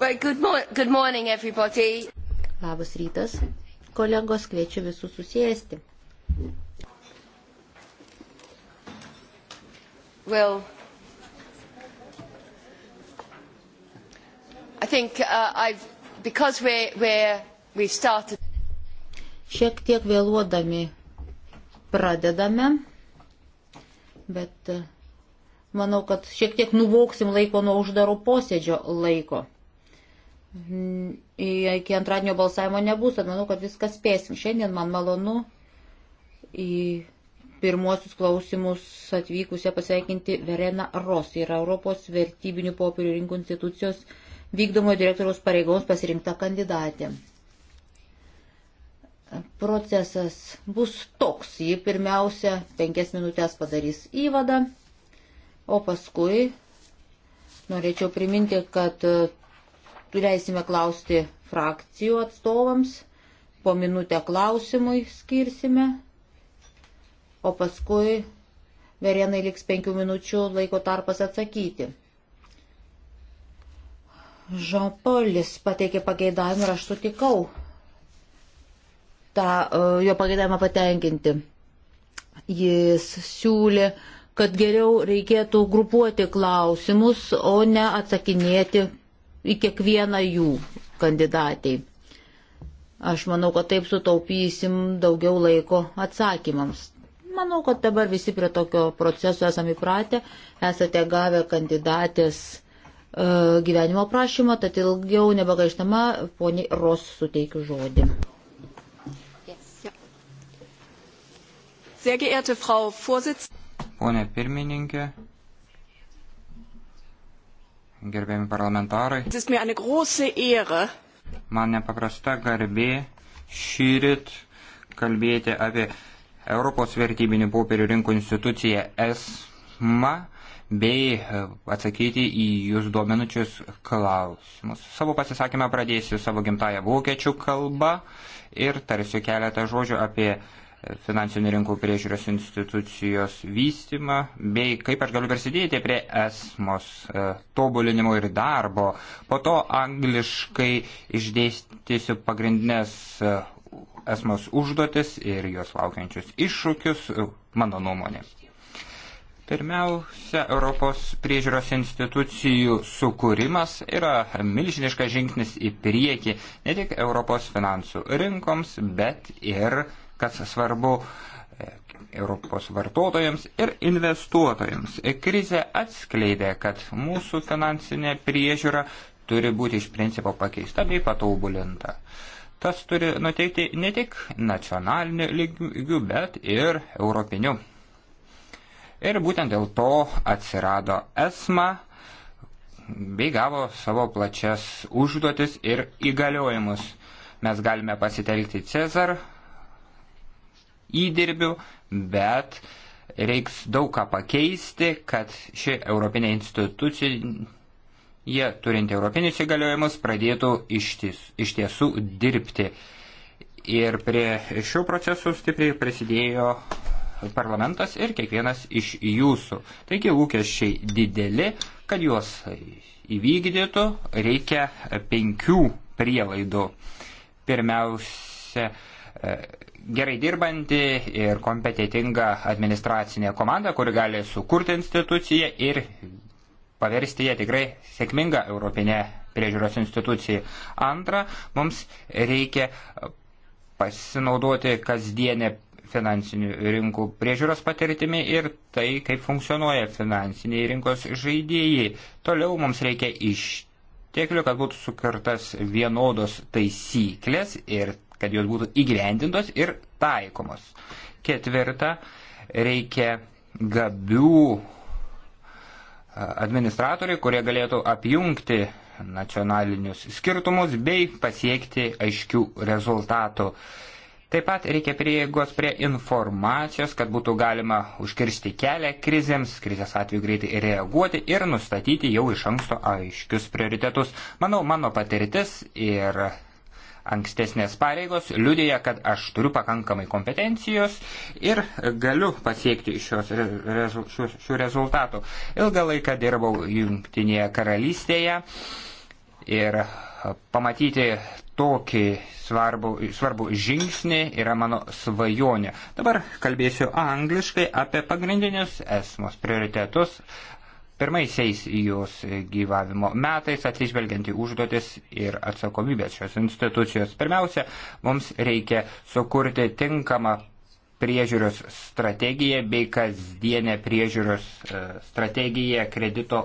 Good, mo good morning, everybody. Labas rytas. Kolegos kviečiu visus susėsti. Well, I think uh, I've, because we're, we're, we've started. Šiek tiek vėluodami pradedame, bet uh, manau, kad šiek tiek nuvoksim laiko nuo uždaro posėdžio laiko iki antradienio balsavimo nebus, tad manau, kad viską spėsim. Šiandien man malonu į pirmuosius klausimus atvykusią pasveikinti Verena Ros, yra Europos vertybinių popierių rinkų institucijos vykdomo direktoriaus pareigoms pasirinkta kandidatė. Procesas bus toks, ji pirmiausia penkias minutės padarys įvadą, o paskui norėčiau priminti, kad leisime klausti frakcijų atstovams, po minutę klausimui skirsime, o paskui verienai liks penkių minučių laiko tarpas atsakyti. Žopolis pateikė pageidavimą ir aš sutikau tą e, jo pageidavimą patenkinti. Jis siūlė, kad geriau reikėtų grupuoti klausimus, o ne atsakinėti į kiekvieną jų kandidatei. Aš manau, kad taip sutaupysim daugiau laiko atsakymams. Manau, kad dabar visi prie tokio proceso esame įpratę, esate gavę kandidatės e, gyvenimo prašymą, tad ilgiau nebegaištama, poniai Ros suteikiu žodį. Yes. Pone pirmininkė, gerbėjami parlamentarai. Man nepaprasta garbė šyrit kalbėti apie Europos vertybinių popierių rinkų instituciją ESMA bei e, atsakyti į jūs duomenučius klausimus. Savo pasisakymą pradėsiu savo gimtają vokiečių kalbą ir tarsiu keletą žodžių apie finansinių rinkų priežiūros institucijos vystymą, bei kaip aš galiu prisidėti prie esmos e, tobulinimo ir darbo. Po to angliškai išdėstysiu pagrindinės e, esmos užduotis ir jos laukiančius iššūkius, e, mano nuomonė. Pirmiausia, Europos priežiūros institucijų sukūrimas yra milžiniškas žingsnis į priekį ne tik Europos finansų rinkoms, bet ir kas svarbu e, Europos vartotojams ir investuotojams. E, Krize atskleidė, kad mūsų finansinė priežiūra turi būti iš principo pakeista bei patobulinta. Tas turi nuteikti ne tik nacionaliniu lygiu, bet ir europiniu. Ir būtent dėl to atsirado ESMA bei gavo savo plačias užduotis ir įgaliojimus. Mes galime pasitelkti Cezar įdirbių, bet reiks daug ką pakeisti, kad ši Europinė institucija, jie turinti Europinius įgaliojimus, pradėtų iš, ties, iš tiesų dirbti. Ir prie šių procesų stipriai prisidėjo parlamentas ir kiekvienas iš jūsų. Taigi lūkesčiai dideli, kad juos įvykdytų, reikia penkių prielaidų. Pirmiausia, e, gerai dirbanti ir kompetitinga administracinė komanda, kuri gali sukurti instituciją ir paversti ją tikrai sėkmingą Europinę priežiūros instituciją. Antra, mums reikia pasinaudoti kasdienę finansinių rinkų priežiūros patirtimi ir tai, kaip funkcionuoja finansiniai rinkos žaidėjai. Toliau mums reikia išteklių, kad būtų sukurtas vienodos taisyklės ir kad jos būtų įgyvendintos ir taikomos. Ketvirta, reikia gabių administratoriai, kurie galėtų apjungti nacionalinius skirtumus bei pasiekti aiškių rezultatų. Taip pat reikia prieigos prie informacijos, kad būtų galima užkirsti kelią krizėms, krizės atveju greitai reaguoti ir nustatyti jau iš anksto aiškius prioritetus. Manau, mano patirtis ir ankstesnės pareigos liudėja, kad aš turiu pakankamai kompetencijos ir galiu pasiekti šios, rezu, šių, šių rezultatų. Ilgą laiką dirbau Junktinėje karalystėje ir pamatyti tokį svarbų, svarbų žingsnį yra mano svajonė. Dabar kalbėsiu angliškai apie pagrindinius esmos prioritetus pirmaisiais jos gyvavimo metais, atsižvelgiant į užduotis ir atsakomybės šios institucijos. Pirmiausia, mums reikia sukurti tinkamą priežiūros strategiją bei kasdienę priežiūros e, strategiją kredito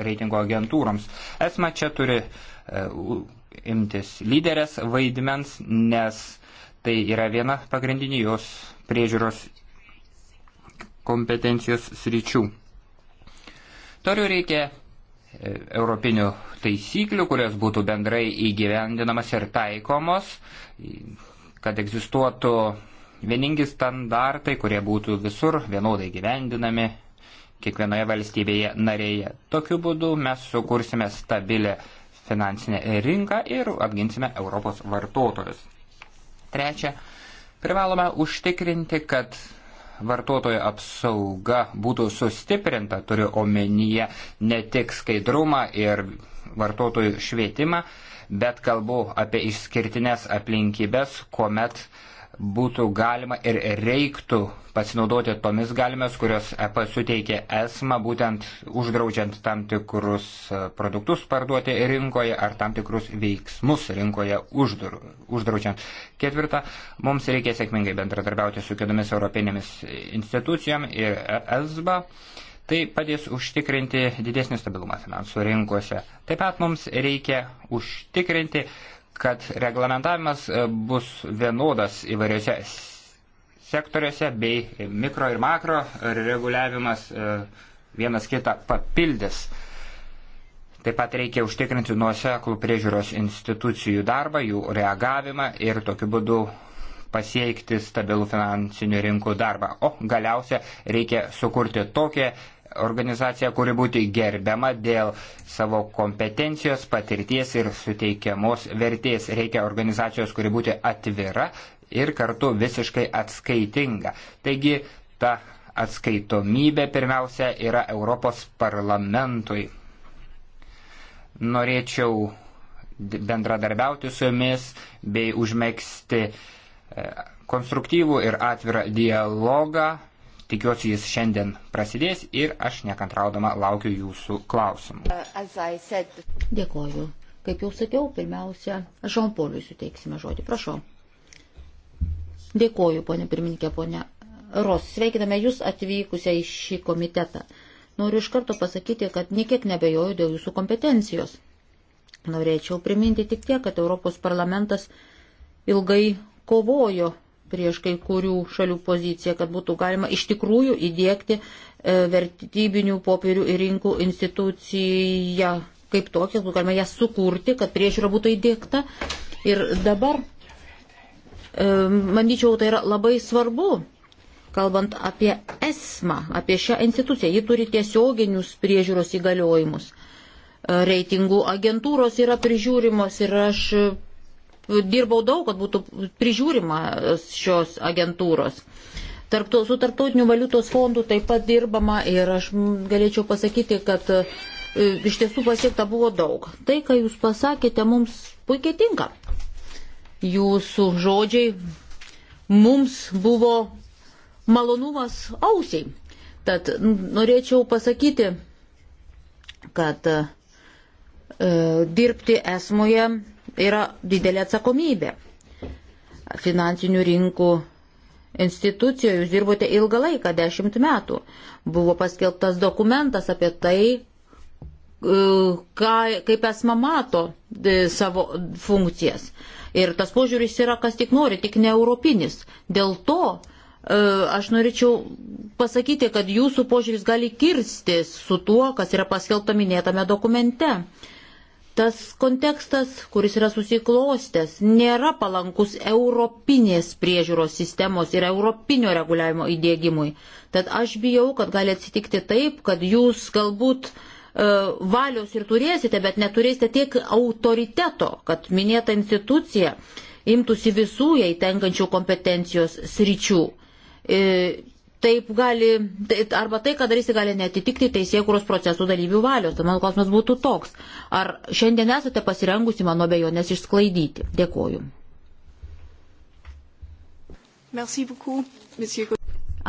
reitingo agentūroms. Esma čia turi e, imtis lyderės vaidmens, nes tai yra viena pagrindinių jos priežiūros kompetencijos sričių. Toliau reikia e, europinių taisyklių, kurios būtų bendrai įgyvendinamas ir taikomos, kad egzistuotų vieningi standartai, kurie būtų visur vienodai gyvendinami kiekvienoje valstybėje narėje. Tokiu būdu mes sukursime stabilę finansinę rinką ir apginsime Europos vartotojus. Trečia, privalome užtikrinti, kad vartotojo apsauga būtų sustiprinta, turiu omenyje ne tik skaidrumą ir vartotojų švietimą, bet kalbu apie išskirtinės aplinkybės, kuomet uh, būtų galima ir reiktų pasinaudoti tomis galimės, kurios EP suteikė esmą, būtent uždraudžiant tam tikrus e, produktus parduoti rinkoje ar tam tikrus veiksmus rinkoje uždraudžiant. Ketvirta, mums reikia sėkmingai bendradarbiauti su kitomis europinėmis institucijom ir esba. Tai padės užtikrinti didesnį stabilumą finansų rinkose. Taip pat mums reikia užtikrinti, kad reglamentavimas e, bus vienodas įvairiose sektoriuose bei mikro ir makro reguliavimas e, vienas kitą papildys. Taip pat reikia užtikrinti nuoseklų priežiūros institucijų darbą, jų reagavimą ir tokiu būdu pasiekti stabilų finansinių rinkų darbą. O galiausia reikia sukurti tokią organizacija, kuri būtų gerbiama dėl savo kompetencijos, patirties ir suteikiamos vertės. Reikia organizacijos, kuri būtų atvira ir kartu visiškai atskaitinga. Taigi ta atskaitomybė pirmiausia yra Europos parlamentui. Norėčiau bendradarbiauti su jumis bei užmėgsti e, konstruktyvų ir atvirą dialogą Tikiuosi, jis šiandien prasidės ir aš nekantraudama laukiu jūsų klausimų. Uh, Dėkoju. Kaip jau sakiau, pirmiausia, Žompoliui suteiksime žodį. Prašau. Dėkoju, ponė pirmininkė, ponė Ros. Sveikiname Jūs atvykusią į šį komitetą. Noriu iš karto pasakyti, kad niekiek nebejoju dėl Jūsų kompetencijos. Norėčiau priminti tik tiek, kad Europos parlamentas ilgai kovojo prieš kai kurių šalių poziciją, kad būtų galima iš tikrųjų įdėkti e, vertybinių popierių ir rinkų instituciją kaip tokią, būtų galima ją sukurti, kad priežiūra būtų įdėkta. Ir dabar, e, manyčiau, tai yra labai svarbu, kalbant apie esmą, apie šią instituciją. Ji turi tiesioginius priežiūros įgaliojimus e, reitingų agentūros yra prižiūrimos ir aš dirbau daug, kad būtų prižiūrima šios agentūros. Tarptu, su tarptautiniu valiutos fondu taip pat dirbama ir aš galėčiau pasakyti, kad e, iš tiesų pasiekta buvo daug. Tai, ką jūs pasakėte, mums puikiai tinka. Jūsų žodžiai mums buvo malonumas ausiai. Tad norėčiau pasakyti, kad e, dirbti esmoje yra didelė atsakomybė. Finansinių rinkų institucijoje jūs dirbote ilgą laiką, dešimt metų. Buvo paskelbtas dokumentas apie tai, e, ką, kaip esma mato e, savo funkcijas. Ir tas požiūris yra, kas tik nori, tik ne europinis. Dėl to e, aš norėčiau pasakyti, kad jūsų požiūris gali kirsti su tuo, kas yra paskelbta minėtame dokumente. Tas kontekstas, kuris yra susiklostęs, nėra palankus europinės priežiūros sistemos ir europinio reguliavimo įdėgymui. Tad aš bijau, kad gali atsitikti taip, kad jūs galbūt e, valios ir turėsite, bet neturėsite tiek autoriteto, kad minėta institucija imtųsi visų jai tenkančių kompetencijos sričių. E, taip gali, tai, arba tai, ką darysi, gali netitikti teisėkuros procesų dalyvių valios. Tai mano klausimas būtų toks. Ar šiandien esate pasirengusi mano bejonės išsklaidyti? Dėkoju.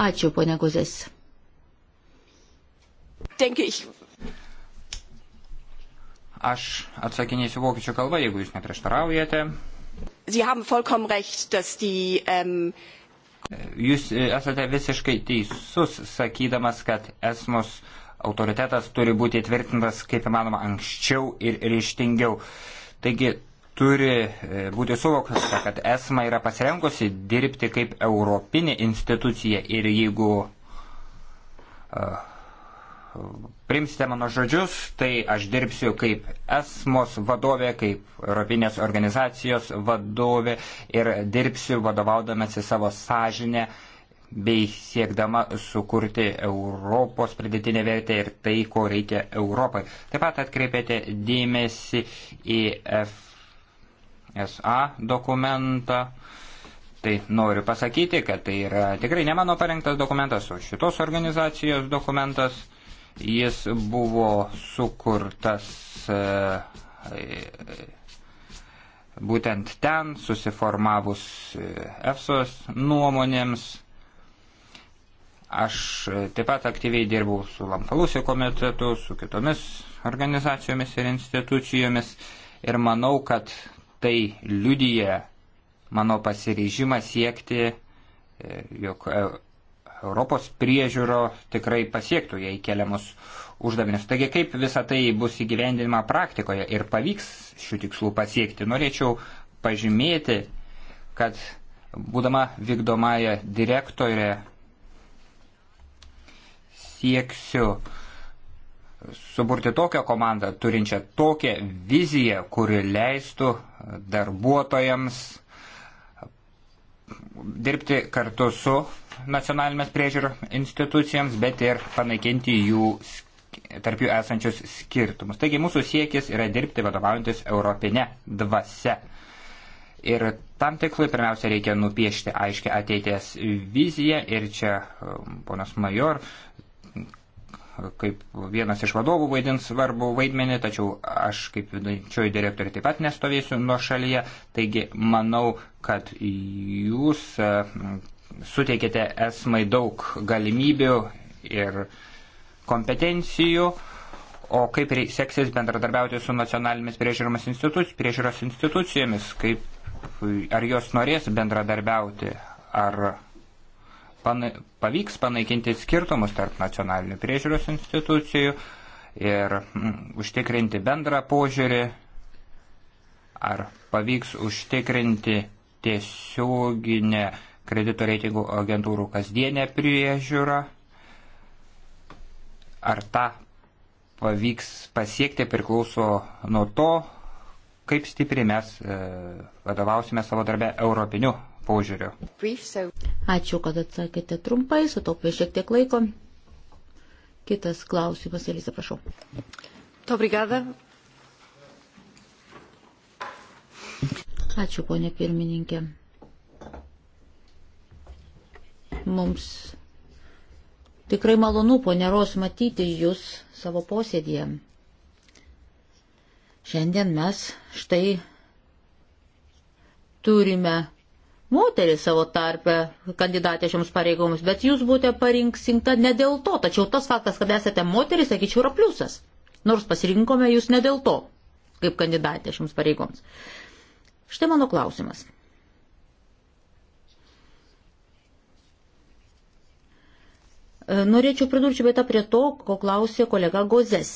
Ačiū, ponia Gozės. Aš atsakinėsiu vokiečių kalbą, jeigu jūs neprieštaraujate. Sie haben vollkommen recht, dass die ähm, um Jūs e, esate visiškai teisus, sakydamas, kad esmos autoritetas turi būti įtvirtintas kaip įmanoma anksčiau ir ryštingiau. Taigi turi e, būti suvoktas, kad esma yra pasirengusi dirbti kaip europinė institucija ir jeigu uh, primsite mano žodžius, tai aš dirbsiu kaip ESMOS vadovė, kaip Europinės organizacijos vadovė ir dirbsiu vadovaudamasi savo sąžinę bei siekdama sukurti Europos pridėtinę vertę ir tai, ko reikia Europai. Taip pat atkreipėte dėmesį į FSA dokumentą. Tai noriu pasakyti, kad tai yra tikrai ne mano parengtas dokumentas, o šitos organizacijos dokumentas. Jis buvo sukurtas e, e, būtent ten, susiformavus e, EFSOS nuomonėms. Aš taip pat aktyviai dirbau su Lampalusio komitetu, su kitomis organizacijomis ir institucijomis ir manau, kad tai liudyje mano pasiryžimą siekti, jog Europos priežiūro tikrai pasiektų jai keliamus uždavinius. Taigi kaip visa tai bus įgyvendinama praktikoje ir pavyks šių tikslų pasiekti? Norėčiau pažymėti, kad būdama vykdomąją direktorę sieksiu suburti tokią komandą, turinčią tokią viziją, kuri leistų darbuotojams dirbti kartu su nacionalinės priežiūros institucijoms, bet ir panaikinti jų tarp jų esančius skirtumus. Taigi mūsų siekis yra dirbti vadovaujantis europinė dvasia. Ir tam tikslui pirmiausia reikia nupiešti aiškę ateities viziją ir čia um, ponas Major kaip vienas iš vadovų vaidins svarbu vaidmenį, tačiau aš kaip vidančioji direktorė taip pat nestovėsiu nuo šalyje, taigi manau, kad jūs e, suteikėte esmai daug galimybių ir kompetencijų, o kaip seksis bendradarbiauti su nacionalinėmis priežiūros, instituci priežiūros institucijomis, kaip, ar jos norės bendradarbiauti, ar pana, pavyks panaikinti skirtumus tarp nacionalinių priežiūros institucijų ir mm, užtikrinti bendrą požiūrį, ar pavyks užtikrinti tiesioginę kredito reitingų agentūrų kasdienę priežiūrą, ar tą pavyks pasiekti priklauso nuo to, kaip stipriai mes e, vadovausime savo darbę europiniu požiūriu. Brief, so... Ačiū, kad atsakėte trumpai, sutaupė šiek tiek laiko. Kitas klausimas, Elisa, prašau. Dobrigada. Ačiū, ponė pirmininkė. Mums tikrai malonu, ponė Ros, matyti jūs savo posėdėje. Šiandien mes štai turime moterį savo tarpę kandidatė šioms pareigoms, bet jūs būtė parinksinta ne dėl to, tačiau tas faktas, kad esate moteris, sakyčiau, yra pliusas. Nors pasirinkome jūs ne dėl to, kaip kandidatė šioms pareigoms. Štai mano klausimas. E, norėčiau pridurti vietą prie to, ko klausė kolega Gozes.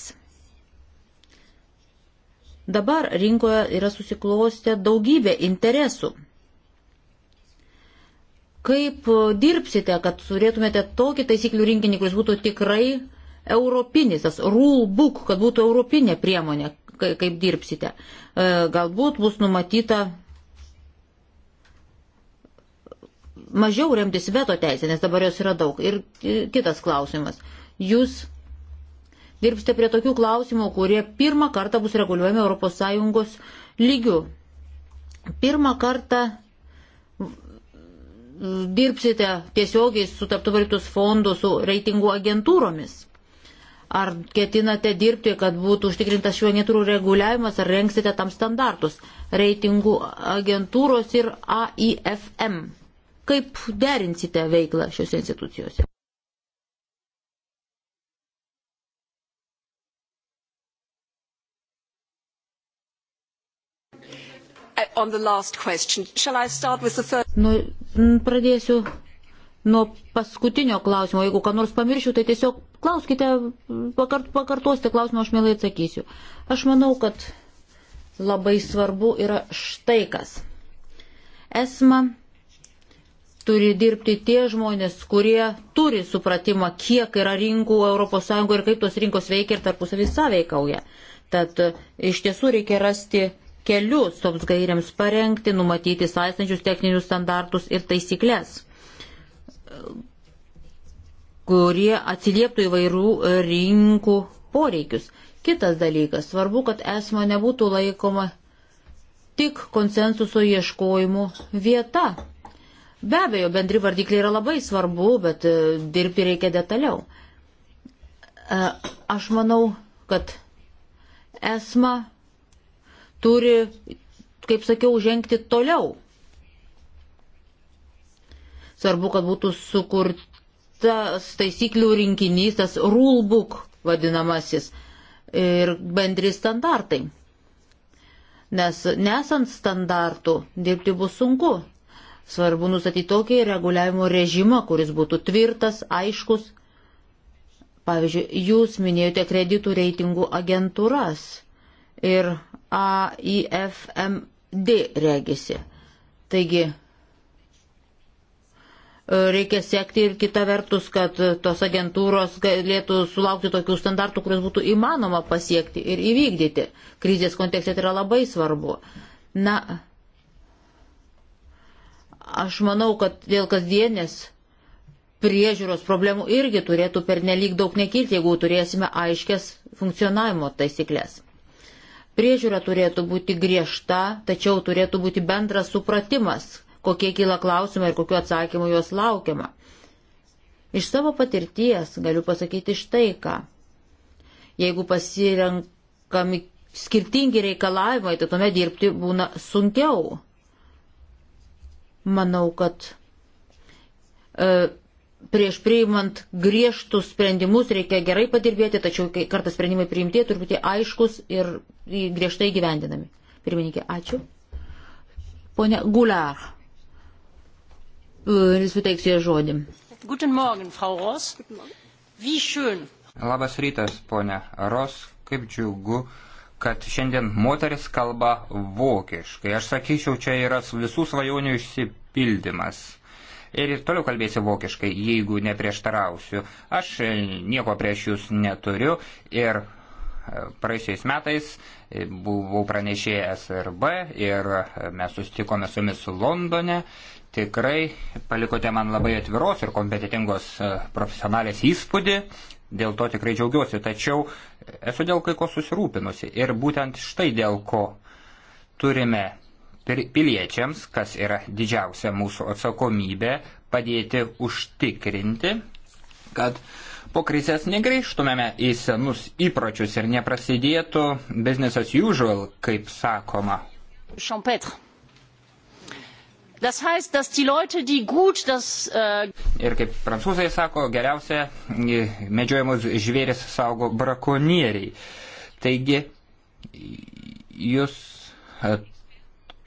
Dabar rinkoje yra susiklostę daugybė interesų Kaip e, dirbsite, kad turėtumėte tokį taisyklių rinkinį, kuris būtų tikrai europinis, tas rule book, kad būtų europinė priemonė, kaip dirbsite. E, galbūt bus numatyta mažiau remtis veto teisė, nes dabar jos yra daug. Ir kitas klausimas. Jūs dirbsite prie tokių klausimų, kurie pirmą kartą bus reguliuojami ES lygių. Pirmą kartą dirbsite tiesiogiai su taptuvaliutus fondu, su reitingų agentūromis? Ar ketinate dirbti, kad būtų užtikrintas šių agentūrų reguliavimas, ar renksite tam standartus? Reitingų agentūros ir AIFM. Kaip derinsite veiklą šiuose institucijose? Uh, on the last question. Shall I start with the first? Nu, pradėsiu nuo paskutinio klausimo. Jeigu ką nors pamiršiu, tai tiesiog klauskite, pakart, pakartosite klausimą, aš mielai atsakysiu. Aš manau, kad labai svarbu yra štai kas. Esma turi dirbti tie žmonės, kurie turi supratimą, kiek yra rinkų ES ir kaip tos rinkos veikia ir tarpusavį sąveikauja. Tad e, iš tiesų reikia rasti kelius toms gairiams parengti, numatyti saistančius techninius standartus ir taisyklės, kurie atsilieptų įvairių rinkų poreikius. Kitas dalykas, svarbu, kad esmo nebūtų laikoma tik konsensuso ieškojimų vieta. Be abejo, bendri vardikliai yra labai svarbu, bet e, dirbti reikia detaliau. E, aš manau, kad esma turi, kaip sakiau, žengti toliau. Svarbu, kad būtų sukurtas taisyklių rinkinys, tas rulebook vadinamasis ir bendri standartai. Nes nesant standartų dirbti bus sunku. Svarbu nustatyti tokį reguliavimo režimą, kuris būtų tvirtas, aiškus. Pavyzdžiui, jūs minėjote kreditų reitingų agentūras ir AIFMD regisi. Taigi reikia sekti ir kita vertus, kad tos agentūros galėtų sulaukti tokių standartų, kuriuos būtų įmanoma pasiekti ir įvykdyti. Krizės kontekste tai yra labai svarbu. Na, aš manau, kad dėl kasdienės priežiūros problemų irgi turėtų per nelik daug nekilti, jeigu turėsime aiškias funkcionavimo taisyklės. Priežiūra turėtų būti griežta, tačiau turėtų būti bendras supratimas, kokie kyla klausimai ir kokiu atsakymu juos laukiama. Iš savo patirties galiu pasakyti štai ką. Jeigu pasirenkami skirtingi reikalavimai, tai tuomet dirbti būna sunkiau. Manau, kad e, prieš priimant griežtus sprendimus reikia gerai padirbėti, tačiau kai kartą sprendimai priimti turi būti aiškus ir griežtai gyvendinami. Pirmininkė, ačiū. Pone Gular, jis suteiks jai žodį. Guten Morgen, Frau Ros. Wie schön. Labas rytas, ponia Ros. Kaip džiugu, kad šiandien moteris kalba vokiškai. Aš sakyčiau, čia yra visų svajonių išsipildymas ir toliau kalbėsiu vokiškai, jeigu neprieštarausiu. Aš e, nieko prieš jūs neturiu ir e, praeisiais metais e, buvau pranešėjęs RB ir mes sustikome su jumis Londone. Tikrai palikote man labai atviros ir kompetitingos profesionalės įspūdį, dėl to tikrai džiaugiuosi, tačiau esu dėl kai ko susirūpinusi ir būtent štai dėl ko turime piliečiams, kas yra didžiausia mūsų atsakomybė, padėti užtikrinti, kad po krizės negreištumėme į senus įpročius ir neprasidėtų business as usual, kaip sakoma. Champetre. Das heißt, dass die Leute, die gut das. Äh Ir kaip prancūzai sako, geriausia e, medžiojamus žvėris saugo brakonieriai. Taigi, jūs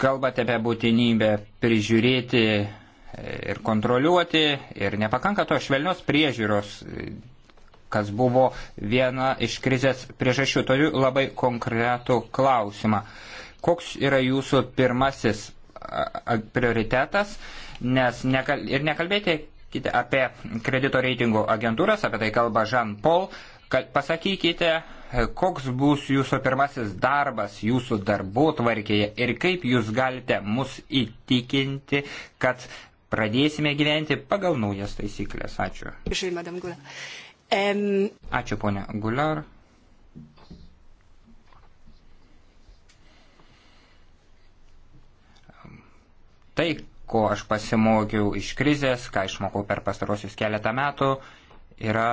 kalbate apie būtinybę prižiūrėti ir kontroliuoti ir nepakanka to švelnios priežiūros, kas buvo viena iš krizės priežasčių. Turiu labai konkretų klausimą. Koks yra jūsų pirmasis prioritetas, nes nekal ir nekalbėkite apie kredito reitingų agentūras, apie tai kalba Jean Paul, kad pasakykite, koks bus jūsų pirmasis darbas jūsų darbų tvarkėje ir kaip jūs galite mus įtikinti, kad pradėsime gyventi pagal naujas taisyklės. Ačiū. Ačiū, ponia Gular. Tai, ko aš pasimokiau iš krizės, ką išmokau per pastarosius keletą metų, yra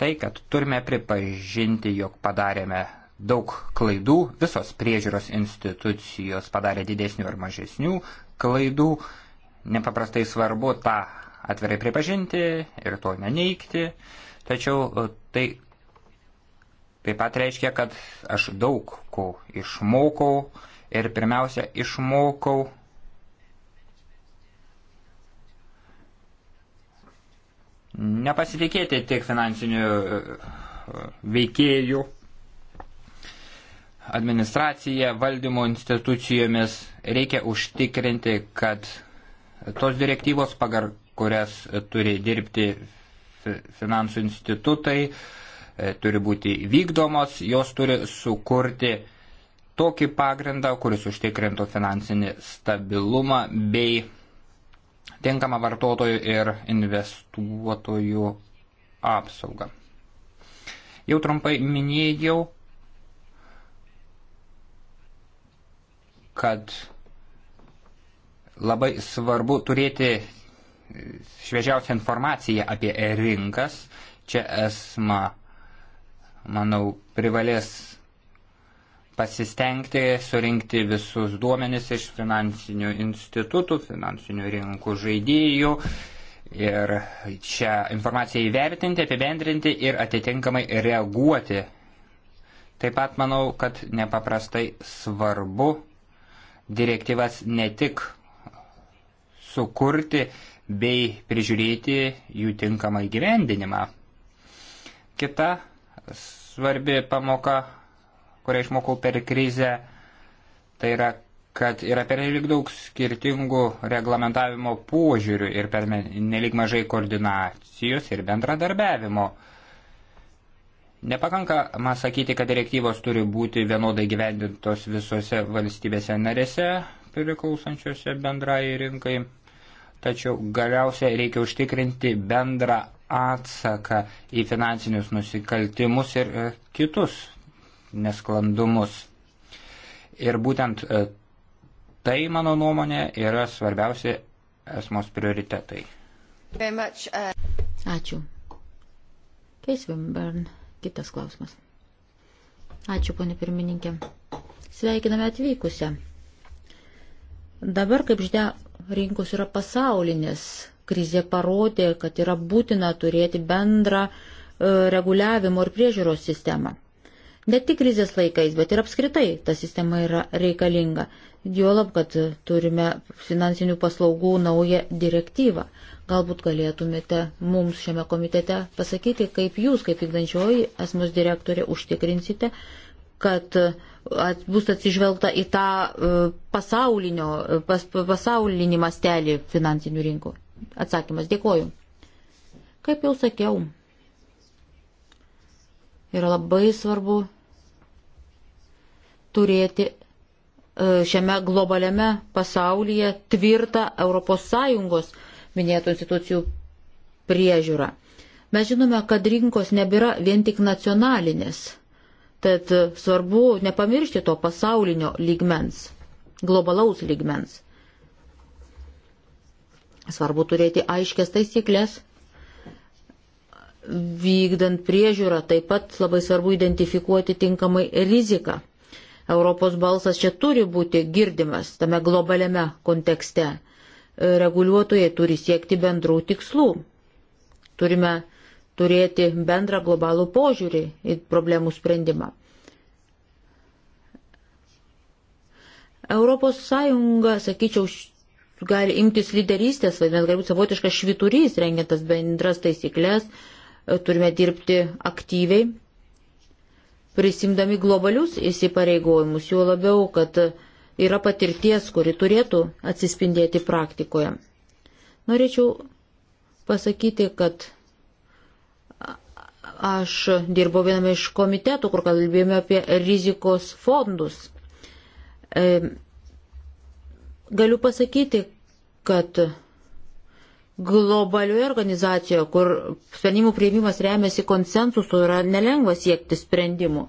tai, kad turime pripažinti, jog padarėme daug klaidų, visos priežiūros institucijos padarė didesnių ar mažesnių klaidų, nepaprastai svarbu tą atvirai pripažinti ir to neneikti, tačiau e, tai taip pat reiškia, kad aš daug ko išmokau ir pirmiausia išmokau nepasitikėti tik finansinių e, veikėjų administracija, valdymo institucijomis. Reikia užtikrinti, kad tos direktyvos, pagal kurias turi dirbti finansų institutai, e, turi būti vykdomos, jos turi sukurti tokį pagrindą, kuris užtikrintų finansinį stabilumą bei tinkamą vartotojų ir investuotojų apsaugą. Jau trumpai minėjau, kad labai svarbu turėti šviežiausią informaciją apie rinkas. Čia esma, manau, privalės pasistengti surinkti visus duomenis iš finansinių institutų, finansinių rinkų žaidėjų ir čia informaciją įvertinti, apibendrinti ir atitinkamai reaguoti. Taip pat manau, kad nepaprastai svarbu direktyvas ne tik sukurti, bei prižiūrėti jų tinkamą įgyvendinimą. Kita svarbi pamoka kurią išmokau per krizę, tai yra, kad yra pernelik daug skirtingų reglamentavimo požiūrių ir pernelik mažai koordinacijos ir bendradarbiavimo. Nepakanka man sakyti, kad direktyvos turi būti vienodai gyvendintos visose valstybėse narėse priklausančiose bendrai rinkai, tačiau galiausiai reikia užtikrinti bendrą atsaką į finansinius nusikaltimus ir e, kitus nesklandumus. Ir būtent e, tai, mano nuomonė, yra svarbiausi esmos prioritetai. Uh, Ačiū. Keis Wimbern, kitas klausimas. Ačiū, ponė pirmininkė. Sveikiname atvykusią. Dabar, kaip žinia, rinkos yra pasaulinės. Krizė parodė, kad yra būtina turėti bendrą e, reguliavimo ir priežiūros sistemą. Ne tik krizės laikais, bet ir apskritai ta sistema yra reikalinga. Diolab, kad turime finansinių paslaugų naują direktyvą. Galbūt galėtumėte mums šiame komitete pasakyti, kaip jūs, kaip vykdančioji esmus direktorė, užtikrinsite, kad bus atsižvelgta į tą e, pasaulinio, e, pas, pasaulinį mastelį finansinių rinkų. Atsakymas, dėkoju. Kaip jau sakiau, yra labai svarbu turėti e, šiame globaliame pasaulyje tvirtą ES minėtų institucijų priežiūrą. Mes žinome, kad rinkos nebėra vien tik nacionalinės, tad svarbu nepamiršti to pasaulinio lygmens, globalaus lygmens. Svarbu turėti aiškias taisyklės, vykdant priežiūrą taip pat labai svarbu identifikuoti tinkamai riziką Europos balsas čia turi būti girdimas tame globaliame kontekste. Reguliuotojai turi siekti bendrų tikslų. Turime turėti bendrą globalų požiūrį į problemų sprendimą. Europos Sąjunga, sakyčiau, gali imtis lyderystės, vadinasi, galbūt savotiškas šviturys, rengiantas bendras taisyklės, turime dirbti aktyviai prisimdami globalius įsipareigojimus, juo labiau, kad yra patirties, kuri turėtų atsispindėti praktikoje. Norėčiau pasakyti, kad aš dirbau viename iš komitetų, kur kalbėjome apie rizikos fondus. E, galiu pasakyti, kad Globalioje organizacijoje, kur sprendimų prieimimas remiasi konsensusu, yra nelengva siekti sprendimų.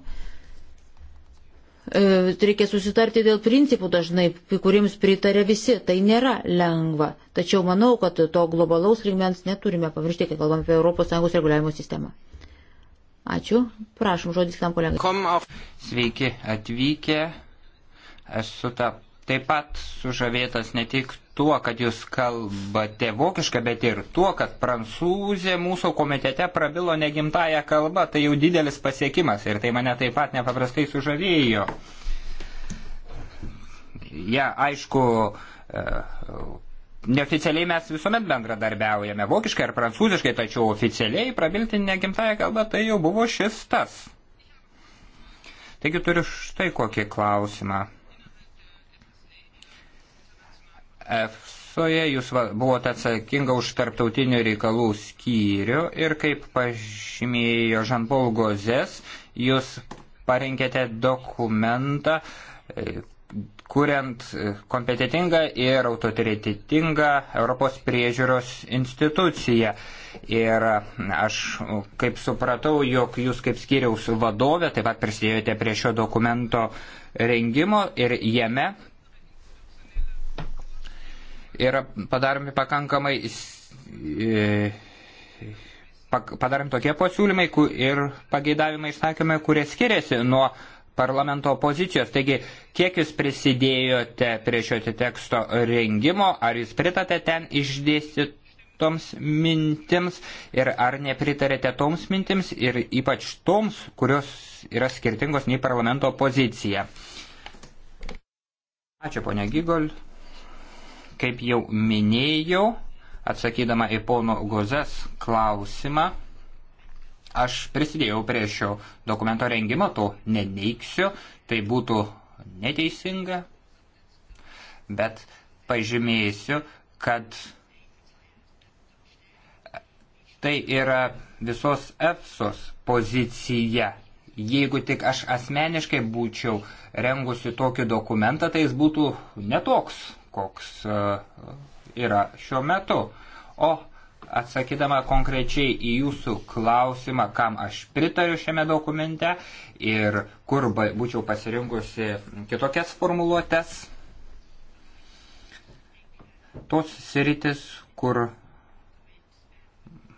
E, reikia susitarti dėl principų dažnai, kuriems pritarė visi. Tai nėra lengva. Tačiau manau, kad to globalaus lygmens neturime pamiršti, kai kalbam apie ES reguliavimo sistemą. Ačiū. Prašom, žodis tam kolegai. Sveiki atvykę. Esu tą taip pat sužavėtas ne tik tuo, kad jūs kalbate vokišką, bet ir tuo, kad prancūzė mūsų komitete prabilo negimtają kalbą, tai jau didelis pasiekimas ir tai mane taip pat nepaprastai sužavėjo. Ja, aišku, e, neoficialiai mes visuomet bendradarbiaujame vokiškai ar prancūziškai, tačiau oficialiai prabilti negimtają kalbą tai jau buvo šis tas. Taigi turiu štai kokį klausimą. EFSOje jūs buvote atsakinga už tarptautinių reikalų skyrių ir kaip pažymėjo Žanpol Gozės, jūs parengėte dokumentą, e, kuriant e, kompetitingą ir autoritetingą Europos priežiūros instituciją. Ir aš e, kaip supratau, jog jūs kaip skyriaus vadovė taip pat prisidėjote prie šio dokumento rengimo ir jame yra padaromi pakankamai e, padaromi tokie pasiūlymai ir pageidavimai išsakymai, kurie skiriasi nuo parlamento pozicijos. Taigi, kiek jūs prisidėjote prie šio teksto rengimo, ar jūs pritate ten išdėstytoms mintims ir ar nepritarėte toms mintims ir ypač toms, kurios yra skirtingos nei parlamento pozicija. Ačiū, ponia Gygol. Kaip jau minėjau, atsakydama į pono Gozes klausimą, aš prisidėjau prie šio dokumento rengimo, to neneiksiu, tai būtų neteisinga, bet pažymėsiu, kad tai yra visos EFSOS pozicija. Jeigu tik aš asmeniškai būčiau rengusi tokį dokumentą, tai jis būtų netoks koks e, yra šiuo metu. O atsakydama konkrečiai į jūsų klausimą, kam aš pritariu šiame dokumente ir kur būčiau pasirinkusi kitokias formuluotės, tos sritis, kur,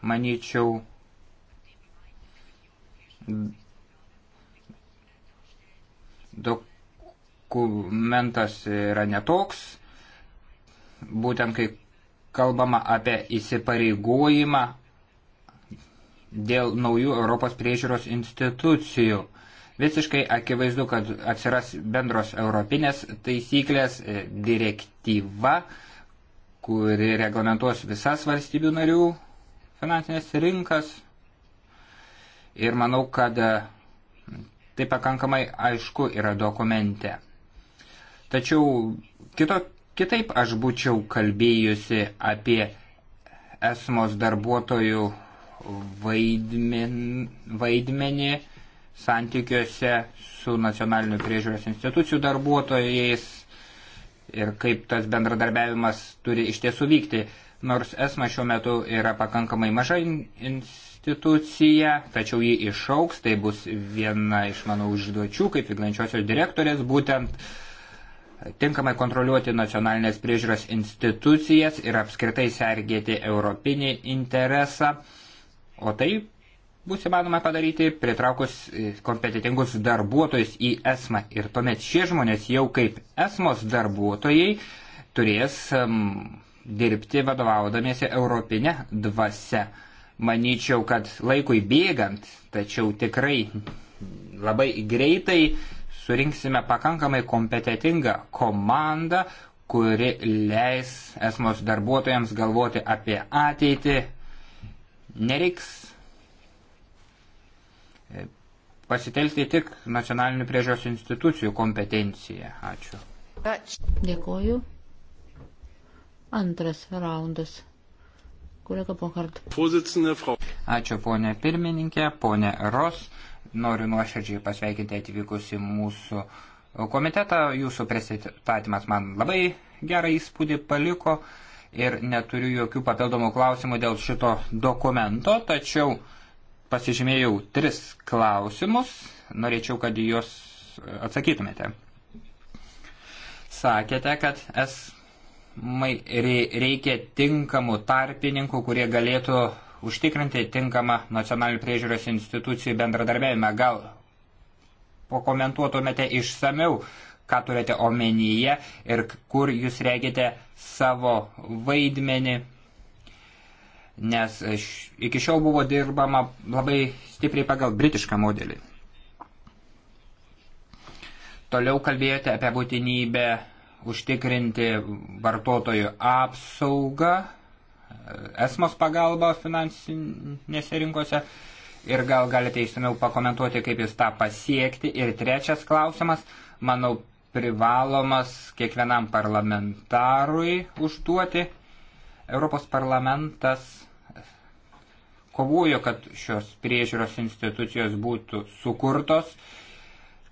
manyčiau, dokumentas yra netoks, būtent kai kalbama apie įsipareigojimą dėl naujų Europos priežiūros institucijų. Visiškai akivaizdu, kad atsiras bendros europinės taisyklės, e, direktyva, kuri reglamentuos visas valstybių narių finansinės rinkas. Ir manau, kad e, tai pakankamai aišku yra dokumente. Tačiau kito Kitaip aš būčiau kalbėjusi apie esmos darbuotojų vaidmen, vaidmenį santykiuose su nacionaliniu priežiūros institucijų darbuotojais ir kaip tas bendradarbiavimas turi iš tiesų vykti. Nors esma šiuo metu yra pakankamai maža institucija, tačiau jį išauks, tai bus viena iš mano užduočių kaip vykdančiosios direktorės būtent uh, tinkamai kontroliuoti nacionalinės priežiūros institucijas ir apskritai sergėti europinį interesą, o tai bus įmanoma padaryti pritraukus e, kompetitingus darbuotojus į esmą. Ir tuomet šie žmonės jau kaip esmos darbuotojai turės um, dirbti vadovaudamiesi europinę dvasę. Manyčiau, kad laikui bėgant, tačiau tikrai labai greitai surinksime pakankamai kompetitingą komandą, kuri leis esmos darbuotojams galvoti apie ateitį. Nereiks e, pasitelkti tik nacionalinių priežios institucijų kompetenciją. Ačiū. Dėkoju. Antras raundas. Kolega Bohart. Ačiū ponė pirmininkė, ponė Ros. Noriu nuoširdžiai pasveikinti atvykusi mūsų komitetą. Jūsų pristatymas man labai gerą įspūdį paliko ir neturiu jokių papildomų klausimų dėl šito dokumento, tačiau pasižymėjau tris klausimus. Norėčiau, kad juos atsakytumėte. Sakėte, kad S reikia tinkamų tarpininkų, kurie galėtų užtikrinti tinkamą nacionalinių priežiūros institucijų bendradarbiavimą. Gal pakomentuotumėte išsameu, ką turite omenyje ir kur jūs reikite savo vaidmenį, nes iki šiol buvo dirbama labai stipriai pagal britišką modelį. Toliau kalbėjote apie būtinybę užtikrinti vartotojų apsaugą, esmos pagalbą finansinėse rinkose. Ir gal galite įsimiau pakomentuoti, kaip jūs tą pasiekti. Ir trečias klausimas, manau, privalomas kiekvienam parlamentarui užduoti. Europos parlamentas kovojo, kad šios priežiūros institucijos būtų sukurtos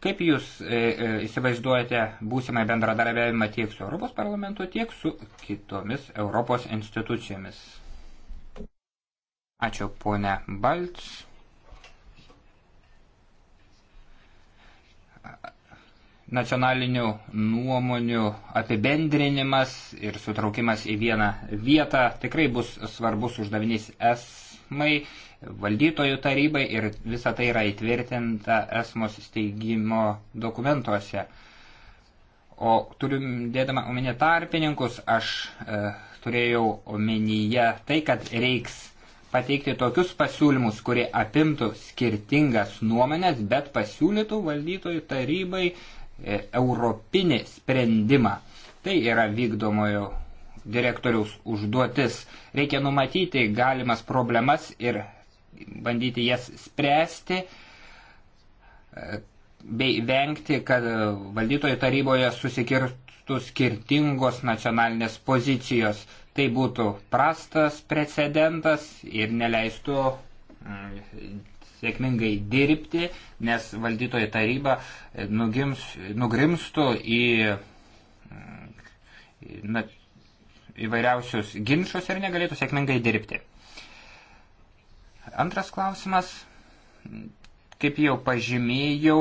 Kaip Jūs e, e, įsivaizduojate būsimą bendradarbiavimą tiek su Europos parlamentu, tiek su kitomis Europos institucijomis? Ačiū, ponė Balts. Nacionalinių nuomonių apibendrinimas ir sutraukimas į vieną vietą tikrai bus svarbus uždavinys esmai valdytojų tarybai ir visa tai yra įtvirtinta esmos steigimo dokumentuose. O turiu dėdama omenyje tarpininkus, aš e, turėjau omenyje tai, kad reiks pateikti tokius pasiūlymus, kurie apimtų skirtingas nuomonės, bet pasiūlytų valdytojų tarybai e, europinį sprendimą. Tai yra vykdomojo direktoriaus užduotis. Reikia numatyti galimas problemas ir bandyti jas spręsti bei vengti, kad valdytojų taryboje susikirtų skirtingos nacionalinės pozicijos. Tai būtų prastas precedentas ir neleistų mm, sėkmingai dirbti, nes valdytojų taryba nugims, nugrimstų į mm, na, įvairiausius ginčius ir negalėtų sėkmingai dirbti. Antras klausimas, kaip jau pažymėjau,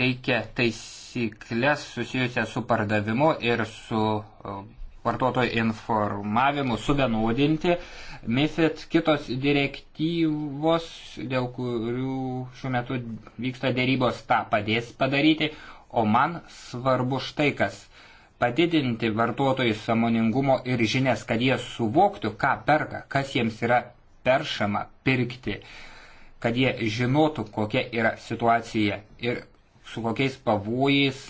reikia taisyklės susijusią su pardavimu ir su e, vartotojų informavimu suvienodinti. MIFID kitos direktyvos, dėl kurių šiuo metu vyksta dėrybos, tą padės padaryti. O man svarbu štai kas padidinti vartotojų samoningumo ir žinias, kad jie suvoktų, ką perka, kas jiems yra peršama pirkti, kad jie žinotų, kokia yra situacija ir su kokiais pavojais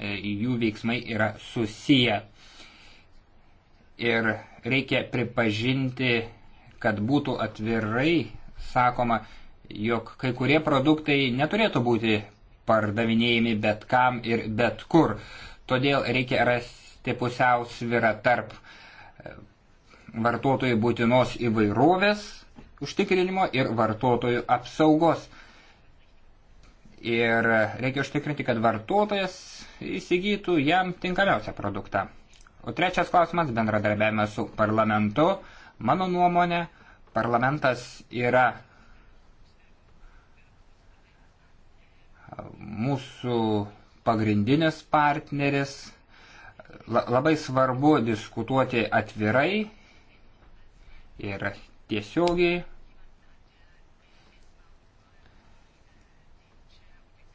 e, jų veiksmai yra susiję. Ir reikia pripažinti, kad būtų atvirai sakoma, jog kai kurie produktai neturėtų būti pardavinėjami bet kam ir bet kur. Todėl reikia rasti pusiausvyrą tarp e, vartotojų būtinos įvairovės užtikrinimo ir vartotojų apsaugos. Ir reikia užtikrinti, kad vartotojas įsigytų jam tinkamiausią produktą. O trečias klausimas - bendradarbiavimas su parlamentu. Mano nuomonė, parlamentas yra mūsų pagrindinis partneris. Labai svarbu diskutuoti atvirai ir tiesiogiai.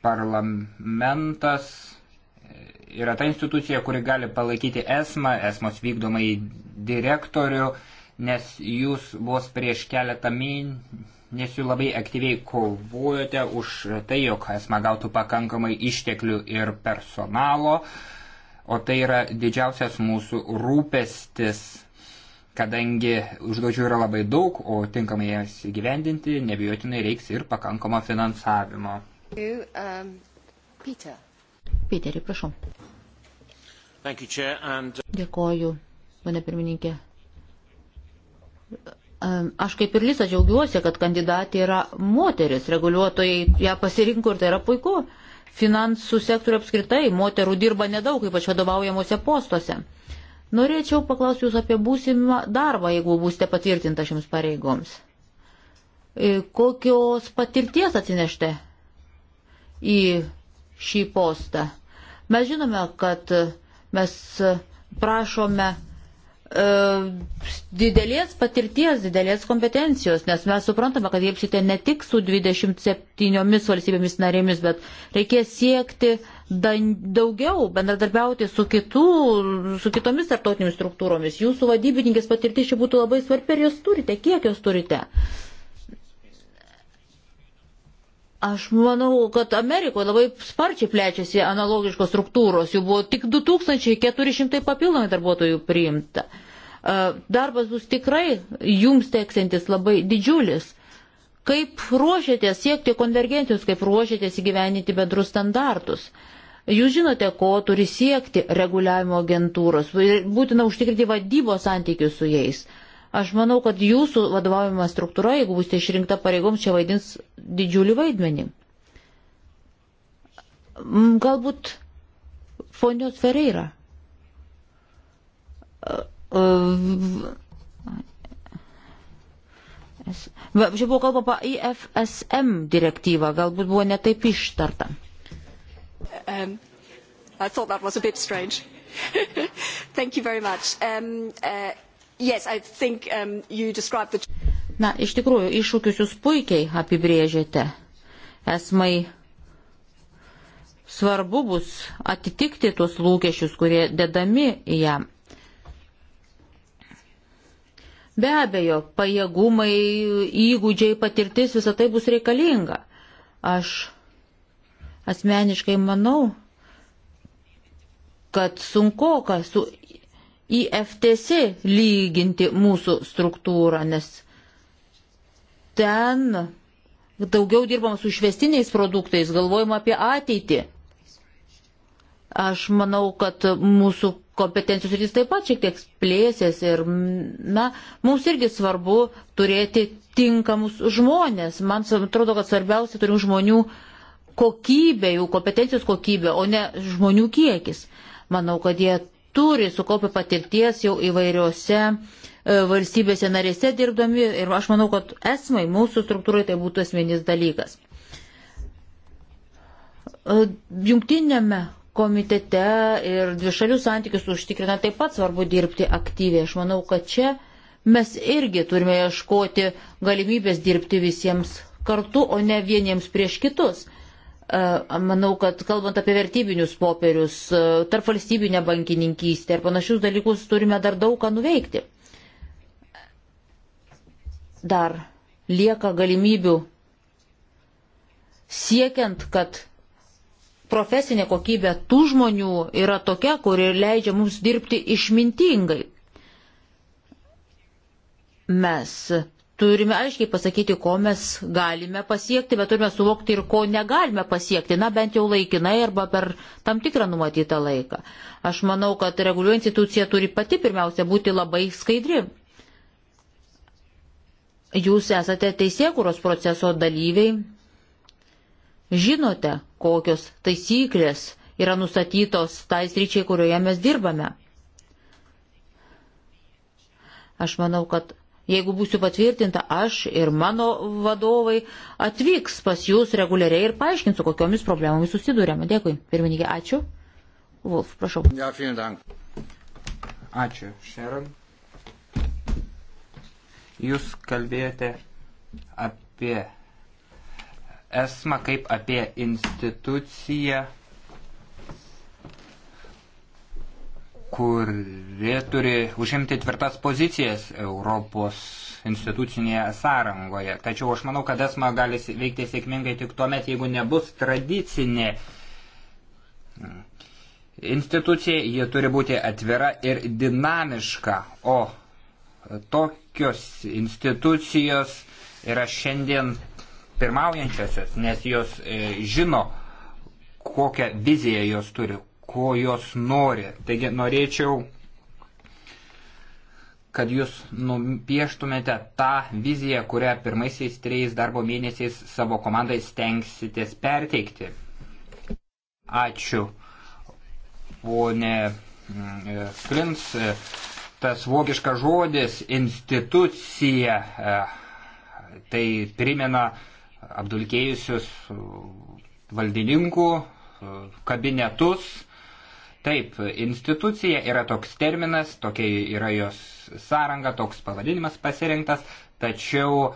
Parlamentas yra ta institucija, kuri gali palaikyti esmą, esmos vykdomai direktorių, nes jūs vos prieš keletą mėnesių nes jūs labai aktyviai kovojote už tai, jog esma gautų pakankamai išteklių ir personalo, o tai yra didžiausias mūsų rūpestis, kadangi užduočių yra labai daug, o tinkamai jas įgyvendinti nebijotinai reiks ir pakankamo finansavimo. Um, Peter. Peterį, prašau. You, and... Uh, Dėkoju, mane pirmininkė Aš kaip ir Lisa džiaugiuosi, kad kandidatė yra moteris, reguliuotojai ją pasirinko ir tai yra puiku. Finansų sektoriu apskritai moterų dirba nedaug, ypač vadovaujamuose postuose. Norėčiau paklausti Jūs apie būsimą darbą, jeigu būsite patvirtinta šiams pareigoms. E, kokios patirties atsinešte į šį postą? Mes žinome, kad mes prašome E, didelės patirties, didelės kompetencijos, nes mes suprantame, kad dirbsite ne tik su 27 valstybėmis narėmis, bet reikės siekti daugiau, bendradarbiauti su, kitų, su kitomis tarptautinėmis struktūromis. Jūsų vadybininkės patirtis čia būtų labai svarbi ir jūs turite, kiek jūs turite. Uh, Aš manau, kad Amerikoje labai sparčiai plečiasi analogiškos struktūros, jų buvo tik 2400 papildomai darbuotojų priimta. E, darbas bus tikrai jums teksantis labai didžiulis. Kaip ruošiatės siekti konvergencijos, kaip ruošiatės įgyveninti bendrus standartus? Jūs žinote, ko turi siekti reguliavimo agentūros, būtina užtikrinti vadybos santykius su jais. Uh, Aš manau, kad jūsų vadovaujama struktūra, jeigu būsite išrinkta pareigoms, čia vaidins didžiulį vaidmenį. Mm, galbūt ponios Ferreira. Čia buvo kalbama apie IFSM direktyvą, galbūt buvo netaip ištarta. Um, I thought that was a bit strange. Thank you very much. Um, uh, Yes, I think, um, you described the... Na, iš tikrųjų, iššūkius jūs puikiai apibrėžėte. Esmai svarbu bus atitikti tuos lūkesčius, kurie dedami į ją. Be abejo, pajėgumai, įgūdžiai, patirtis, visą tai bus reikalinga. Aš asmeniškai manau, kad sunku, kad su į FTC lyginti mūsų struktūrą, nes ten daugiau dirbam su išvestiniais produktais, galvojam apie ateitį. Aš manau, kad mūsų kompetencijos rytis taip pat šiek tiek plėsės ir, na, mums irgi svarbu turėti tinkamus žmonės. Man atrodo, kad svarbiausia turim žmonių kokybė, jų kompetencijos kokybė, o ne žmonių kiekis. Manau, kad jie turi sukaupę patirties jau įvairiose e, valstybėse narėse dirbdami ir aš manau, kad esmai mūsų struktūrai tai būtų esminis dalykas. E, jungtinėme komitete ir dvišalių santykius užtikrina taip pat svarbu dirbti aktyviai. Aš manau, kad čia mes irgi turime ieškoti galimybės dirbti visiems kartu, o ne vieniems prieš kitus. E, manau, kad kalbant apie vertybinius popierius, e, tarp valstybinę bankininkystę ir panašius dalykus turime dar daug ką nuveikti. Dar lieka galimybių siekiant, kad profesinė kokybė tų žmonių yra tokia, kuri leidžia mums dirbti išmintingai. Mes turime aiškiai pasakyti, ko mes galime pasiekti, bet turime suvokti ir ko negalime pasiekti, na bent jau laikinai arba per tam tikrą numatytą laiką. Aš manau, kad reguliuojanti institucija turi pati pirmiausia būti labai skaidri. Jūs esate teisėkuros proceso dalyviai, žinote, kokios taisyklės yra nustatytos tais ryčiai, kurioje mes dirbame. Aš manau, kad Jeigu būsiu patvirtinta, aš ir mano vadovai atvyks pas jūs reguliariai ir paaiškins, su kokiomis problemomis susidūrėme. Dėkui. Pirmininkė, ačiū. Wolf, prašau. Ja, ačiū, Sharon. Jūs kalbėjote apie esmą kaip apie instituciją kurie turi užimti tvirtas pozicijas Europos institucinėje sąrangoje. Tačiau aš manau, kad esma gali veikti sėkmingai tik tuomet, jeigu nebus tradicinė institucija, ji turi būti atvira ir dinamiška, o tokios institucijos yra šiandien pirmaujančiosios, nes jos e, žino, kokią viziją jos turi, ko jos nori. Taigi norėčiau, kad jūs nupieštumėte tą viziją, kurią pirmaisiais trejais darbo mėnesiais savo komandai stengsitės perteikti. Ačiū, ponė mm, e, Klins. E, tas vokiškas žodis institucija, e, tai primena apdulkėjusius valdininkų kabinetus Taip, institucija yra toks terminas, tokia yra jos sąranga, toks pavadinimas pasirinktas, tačiau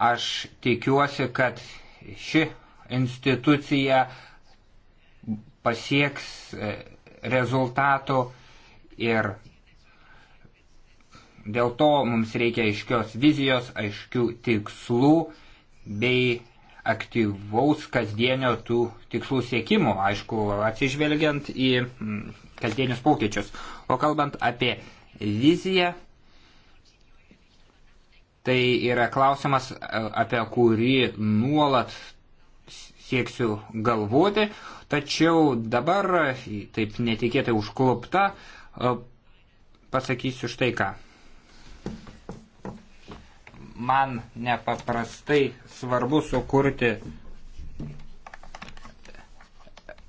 aš tikiuosi, kad ši institucija pasieks e, rezultatų ir dėl to mums reikia aiškios vizijos, aiškių tikslų bei aktyvaus kasdienio tų tikslų siekimo, aišku, atsižvelgiant į mm, kasdienius pokyčius. O kalbant apie viziją, tai yra klausimas, apie kurį nuolat sieksiu galvoti, tačiau dabar, taip netikėtai užklopta, pasakysiu štai ką man nepaprastai svarbu sukurti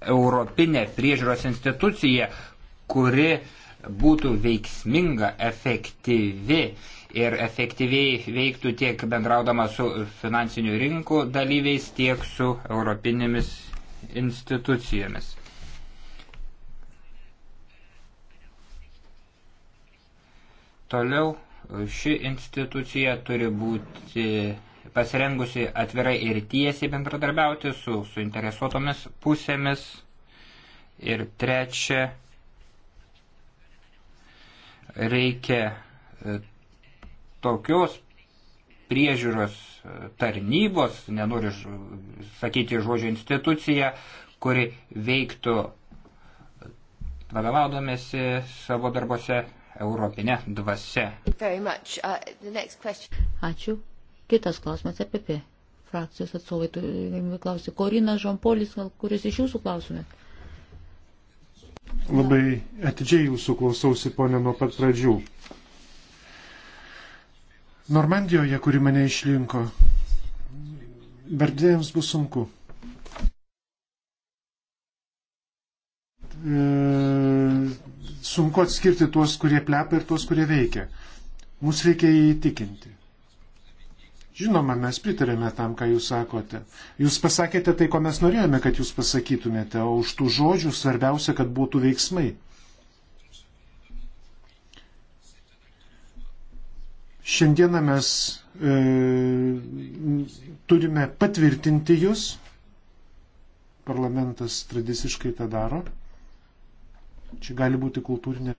europinę priežiūros instituciją, kuri būtų veiksminga, efektyvi ir efektyviai veiktų tiek bendraudama su finansinių rinkų dalyviais, tiek su europinėmis institucijomis. Toliau ši institucija turi būti pasirengusi atvirai ir tiesiai bendradarbiauti su suinteresuotomis pusėmis. Ir trečia, reikia e, tokios priežiūros e, tarnybos, nenoriu sakyti žodžio institucija, kuri veiktų e, vadovaudomėsi savo darbose europinė dvasia. Uh, Ačiū. Kitas klausimas apie P. Frakcijos atstovai, galime klausyti. Korina Žampolis, gal kuris iš jūsų klausimėt? Labai atidžiai jūsų klausausi, ponė, nuo pat pradžių. Normandijoje, kuri mane išlinko, verdėjams bus sunku. E, sunku atskirti tuos, kurie plepa ir tuos, kurie veikia. Mums reikia jį įtikinti. Žinoma, mes pritarėme tam, ką jūs sakote. Jūs pasakėte tai, ko mes norėjome, kad jūs pasakytumėte, o už tų žodžių svarbiausia, kad būtų veiksmai. Šiandieną mes e, turime patvirtinti jūs. Parlamentas tradiciškai tą daro. Čia gali būti kultūrinė.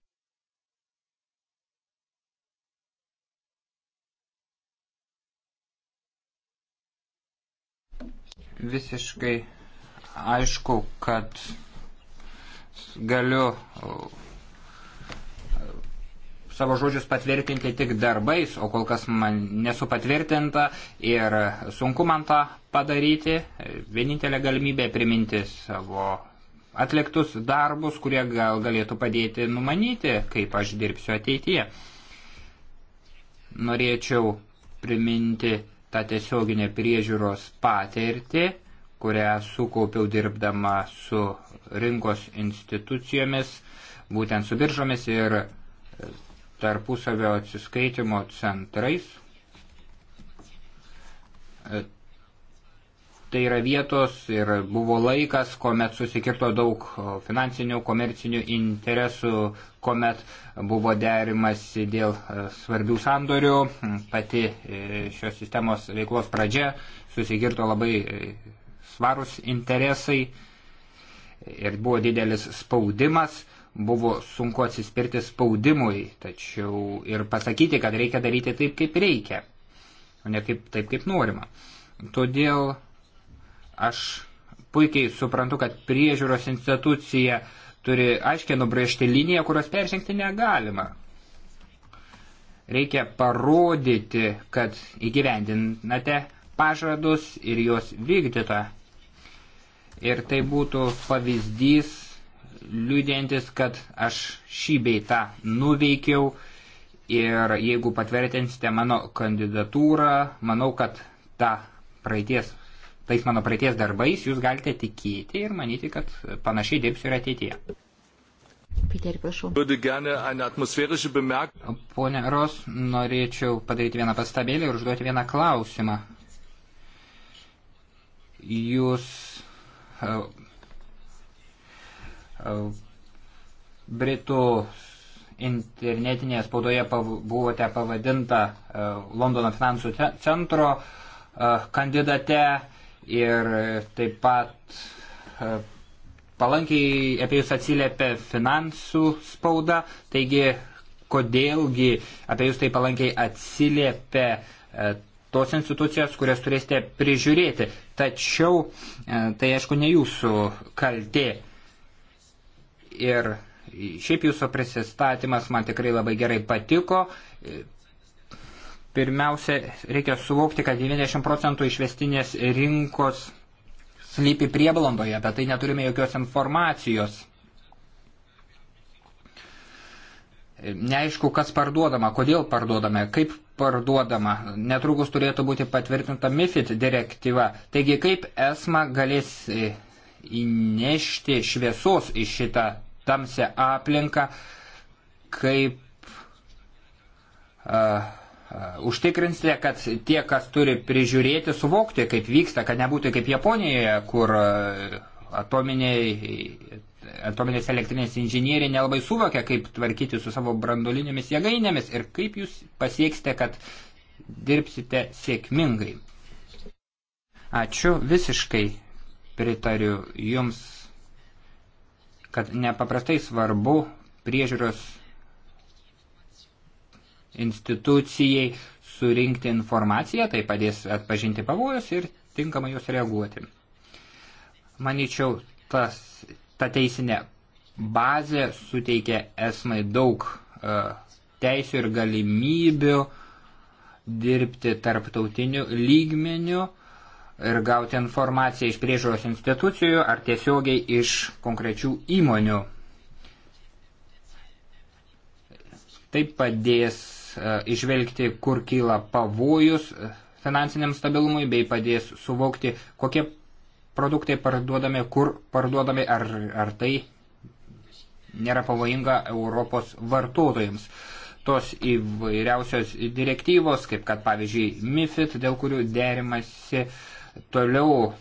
Visiškai aišku, kad galiu uh, savo žodžius patvirtinti tik darbais, o kol kas man nesu patvirtinta ir sunku man tą padaryti. Vienintelė galimybė priminti savo atliktus darbus, kurie gal galėtų padėti numanyti, kaip aš dirbsiu ateityje. Norėčiau priminti tą tiesioginę priežiūros patirtį, kurią sukaupiau dirbdama su rinkos institucijomis, būtent su biržomis ir e, tarpusavio atsiskaitimo centrais. E, tai yra vietos ir buvo laikas, kuomet susikirto daug finansinių, komercinių interesų, kuomet buvo derimasi dėl e, svarbių sandorių, pati e, šios sistemos veiklos pradžia susikirto labai e, svarus interesai ir buvo didelis spaudimas. Buvo sunku atsispirti spaudimui, tačiau ir pasakyti, kad reikia daryti taip, kaip reikia, o ne kaip, taip, kaip norima. Todėl Aš puikiai suprantu, kad priežiūros institucija turi aiškiai nubrėžti liniją, kurios peržengti negalima. Reikia parodyti, kad įgyvendinate pažadus ir juos vykdyta. Ir tai būtų pavyzdys, liūdėjantis, kad aš šį bei tą nuveikiau ir jeigu patvirtinsite mano kandidatūrą, manau, kad ta praeities tais mano praeities darbais, jūs galite tikėti ir manyti, kad panašiai dirbsiu ir ateityje. Peter, prašau. Pone Ros, norėčiau padaryti vieną pastabėlį ir užduoti vieną klausimą. Jūs uh, uh, Britų internetinėje spaudoje pav buvote pavadinta uh, Londono finansų centro uh, kandidate. Uh, ir taip pat e, palankiai apie jūs atsiliepia finansų spauda, taigi kodėlgi apie jūs tai palankiai atsiliepia e, tos institucijos, kurias turėsite prižiūrėti. Tačiau e, tai aišku ne jūsų kaltė. Ir šiaip jūsų prisistatymas man tikrai labai gerai patiko. Pirmiausia, reikia suvokti, kad 90 procentų išvestinės rinkos slypi prieblandoje, bet tai neturime jokios informacijos. Neaišku, kas parduodama, kodėl parduodame, kaip parduodama. Netrukus turėtų būti patvirtinta MIFID direktyva. Taigi, kaip ESMA galės e, įnešti šviesos į šitą tamsią aplinką, kaip uh, Uh, užtikrinsite, kad tie, kas turi prižiūrėti, suvokti, kaip vyksta, kad nebūtų kaip Japonijoje, kur uh, atominiai, atominės elektrinės inžinieriai nelabai suvokia, kaip tvarkyti su savo brandolinėmis jėgainėmis ir kaip jūs pasieksite, kad dirbsite sėkmingai. Ačiū, visiškai pritariu jums, kad nepaprastai svarbu priežiūros institucijai surinkti informaciją, tai padės atpažinti pavojus ir tinkamai jūs reaguoti. Manyčiau, tas, ta teisinė bazė suteikia esmai daug uh, teisių ir galimybių dirbti tarptautiniu lygmeniu ir gauti informaciją iš priežiūros institucijų ar tiesiogiai iš konkrečių įmonių. Tai padės E, išvelgti, kur kyla pavojus e, finansiniam stabilumui, bei padės suvokti, kokie produktai parduodami, kur parduodami, ar, ar tai nėra pavojinga Europos vartotojams. Tos įvairiausios direktyvos, kaip kad pavyzdžiui MIFID, dėl kurių derimasi toliau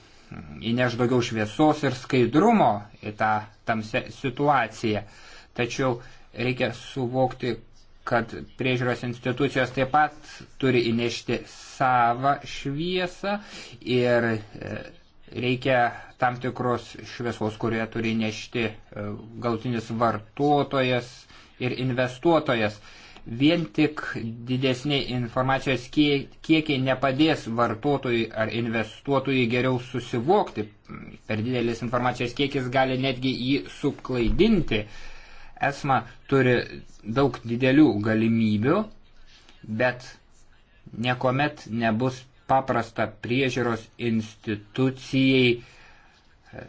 įneš daugiau šviesos ir skaidrumo į tą tamsią situaciją. Tačiau reikia suvokti, kad priežiūros institucijos taip pat turi įnešti savą šviesą ir e, reikia tam tikros šviesos, kurie turi nešti e, galtinis vartotojas ir investuotojas. Vien tik didesniai informacijos kiekiai nepadės vartotojui ar investuotojui geriau susivokti. Per didelis informacijos kiekis gali netgi jį suklaidinti. ESMA turi daug didelių galimybių, bet niekuomet nebus paprasta priežiūros institucijai e,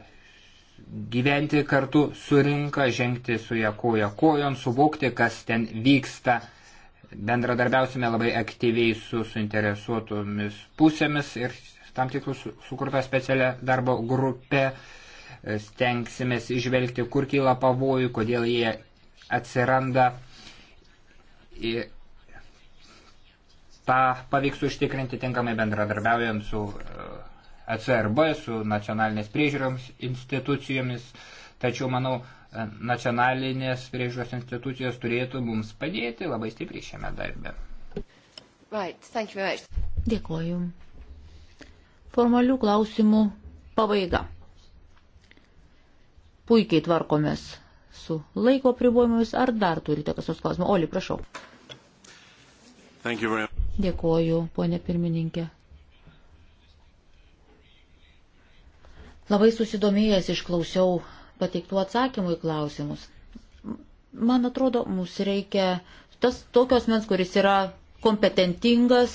gyventi kartu su rinka, žengti su ją koja kojon, suvokti, kas ten vyksta. Bendradarbiausime labai aktyviai su suinteresuotomis pusėmis ir tam tikrus sukurta specialia darbo grupė stengsimės išvelgti, kur kyla pavojų, kodėl jie atsiranda. Ta pavyks užtikrinti tinkamai bendradarbiaujant su ECRB, e su nacionalinės priežiūroms institucijomis, tačiau manau, e, nacionalinės priežiūros institucijos turėtų mums padėti labai stipriai šiame darbe. Right, Dėkoju. Formalių klausimų pabaiga puikiai tvarkomės su laiko pribojimais. Ar dar turite kas nors klausimą? Oli, prašau. Dėkoju, ponė pirmininkė. Labai susidomėjęs išklausiau pateiktų atsakymų į klausimus. Man atrodo, mums reikia tas tokios mens, kuris yra kompetentingas,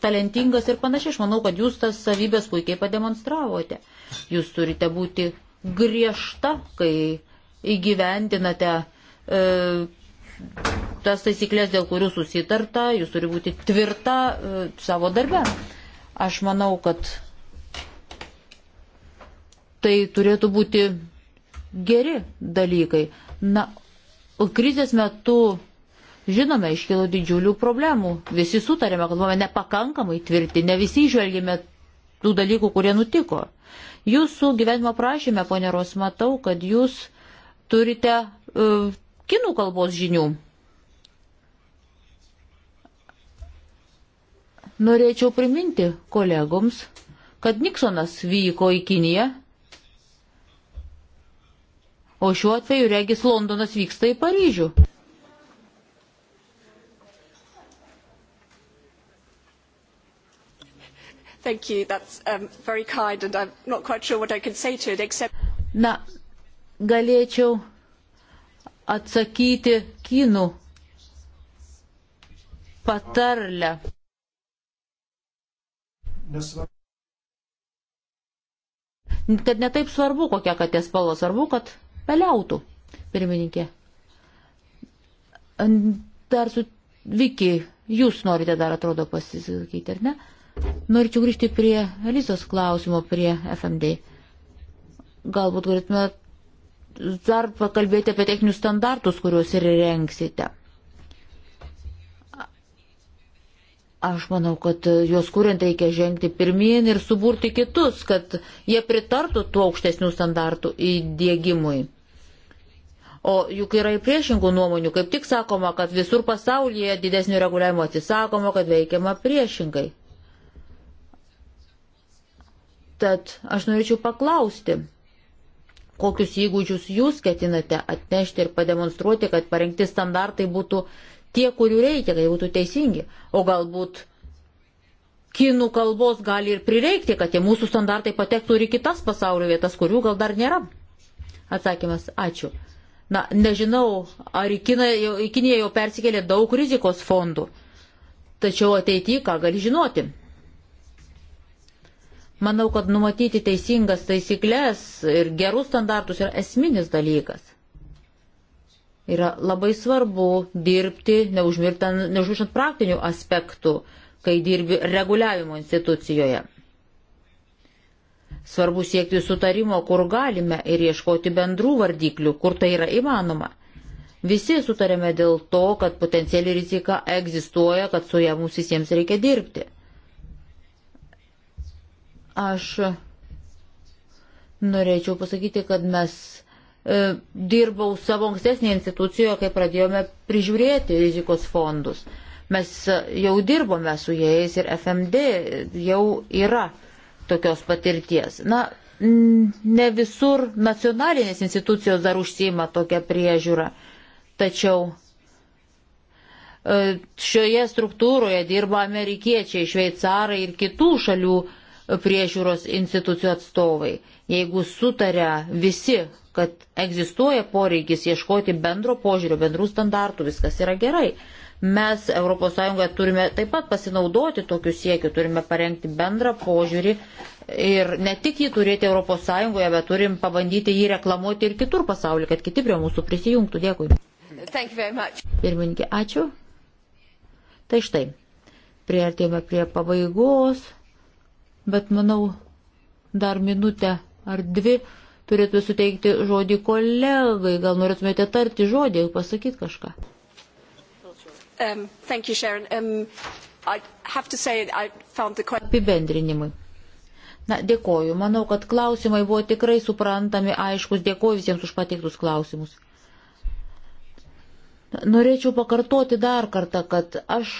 talentingas ir panašiai. Aš manau, kad jūs tas savybės puikiai pademonstravote. Jūs turite būti griežta, kai įgyvendinate e, tas taisyklės, dėl kurių susitarta, jūs turi būti tvirta e, savo darbe. Aš manau, kad tai turėtų būti geri dalykai. Na, krizės metu, žinome, iškilo didžiulių problemų. Visi sutarėme, kad buvome nepakankamai tvirti, ne visi išvelgėme tų dalykų, kurie nutiko. Jūsų gyvenimo prašymę, ponė Ros, matau, kad jūs turite uh, kinų kalbos žinių. Norėčiau priminti kolegoms, kad Niksonas vyko į Kiniją, o šiuo atveju regis Londonas vyksta į Paryžių. Thank you. That's um, very kind and I'm not quite sure what I can say to it except. Na, galėčiau atsakyti kinų patarlę. Nesvarbu. Kad netaip svarbu, kokia katės spalva, svarbu, kad peliautų, pirmininkė. Dar su Viki, jūs norite dar atrodo pasisakyti, ar ne? Norėčiau grįžti prie Elizos klausimo, prie FMD. Galbūt galėtume dar pakalbėti apie techninius standartus, kuriuos ir rengsite. Aš manau, kad juos kuriant reikia žengti pirmin ir suburti kitus, kad jie pritartų tų aukštesnių standartų įdėgymui. O juk yra ir priešingų nuomonių, kaip tik sakoma, kad visur pasaulyje didesnio reguliavimo atsisakoma, kad veikiama priešingai. Tad aš norėčiau paklausti, kokius įgūdžius jūs ketinate atnešti ir pademonstruoti, kad parengti standartai būtų tie, kurių reikia, kad jie būtų teisingi. O galbūt kinų kalbos gali ir prireikti, kad tie mūsų standartai patektų ir į kitas pasaulio vietas, kurių gal dar nėra. Atsakymas - ačiū. Na, nežinau, ar į, Kiną, į Kiniją jau persikėlė daug rizikos fondų. Tačiau ateityje ką gali žinoti? Manau, kad numatyti teisingas taisyklės ir gerus standartus yra esminis dalykas. Yra labai svarbu dirbti, neužmirštant praktinių aspektų, kai dirbi reguliavimo institucijoje. Svarbu siekti sutarimo, kur galime ir ieškoti bendrų vardiklių, kur tai yra įmanoma. Visi sutarėme dėl to, kad potenciali rizika egzistuoja, kad su ją mums visiems reikia dirbti. Aš norėčiau pasakyti, kad mes e, dirbau savo ankstesnėje institucijoje, kai pradėjome prižiūrėti rizikos fondus. Mes jau dirbome su jais ir FMD jau yra tokios patirties. Na, ne visur nacionalinės institucijos dar užsima tokią priežiūrą, tačiau e, šioje struktūroje dirba amerikiečiai, šveicarai ir kitų šalių priežiūros institucijų atstovai. Jeigu sutaria visi, kad egzistuoja poreikis ieškoti bendro požiūrio, bendrų standartų, viskas yra gerai. Mes ES turime taip pat pasinaudoti tokiu siekiu, turime parengti bendrą požiūrį ir ne tik jį turėti ES, bet turim pabandyti jį reklamuoti ir kitur pasaulyje, kad kiti prie mūsų prisijungtų. Dėkui. Pirmininkė, ačiū. Tai štai, prieartėjome prie pabaigos bet manau dar minutę ar dvi turėtų suteikti žodį kolegai. Gal norėtumėte tarti žodį, pasakyti kažką? Um, you, um, say, the... Apibendrinimui. Na, dėkoju. Manau, kad klausimai buvo tikrai suprantami, aiškus. Dėkoju visiems už pateiktus klausimus. Norėčiau pakartoti dar kartą, kad aš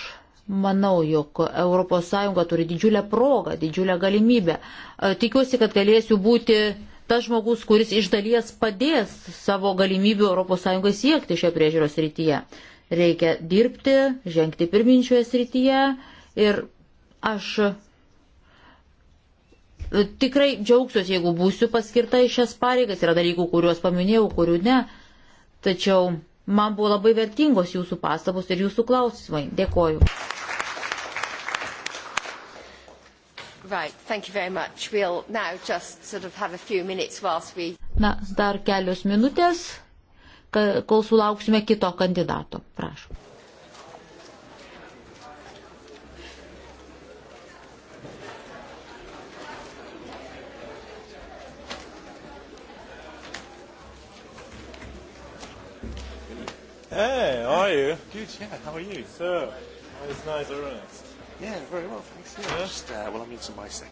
Manau, jog ES turi didžiulę progą, didžiulę galimybę. E, tikiuosi, kad galėsiu būti tas žmogus, kuris iš dalies padės savo galimybių ES siekti šio priežiūros rytyje. Reikia dirbti, žengti pirminčioje srityje ir aš e, tikrai džiaugsiuosi, jeigu būsiu paskirta į šias pareigas. Yra dalykų, kuriuos paminėjau, kurių ne. Tačiau man buvo labai vertingos jūsų pastabos ir jūsų klausimai. Dėkoju. Right, thank you very much. We'll now just sort of have a few minutes whilst we... Na, dar kelios minutės, kol sulauksime kito kandidato. Prašom. Hey, how are you? Good, yeah, how are you? So, it's nice, isn't it? Yeah, very well, thanks. Yeah, yeah. just uh, well, I'm in some ice.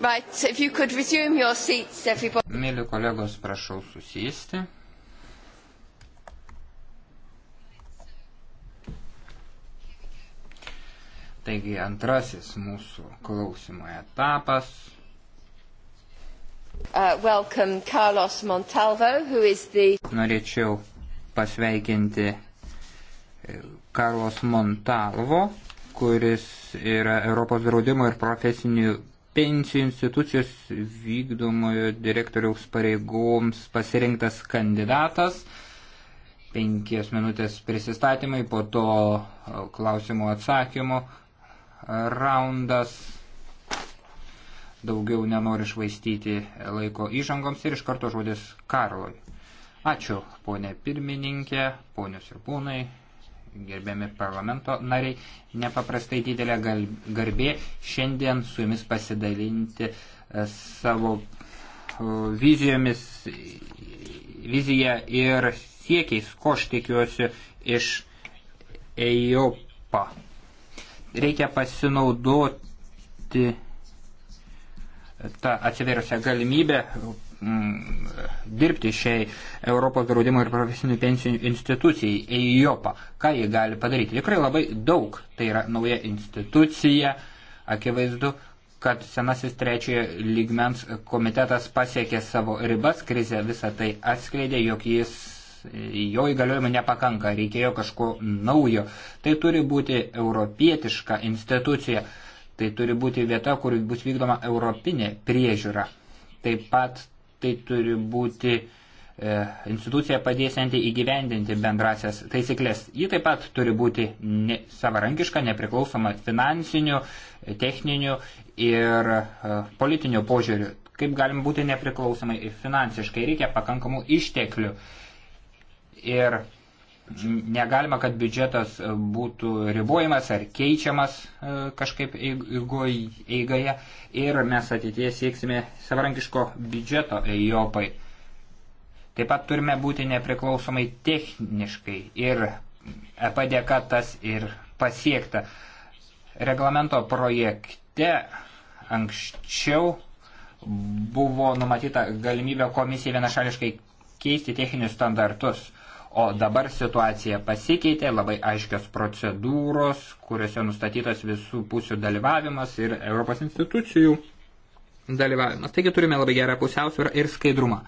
Right, if you could resume your seats, everybody. Mėly kolegos, prašau susėsti. Taigi antrasis mūsų klausimo etapas. Uh, welcome Carlos Montalvo, who is the... Norėčiau pasveikinti e, Carlos Montalvo, kuris yra Europos draudimo ir profesinių pensijų institucijos vykdomojo direktoriaus pareigoms pasirinktas kandidatas. Penkias minutės prisistatymai, po to e, klausimų atsakymų raundas. Daugiau nenori išvaistyti laiko įžangoms ir iš karto žodis Karloj. Ačiū, ponė pirmininkė, ponios ir ponai gerbiami parlamento nariai, nepaprastai didelė garbė šiandien su jumis pasidalinti e, savo e, vizijomis, viziją ir siekiais, ko aš tikiuosi iš EIOPA. Reikia pasinaudoti tą atsivėrusią galimybę m, mm, dirbti šiai Europos draudimo ir profesinių pensijų institucijai, EIOPA. Ką jie gali padaryti? Tikrai labai daug. Tai yra nauja institucija, akivaizdu, kad senasis trečiojo lygmens komitetas pasiekė savo ribas, krizė visą tai atskleidė, jog jis jo įgaliojimų nepakanka, reikėjo kažko naujo. Tai turi būti europietiška institucija, tai turi būti vieta, kur bus vykdoma europinė priežiūra. Taip pat tai turi būti e, institucija padėsianti įgyvendinti bendrasias taisyklės. Ji taip pat turi būti ne, savarankiška, nepriklausoma finansinių, techninių ir e, politinių požiūrių. Kaip galim būti nepriklausomai finansiškai, reikia pakankamų išteklių. Ir negalima, kad biudžetas e, būtų ribojamas ar keičiamas e, kažkaip eigoje ir mes ateitie sieksime savarankiško biudžeto Ejopai. Taip pat turime būti nepriklausomai techniškai ir e padėka tas ir pasiekta. Reglamento projekte anksčiau buvo numatyta galimybė komisijai vienašališkai keisti techninius standartus O dabar situacija pasikeitė, labai aiškios procedūros, kuriuose nustatytas visų pusių dalyvavimas ir Europos institucijų dalyvavimas. Taigi turime labai gerą pusiausvyrą ir skaidrumą.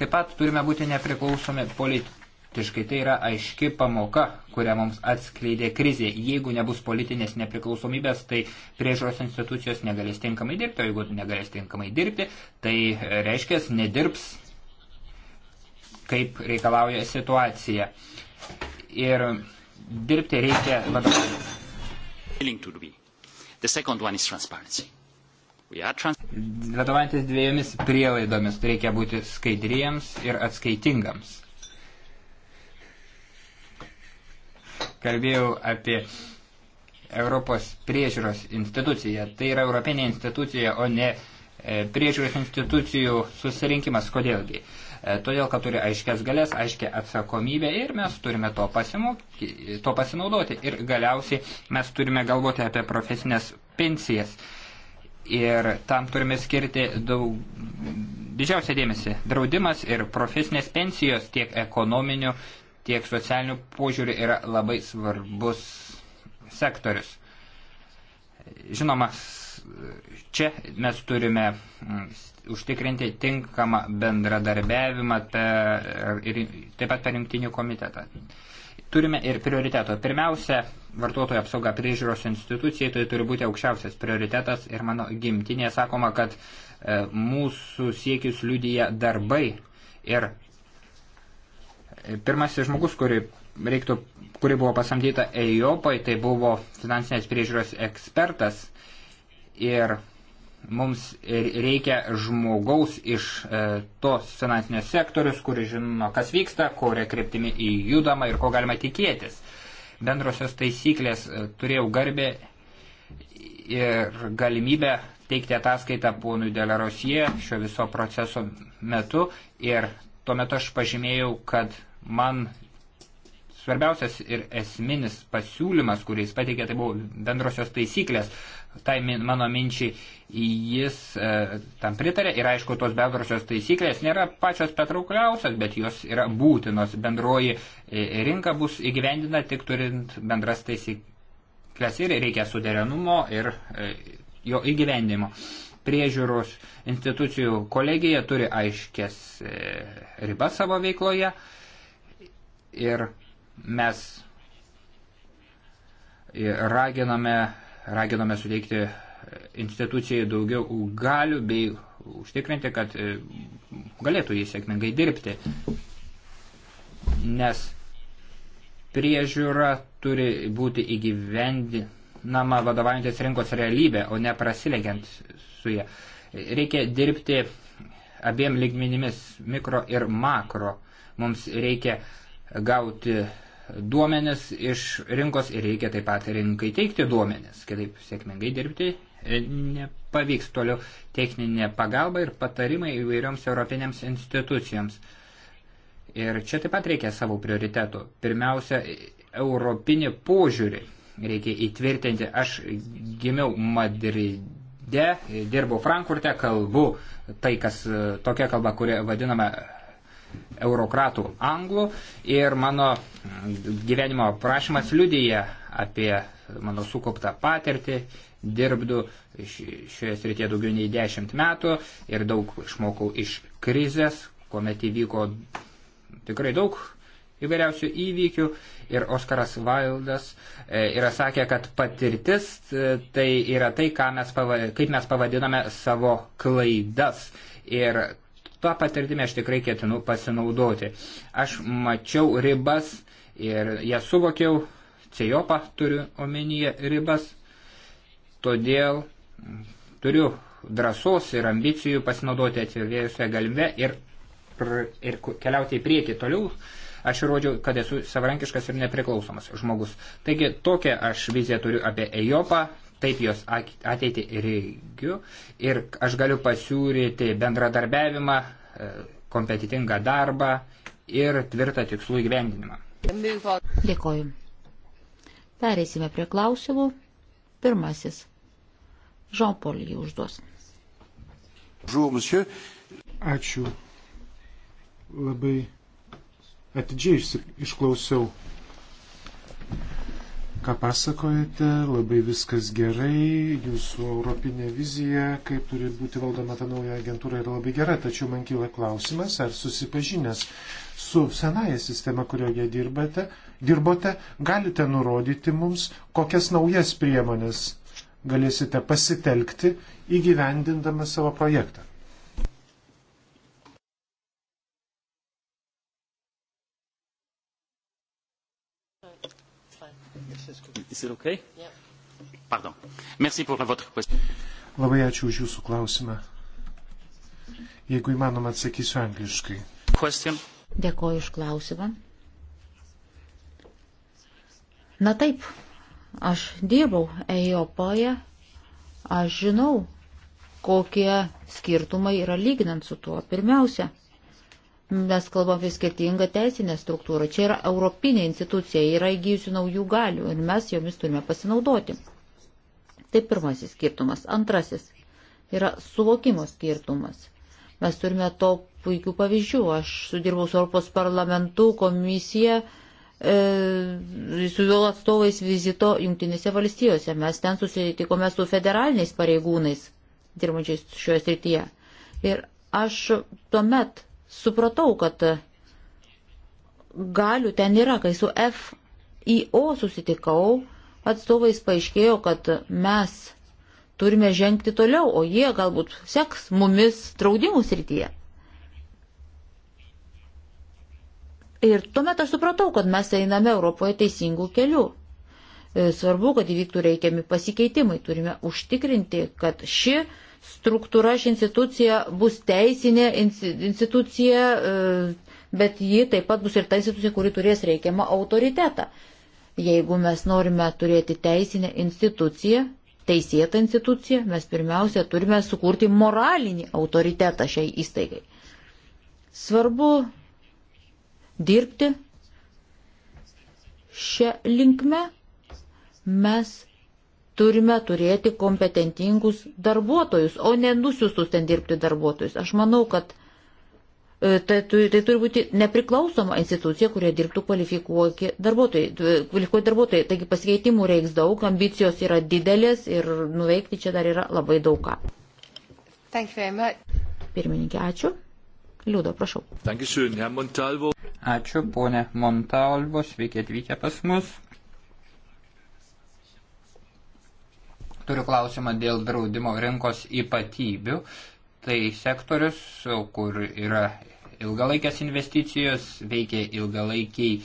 Taip pat turime būti nepriklausomi politiškai. Tai yra aiški pamoka, kurią mums atskleidė krizė. Jeigu nebus politinės nepriklausomybės, tai priežiūros institucijos negalės tinkamai dirbti, o jeigu negalės tinkamai dirbti, tai reiškia, nedirbs kaip reikalauja situacija. Ir dirbti reikia vadovautis. Vadovantis dviejomis prielaidomis reikia būti skaidriems ir atskaitingams. Kalbėjau apie Europos priežiūros instituciją. Tai yra Europinė institucija, o ne e, priežiūros institucijų susirinkimas. Kodėlgi? E, todėl kad turi aiškias galės, aiškia atsakomybę ir mes turime to, pasimokį, to pasinaudoti. Ir galiausiai mes turime galvoti apie profesinės pensijas. Ir tam turime skirti daug, didžiausią dėmesį. Draudimas ir profesinės pensijos tiek ekonominių, tiek socialinių požiūrių yra labai svarbus sektorius. Žinoma, čia mes turime užtikrinti tinkamą bendradarbiavimą per, ir taip pat per jungtinį komitetą. Turime ir prioriteto. Pirmiausia, vartotojų apsauga priežiūros institucijai tai turi būti aukščiausias prioritetas ir mano gimtinėje sakoma, kad e, mūsų siekius liudyja darbai ir pirmasis žmogus, kuri, reiktų, kuri buvo pasamdyta EIOPAI, tai buvo finansinės priežiūros ekspertas ir mums reikia žmogaus iš e, tos finansinio sektorius, kuris žino, kas vyksta, kuria kryptimi įjudama ir ko galima tikėtis. Bendrosios taisyklės e, turėjau garbę ir galimybę teikti ataskaitą ponui Delarosie šio viso proceso metu ir tuo metu aš pažymėjau, kad man Svarbiausias ir esminis pasiūlymas, kuris pateikė, tai buvo bendrosios taisyklės. Tai mano minčiai jis e, tam pritarė ir aišku, tos bendrosios taisyklės nėra pačios patraukliausios, bet jos yra būtinos. Bendroji e, rinka bus įgyvendina tik turint bendras taisyklės ir reikia suderinumo ir e, jo įgyvendimo priežiūros institucijų kolegija turi aiškės e, ribas savo veikloje ir Mes raginame, raginame suteikti institucijai daugiau galių bei užtikrinti, kad e, galėtų jį sėkmingai dirbti. Nes priežiūra turi būti įgyvendinama vadovaujantis rinkos realybė, o ne prasilenkiant su ją. Reikia dirbti abiem lygmenimis mikro ir makro. Mums reikia gauti duomenis iš rinkos ir reikia taip pat rinkai teikti duomenis, kitaip sėkmingai dirbti e, nepavyks toliau techninė pagalba ir patarimai įvairioms europinėms institucijoms. Ir čia taip pat reikia savo prioritetų. Pirmiausia, europinį požiūrį reikia įtvirtinti. Aš gimiau Madride, dirbau Frankfurte, kalbu tai, kas tokia kalba, kurią vadiname eurokratų anglų ir mano gyvenimo aprašymas liudyje apie mano sukauptą patirtį, dirbdu šioje srityje daugiau nei 10 metų ir daug išmokau iš krizės, kuomet įvyko tikrai daug įvairiausių įvykių ir Oskaras Vaildas e, yra sakę, kad patirtis e, tai yra tai, mes pavadiname, kaip mes pavadiname savo klaidas. Ir Tuo patirtimi aš tikrai ketinu pasinaudoti. Aš mačiau ribas ir jas suvokiau, CEJOPA turiu omenyje ribas, todėl turiu drąsos ir ambicijų pasinaudoti atvėrėjusią galimybę ir, ir keliauti į priekį toliau. Aš įrodžiau, kad esu savarankiškas ir nepriklausomas žmogus. Taigi tokią aš viziją turiu apie EJOPą, taip jos ateitį reigiu ir aš galiu pasiūlyti bendradarbiavimą, e, kompetitingą darbą ir tvirtą tikslų įgyvendinimą. Dėkoju. Pereisime prie klausimų. Pirmasis. Žopol jį užduos. Ačiū. Labai atidžiai išklausiau ką pasakojate, labai viskas gerai, jūsų europinė vizija, kaip turi būti valdoma ta nauja agentūra yra labai gera, tačiau man kyla klausimas, ar susipažinęs su senaja sistema, kurioje dirbate, dirbote, galite nurodyti mums, kokias naujas priemonės galėsite pasitelkti įgyvendindama savo projektą. Is it okay? Yeah. Pardon. Merci pour votre question. Labai ačiū už jūsų klausimą. Jeigu įmanoma, atsakysiu angliškai. Question. Dėkoju iš klausimą. Na taip, aš dirbau Ejopoje, aš žinau, kokie skirtumai yra lyginant su tuo. Pirmiausia, mes kalbam apie skirtingą teisinę struktūrą. Čia yra europinė institucija, yra įgyjusi naujų galių ir mes jomis turime pasinaudoti. Tai pirmasis skirtumas. Antrasis yra suvokimo skirtumas. Mes turime to puikių pavyzdžių. Aš sudirbau su Europos parlamentu, komisija, e, su jo atstovais vizito Junktinėse valstijose. Mes ten susitikome su federaliniais pareigūnais, dirbančiais šioje srityje. Ir aš tuomet supratau, kad galių ten yra, kai su FIO susitikau, atstovais paaiškėjo, kad mes turime žengti toliau, o jie galbūt seks mumis draudimų srityje. Ir tuomet aš supratau, kad mes einame Europoje teisingų kelių. E, svarbu, kad įvyktų reikiami pasikeitimai. Turime užtikrinti, kad ši struktūra, ši institucija bus teisinė institucija, e, bet ji taip pat bus ir ta institucija, kuri turės reikiamą autoritetą. Jeigu mes norime turėti teisinę instituciją, teisėtą instituciją, mes pirmiausia turime sukurti moralinį autoritetą šiai įstaigai. Svarbu dirbti šią linkmę. Mes turime turėti kompetentingus darbuotojus, o ne nusiustus ten dirbti darbuotojus. Aš manau, kad e, tai, tai turi būti nepriklausoma institucija, kurie dirbtų kvalifikuoti darbuotojai. Kvalifikuoti darbuotojai. Taigi pasikeitimų reiks daug, ambicijos yra didelės ir nuveikti čia dar yra labai daug ką. Pirmininkė, ačiū. Liūdo, prašau. Ačiū, ponė Montalvo, sveiki atvykę pas mus. Turiu klausimą dėl draudimo rinkos ypatybių. Tai sektorius, kur yra ilgalaikės investicijos, veikia ilgalaikiai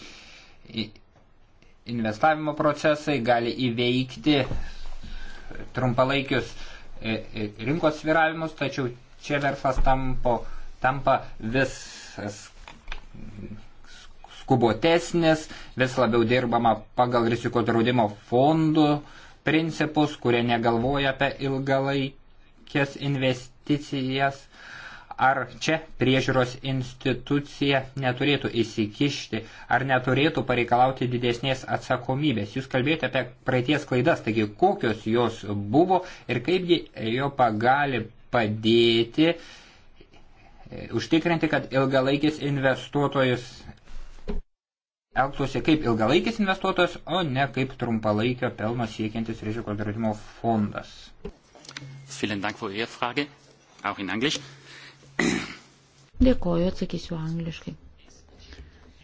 investavimo procesai, gali įveikti trumpalaikius e, e, rinkos sviravimus, tačiau čia verslas tampo, tampa vis skubotesnis, vis labiau dirbama pagal rizikos draudimo fondų principus, kurie negalvoja apie ilgalaikės investicijas, ar čia priežiūros institucija neturėtų įsikišti, ar neturėtų pareikalauti didesnės atsakomybės. Jūs kalbėjote apie praeities klaidas, taigi kokios jos buvo ir kaipgi Ejopa gali padėti e, užtikrinti, kad ilgalaikis investuotojas elgtųsi kaip ilgalaikis investuotojas, o ne kaip trumpalaikio pelno siekiantis rizikos draudimo fondas. Dėkoju, atsakysiu angliškai.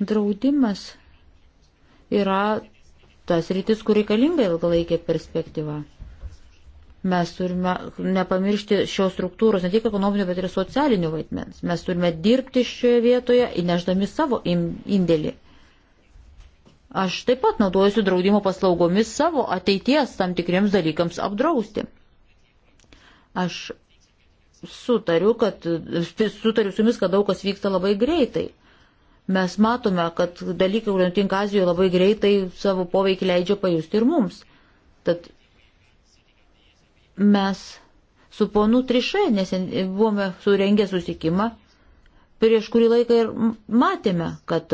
Draudimas yra tas rytis, kur reikalinga ilgalaikė perspektyva. Mes turime nepamiršti šios struktūros, ne tik ekonominio, bet ir socialinio vaidmens. Mes turime dirbti šioje vietoje, įneždami savo indėlį. In Aš taip pat naudojusiu draudimo paslaugomis savo ateities tam tikriems dalykams apdrausti. Aš sutariu, kad, sutariu su jumis, kad daug kas vyksta labai greitai. Mes matome, kad dalykai, kurie nutinka Azijoje, labai greitai savo poveikį leidžia pajusti ir mums. Tad mes su ponu Trišai nesen buvome surengę susikimą, prieš kurį laiką ir matėme, kad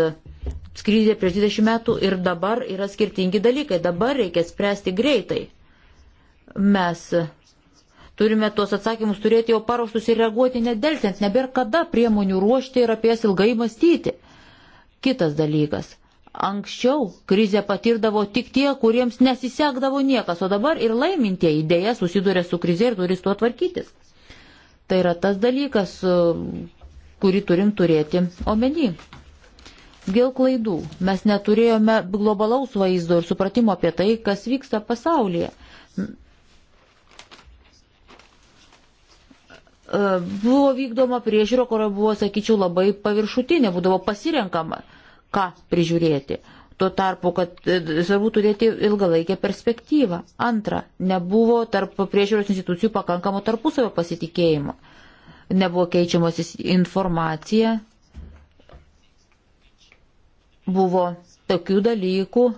skrydė prieš 20 metų ir dabar yra skirtingi dalykai. Dabar reikia spręsti greitai. Mes turime tuos atsakymus turėti jau paruoštus ir reaguoti nedelsiant, nebėra kada priemonių ruošti ir apie jas ilgai mąstyti. Kitas dalykas. Anksčiau krizę patirdavo tik tie, kuriems nesisekdavo niekas, o dabar ir laimintieji idėja susiduria su krize ir turi su tuo tvarkytis. Tai yra tas dalykas, kurį turim turėti omeny. Dėl klaidų mes neturėjome globalaus vaizdo ir supratimo apie tai, kas vyksta pasaulyje. E, buvo vykdoma priežiūro, kurio buvo, sakyčiau, labai paviršutinė, būdavo pasirenkama, ką prižiūrėti. Tuo tarpu, kad e, svarbu turėti ilgalaikę perspektyvą. Antra, nebuvo tarp priežiūros institucijų pakankamo tarpusavio pasitikėjimo. Nebuvo keičiamas informacija buvo tokių dalykų, e,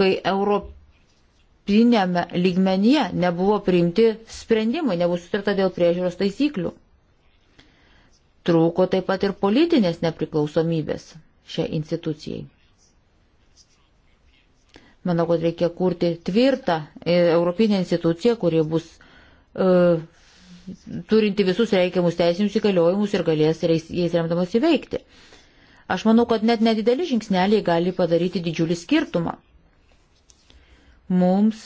kai europinėme lygmenyje nebuvo priimti sprendimai, nebuvo sutarta dėl priežiūros taisyklių. Trūko taip pat ir politinės nepriklausomybės šiai institucijai. Manau, kad reikia kurti tvirtą e, europinę instituciją, kuri bus e, turinti visus reikiamus teisinius įgaliojimus ir galės jais remdamas įveikti. Aš manau, kad net nedideli žingsneliai gali padaryti didžiulį skirtumą. Mums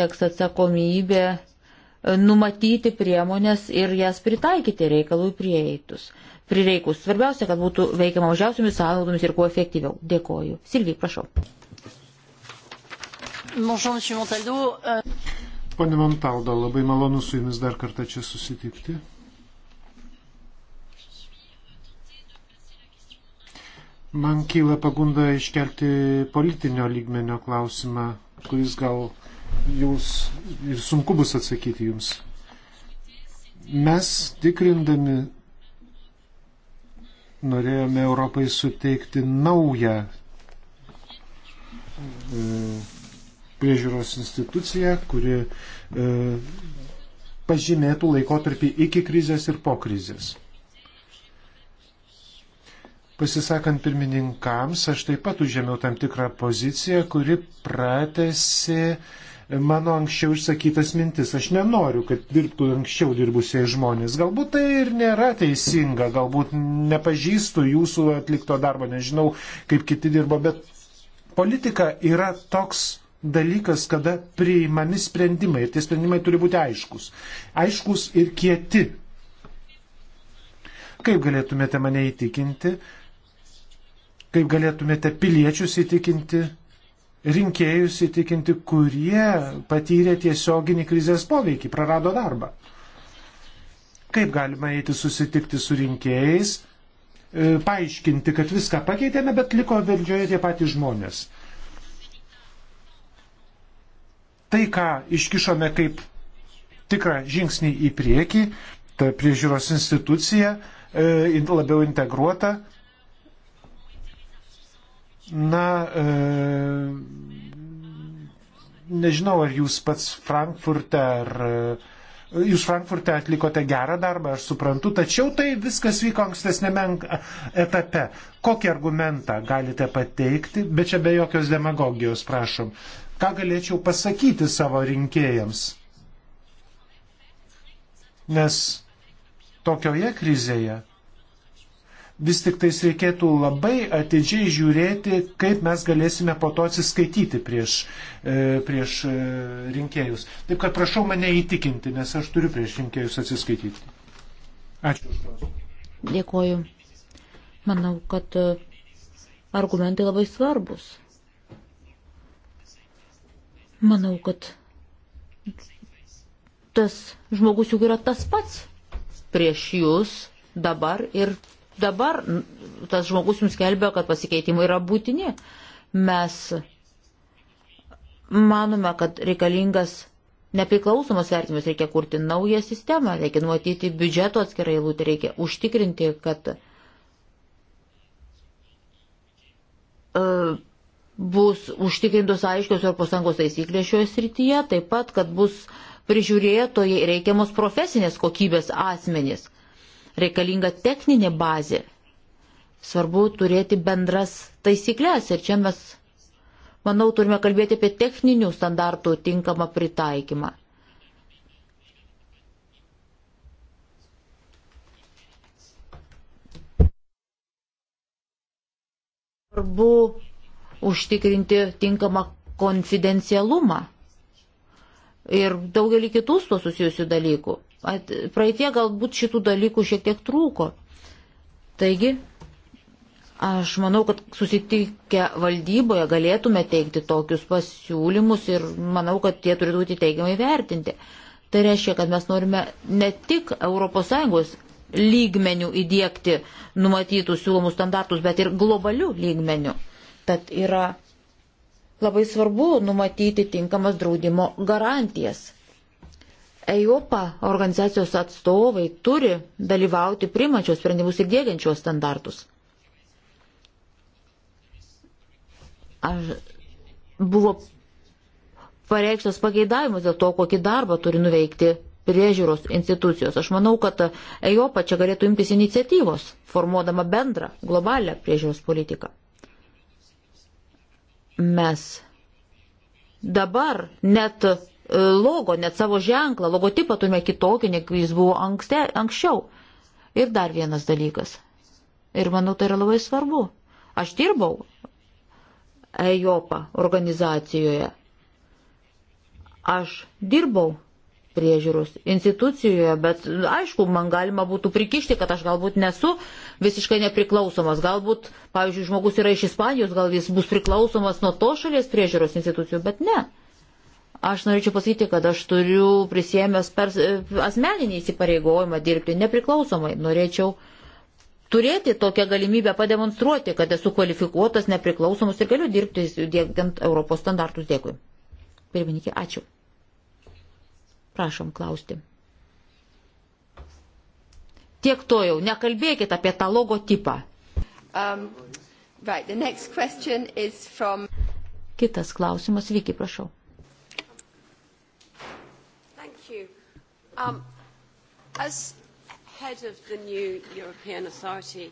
teks atsakomybė e, numatyti priemonės ir jas pritaikyti reikalui prieitus. Prireikus svarbiausia, kad būtų veikiama mažiausiamis sąnaudomis ir kuo efektyviau. Dėkoju. Silvijai, prašau. Bonjour, Pane Montaldo, labai malonu su jumis dar kartą čia susitikti. Man kyla pagunda iškelti politinio lygmenio klausimą, kuris gal jūs ir sunku bus atsakyti jums. Mes tikrindami norėjome Europai suteikti naują e, priežiūros institucija, kuri e, pažymėtų laikotarpį iki krizės ir po krizės. Pasisakant pirmininkams, aš taip pat užėmiau tam tikrą poziciją, kuri pratesi mano anksčiau išsakytas mintis. Aš nenoriu, kad dirbtų anksčiau dirbusieji žmonės. Galbūt tai ir nėra teisinga, galbūt nepažįstu jūsų atlikto darbo, nežinau, kaip kiti dirbo, bet politika yra toks dalykas, kada priimami sprendimai ir tie sprendimai turi būti aiškus. Aiškus ir kieti. Kaip galėtumėte mane įtikinti, kaip galėtumėte piliečius įtikinti, rinkėjus įtikinti, kurie patyrė tiesioginį krizės poveikį, prarado darbą. Kaip galima eiti susitikti su rinkėjais, e, paaiškinti, kad viską pakeitėme, bet liko valdžioje tie patys žmonės. tai, ką iškišome kaip tikrą žingsnį į priekį, ta priežiūros institucija e, labiau integruota. Na, e, nežinau, ar jūs pats Frankfurte, ar e, jūs Frankfurte atlikote gerą darbą, aš suprantu, tačiau tai viskas vyko ankstesnėme etape. Kokį argumentą galite pateikti, bet čia be jokios demagogijos, prašom. Ką galėčiau pasakyti savo rinkėjams? Nes tokioje krizėje vis tik tais reikėtų labai atidžiai žiūrėti, kaip mes galėsime po to atsiskaityti prieš, e, prieš e, rinkėjus. Taip kad prašau mane įtikinti, nes aš turiu prieš rinkėjus atsiskaityti. Ačiū. Dėkuoju. Manau, kad e, argumentai labai svarbus. Manau, kad tas žmogus juk yra tas pats prieš jūs dabar ir dabar tas žmogus jums kelbė, kad pasikeitimai yra būtini. Mes manome, kad reikalingas nepriklausomas vertimas, reikia kurti naują sistemą, reikia numatyti biudžeto atskirai lūtį, reikia užtikrinti, kad uh, bus užtikrintos aiškios ES taisyklės šioje srityje, taip pat, kad bus prižiūrėtojai reikiamos profesinės kokybės asmenys, reikalinga techninė bazė. Svarbu turėti bendras taisyklės ir čia mes, manau, turime kalbėti apie techninių standartų tinkamą pritaikymą. Svarbu užtikrinti tinkamą konfidencialumą ir daugelį kitų su to susijusių dalykų. At, praeitie galbūt šitų dalykų šiek tiek trūko. Taigi, aš manau, kad susitikę valdyboje galėtume teikti tokius pasiūlymus ir manau, kad tie turi būti teigiamai vertinti. Tai reiškia, kad mes norime ne tik ES lygmenių įdėkti numatytus siūlomus standartus, bet ir globalių lygmenių. Tad yra labai svarbu numatyti tinkamas draudimo garantijas. EIOPA organizacijos atstovai turi dalyvauti primačios sprendimus ir dėgiančios standartus. Aš buvo pareikštas pageidavimas dėl to, kokį darbą turi nuveikti priežiūros institucijos. Aš manau, kad EIOPA čia galėtų imtis iniciatyvos, formuodama bendrą globalią priežiūros politiką. Mes dabar net e, logo, net savo ženklą, logotipą turime kitokį, negu jis buvo ankste, anksčiau. Ir dar vienas dalykas. Ir manau, tai yra labai svarbu. Aš dirbau EJOPA organizacijoje. Aš dirbau priežiūros institucijoje, bet aišku, man galima būtų prikišti, kad aš galbūt nesu visiškai nepriklausomas. Galbūt, pavyzdžiui, žmogus yra iš Ispanijos, gal jis bus priklausomas nuo to šalies priežiūros institucijų, bet ne. Aš norėčiau pasakyti, kad aš turiu prisėmęs pers, asmeninį įsipareigojimą dirbti nepriklausomai. Norėčiau turėti tokią galimybę pademonstruoti, kad esu kvalifikuotas, nepriklausomas ir galiu dirbti, dėgiant Europos standartus. Dėkui. Pirmininkė, ačiū. Prašom klausti. Tiek to jau, nekalbėkit apie tą logotipą. Um, right, from... Kitas klausimas, Viki, prašau. Um, authority...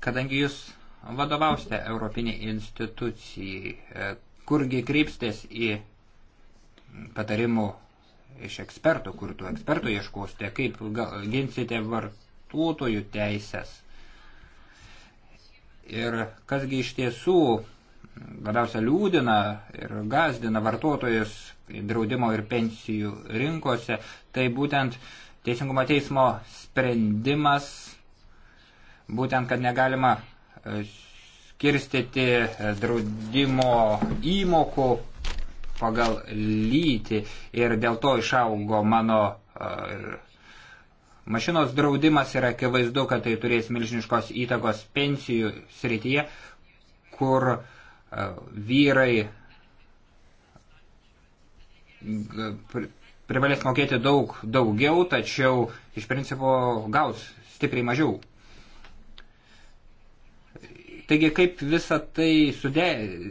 Kadangi jūs vadovausite Europiniai institucijai, e, kurgi krypstės į patarimų iš ekspertų, kur tų ekspertų ieškosite, kaip ginsite vartotojų teisės. Ir kasgi iš tiesų labiausia liūdina ir gazdina vartotojus draudimo ir pensijų rinkose, tai būtent Teisingumo teismo sprendimas, būtent, kad negalima e, skirstyti draudimo įmokų pagal lytį ir dėl to išaugo mano mašinos draudimas ir akivaizdu, kad tai turės milžiniškos įtakos pensijų srityje, kur vyrai privalės mokėti daug daugiau, tačiau iš principo gaus stipriai mažiau. Taigi kaip visą tai sudė,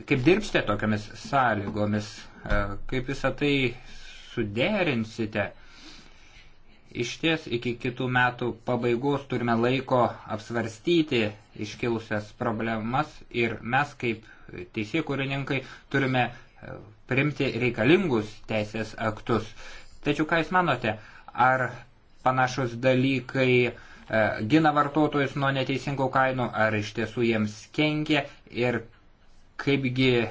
kaip dirbsite tokiamis sąlygomis, E, kaip visą tai suderinsite. Iš ties iki kitų metų pabaigos turime laiko apsvarstyti iškilusias problemas ir mes kaip teisėkūrininkai turime e, primti reikalingus teisės aktus. Tačiau ką Jūs manote, ar panašus dalykai e, gina vartotojus nuo neteisingų kainų, ar iš tiesų jiems kenkia ir kaipgi e,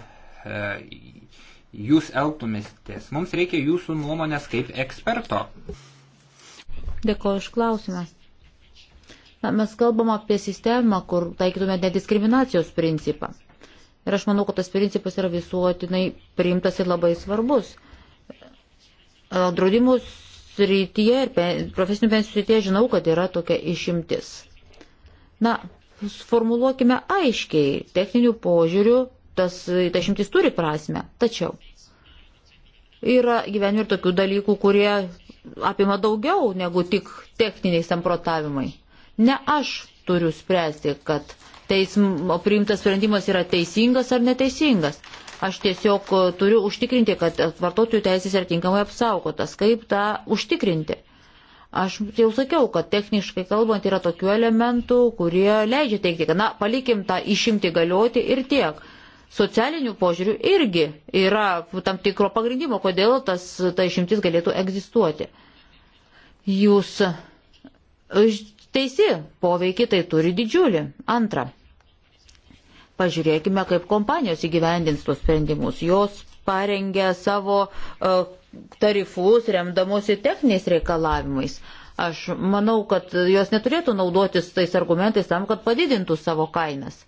jūs elgtumėtės. Mums reikia jūsų nuomonės kaip eksperto. Dėkuoju iš klausimą. Na, mes kalbam apie sistemą, kur taikytume nediskriminacijos principą. Ir aš manau, kad tas principas yra visuotinai priimtas ir labai svarbus. Draudimų srityje ir profesinių pensijų srityje žinau, kad yra tokia išimtis. Na, sformuluokime aiškiai, techninių požiūrių tas dešimtis turi prasme. Tačiau yra gyvenime ir tokių dalykų, kurie apima daugiau negu tik techniniai samprotavimai. Ne aš turiu spręsti, kad teismo priimtas sprendimas yra teisingas ar neteisingas. Aš tiesiog e, turiu užtikrinti, kad vartotojų teisės yra tinkamai apsaugotas. Kaip tą užtikrinti? Aš jau sakiau, kad techniškai kalbant yra tokių elementų, kurie leidžia teikti, kad na, palikim tą išimti galioti ir tiek socialinių požiūrių irgi yra tam tikro pagrindimo, kodėl tas, ta išimtis galėtų egzistuoti. Jūs teisi, poveikį tai turi didžiulį. Antra, pažiūrėkime, kaip kompanijos įgyvendins tuos sprendimus. Jos parengia savo uh, tarifus remdamosi techniniais reikalavimais. Aš manau, kad jos neturėtų naudotis tais argumentais tam, kad padidintų savo kainas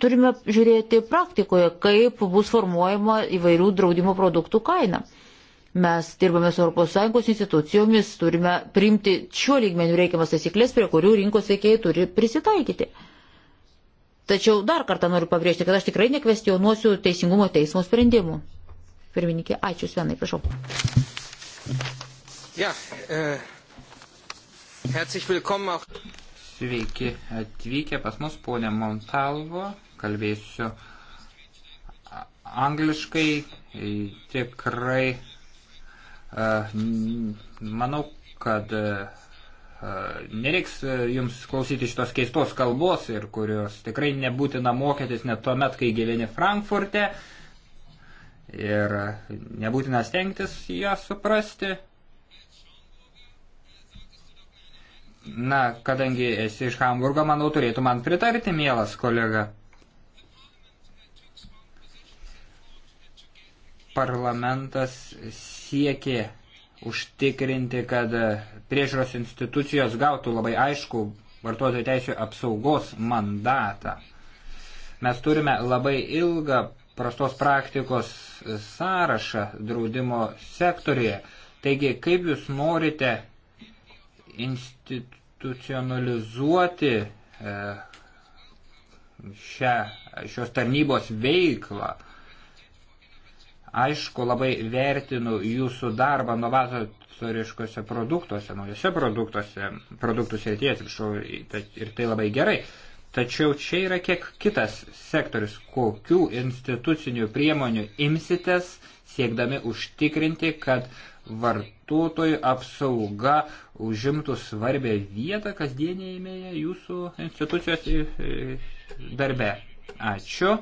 turime žiūrėti praktikoje, kaip bus formuojama įvairių draudimo produktų kaina. Mes dirbame su ES institucijomis, turime priimti šiuo lygmeniu reikiamas taisyklės, prie kurių rinkos veikėjai turi prisitaikyti. Tačiau dar kartą noriu pabrėžti, kad aš tikrai nekvestionuosiu teisingumo teismo sprendimų. Pirmininkė, ačiū Svenai, prašau. Ja, äh, herzlich willkommen auch. Sveiki atvykę pas mus, ponė Montalvo. Kalbėsiu angliškai. Tikrai e, manau, kad e, nereiks e, jums klausyti šitos keistos kalbos ir kurios tikrai nebūtina mokytis net tuo met, kai gyveni Frankfurte ir nebūtina stengtis ją suprasti. Na, kadangi esi iš Hamburgo, manau, turėtų man pritarti, mielas kolega. Parlamentas siekė užtikrinti, kad priežiūros institucijos gautų labai aišku vartotojų teisų apsaugos mandatą. Mes turime labai ilgą prastos praktikos sąrašą draudimo sektorijoje. Taigi, kaip jūs norite institucionalizuoti e, šią, šios tarnybos veiklą. Aišku, labai vertinu jūsų darbą novatoriškose produktuose, naujose produktuose, produktų srityje, atsiprašau, ir tai labai gerai. Tačiau čia yra kiek kitas sektorius, kokių institucinių priemonių imsitės, siekdami užtikrinti, kad vartotojų apsauga užimtų svarbę vietą kasdienėje jūsų institucijos e, e, darbe. Ačiū.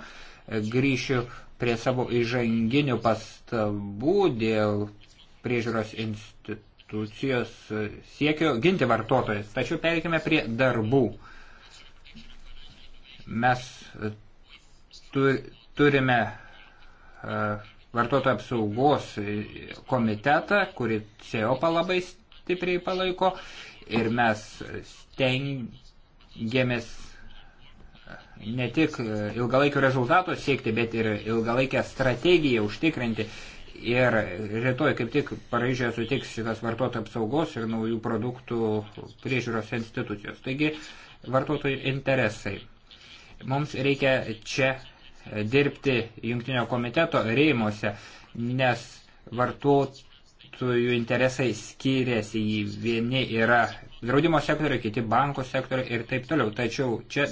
Grįšiu prie savo įžanginių pastabų dėl priežiūros institucijos siekio ginti vartotojus. Tačiau pereikime prie darbų. Mes turime uh, vartotojų apsaugos komitetą, kurį CEOPA labai stipriai palaiko ir mes stengiamės ne tik ilgalaikio rezultato siekti, bet ir ilgalaikę strategiją užtikrinti. Ir rytoj kaip tik Paryžioje sutiks šitas vartotojų apsaugos ir naujų produktų priežiūros institucijos. Taigi vartotojų interesai. Mums reikia čia dirbti jungtinio komiteto reimuose, nes vartotojų interesai skiriasi, vieni yra draudimo sektoriai, kiti bankų sektoriai ir taip toliau. Tačiau čia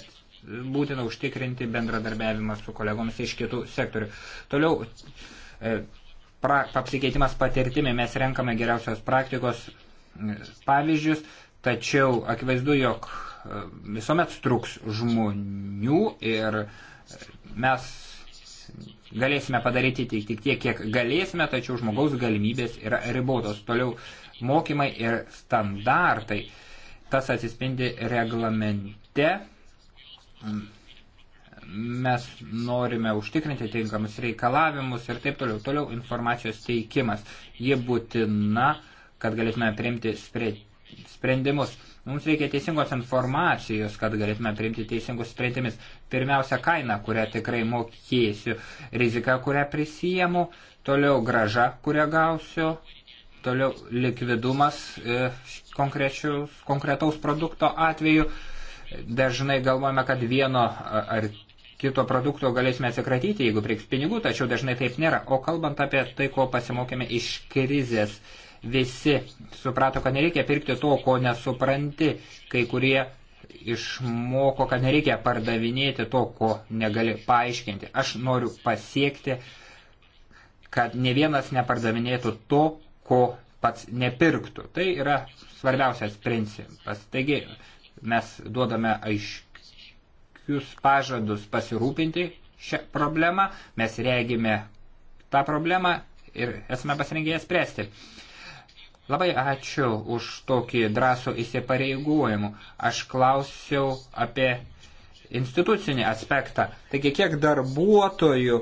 būtina užtikrinti bendradarbiavimą su kolegomis iš kitų sektorių. Toliau e, pra, apsikeitimas patirtimi mes renkame geriausios praktikos e, pavyzdžius, tačiau akivaizdu, jog e, visuomet truks žmonių ir uh, Mes galėsime padaryti tik, tik tiek, kiek galėsime, tačiau žmogaus galimybės yra ribotos. Toliau mokymai ir standartai. Tas atsispindi reglamente. Mes norime užtikrinti tinkamus reikalavimus ir taip toliau. Toliau informacijos teikimas. Ji būtina, kad galėtume priimti sprendimus. Mums reikia teisingos informacijos, kad galėtume priimti teisingus sprendimus. Pirmiausia, kaina, kurią tikrai mokėsiu, rizika, kurią prisijėmu, toliau graža, kurią gausiu, toliau likvidumas e, konkretaus produkto atveju. Dažnai galvojame, kad vieno ar kito produkto galėsime atsikratyti, jeigu prieks pinigų, tačiau dažnai taip nėra. O kalbant apie tai, ko pasimokėme iš krizės, visi suprato, kad nereikia pirkti to, ko nesupranti, kai kurie išmoko, kad nereikia pardavinėti to, ko negali paaiškinti. Aš noriu pasiekti, kad ne vienas nepardavinėtų to, ko pats nepirktų. Tai yra svarbiausias principas. Taigi mes duodame aiškius pažadus pasirūpinti šią problemą, mes reagime tą problemą ir esame pasirengę ją spręsti. Labai ačiū už tokį drąsų įsipareigojimą. Aš klausiau apie institucinį aspektą. Taigi, kiek darbuotojų,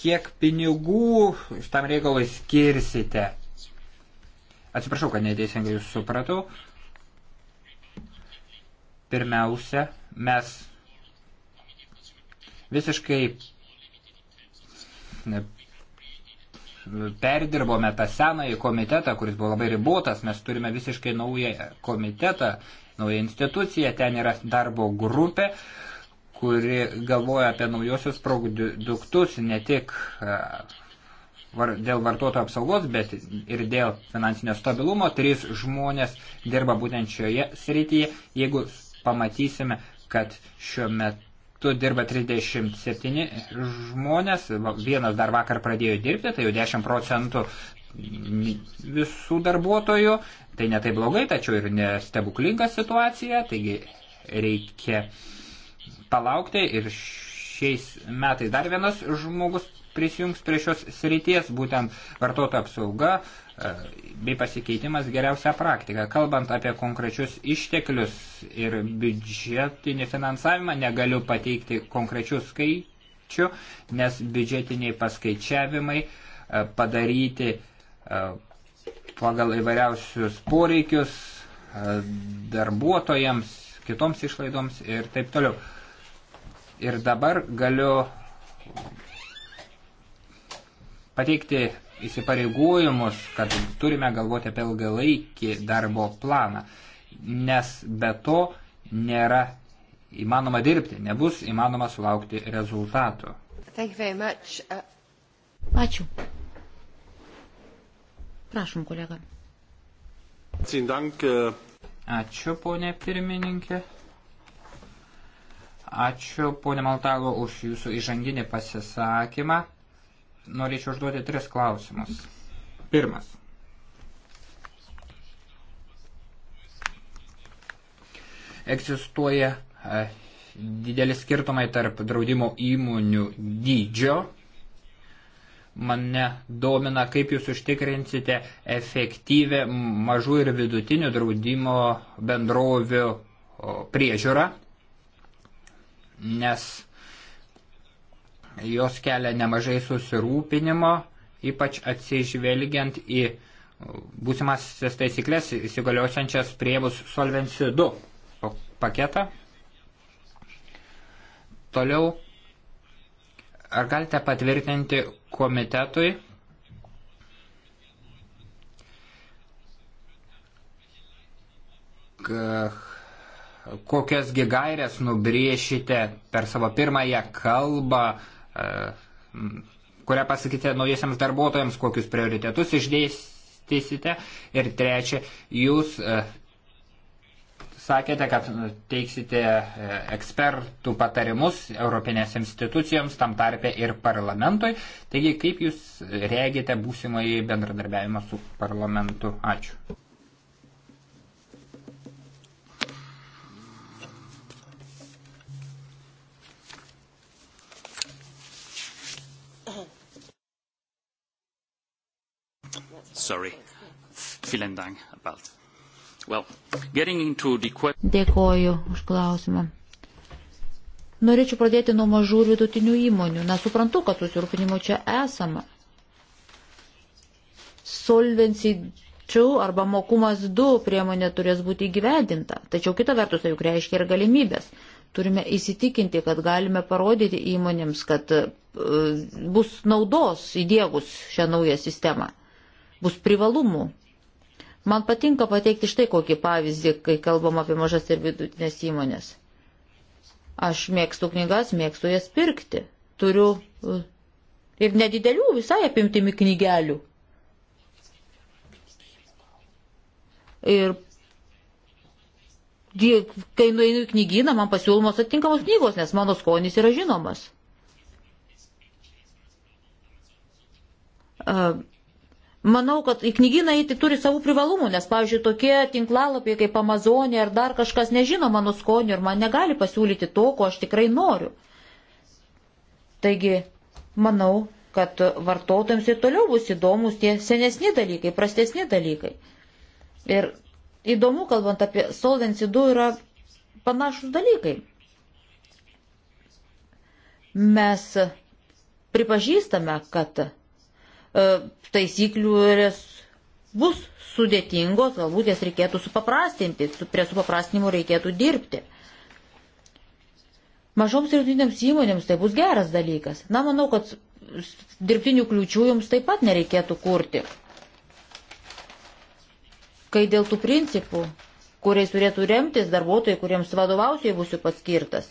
kiek pinigų tam reikalui skirsite? Atsiprašau, kad neteisingai jūs supratau. Pirmiausia, mes visiškai perdirbome tą senąjį komitetą, kuris buvo labai ribotas, mes turime visiškai naują komitetą, naują instituciją, ten yra darbo grupė, kuri galvoja apie naujosius produktus, ne tik e, dėl vartotojų apsaugos, bet ir dėl finansinio stabilumo. Trys žmonės dirba būtent šioje srityje. Jeigu pamatysime, kad šiuo metu metu dirba 37 žmonės, vienas dar vakar pradėjo dirbti, tai jau 10 procentų visų darbuotojų, tai netai blogai, tačiau ir nestebuklinga situacija, taigi reikia palaukti ir šiais metais dar vienas žmogus prisijungs prie šios srities, būtent vartoto apsauga e, bei pasikeitimas geriausia praktika. Kalbant apie konkrečius išteklius ir biudžetinį finansavimą, negaliu pateikti konkrečių skaičių, nes biudžetiniai paskaičiavimai e, padaryti e, pagal įvairiausius poreikius darbuotojams, kitoms išlaidoms ir taip toliau. Ir dabar galiu pateikti įsipareigojimus, kad turime galvoti apie ilgalaikį darbo planą, nes be to nėra įmanoma dirbti, nebus įmanoma sulaukti rezultatų. Uh, Ačiū. Prašom, kolega. Äh, Ačiū, ponė pirmininkė. Ačiū, ponė Maltalo, už jūsų įžanginį pasisakymą norėčiau užduoti tris klausimus. Pirmas. Egzistuoja e, dideli skirtumai tarp draudimo įmonių dydžio. Mane domina, kaip jūs užtikrinsite efektyvę mažų ir vidutinių draudimo bendrovių priežiūrą, nes jos kelia nemažai susirūpinimo, ypač atsižvelgiant į būsimas taisyklės įsigaliosiančias priebus Solvency 2 paketą. Toliau, ar galite patvirtinti komitetui, kokias gigairės nubriešite per savo pirmąją kalbą, E, kurią pasakite naujiesiams darbuotojams, kokius prioritetus išdėstysite. Ir trečia, jūs e, sakėte, kad teiksite e, ekspertų patarimus Europinės institucijoms, tam tarpe ir parlamentui. Taigi, kaip jūs reagite būsimąjį bendradarbiavimą su parlamentu? Ačiū. Sorry. Vielen Dank. About. Well, getting into the question. Dėkoju už klausimą. Norėčiau pradėti nuo mažų ir vidutinių įmonių. Na, suprantu, kad susirūpinimo čia esama. Solvency 2 arba mokumas 2 priemonė turės būti įgyvendinta. Tačiau kita vertus, tai juk reiškia ir galimybės. Turime įsitikinti, kad galime parodyti įmonėms, kad e, bus naudos įdėgus šią naują sistemą bus privalumų. Man patinka pateikti štai kokį pavyzdį, kai kalbam apie mažas ir vidutinės įmonės. Aš mėgstu knygas, mėgstu jas pirkti. Turiu uh, ir nedidelių visai apimtimi knygelių. Ir kai nueinu į knygyną, man pasiūlomos atitinkamos knygos, nes mano skonis yra žinomas. Uh, Manau, kad į knyginą jį tik turi savų privalumų, nes, pavyzdžiui, tokie tinklalapiai kaip Amazonė ar dar kažkas nežino mano skonio ir man negali pasiūlyti to, ko aš tikrai noriu. Taigi, manau, kad vartotojams ir toliau bus įdomus tie senesni dalykai, prastesni dalykai. Ir įdomu, kalbant apie Solvency 2, yra panašus dalykai. Mes pripažįstame, kad E, taisyklių bus sudėtingos, galbūt jas reikėtų supaprastinti, prie supaprastinimo reikėtų dirbti. Mažoms ir vidutinėms įmonėms tai bus geras dalykas. Na, manau, kad dirbtinių kliūčių jums taip pat nereikėtų kurti. Kai dėl tų principų, kuriais turėtų remtis darbuotojai, kuriems vadovausiu, jei būsiu paskirtas,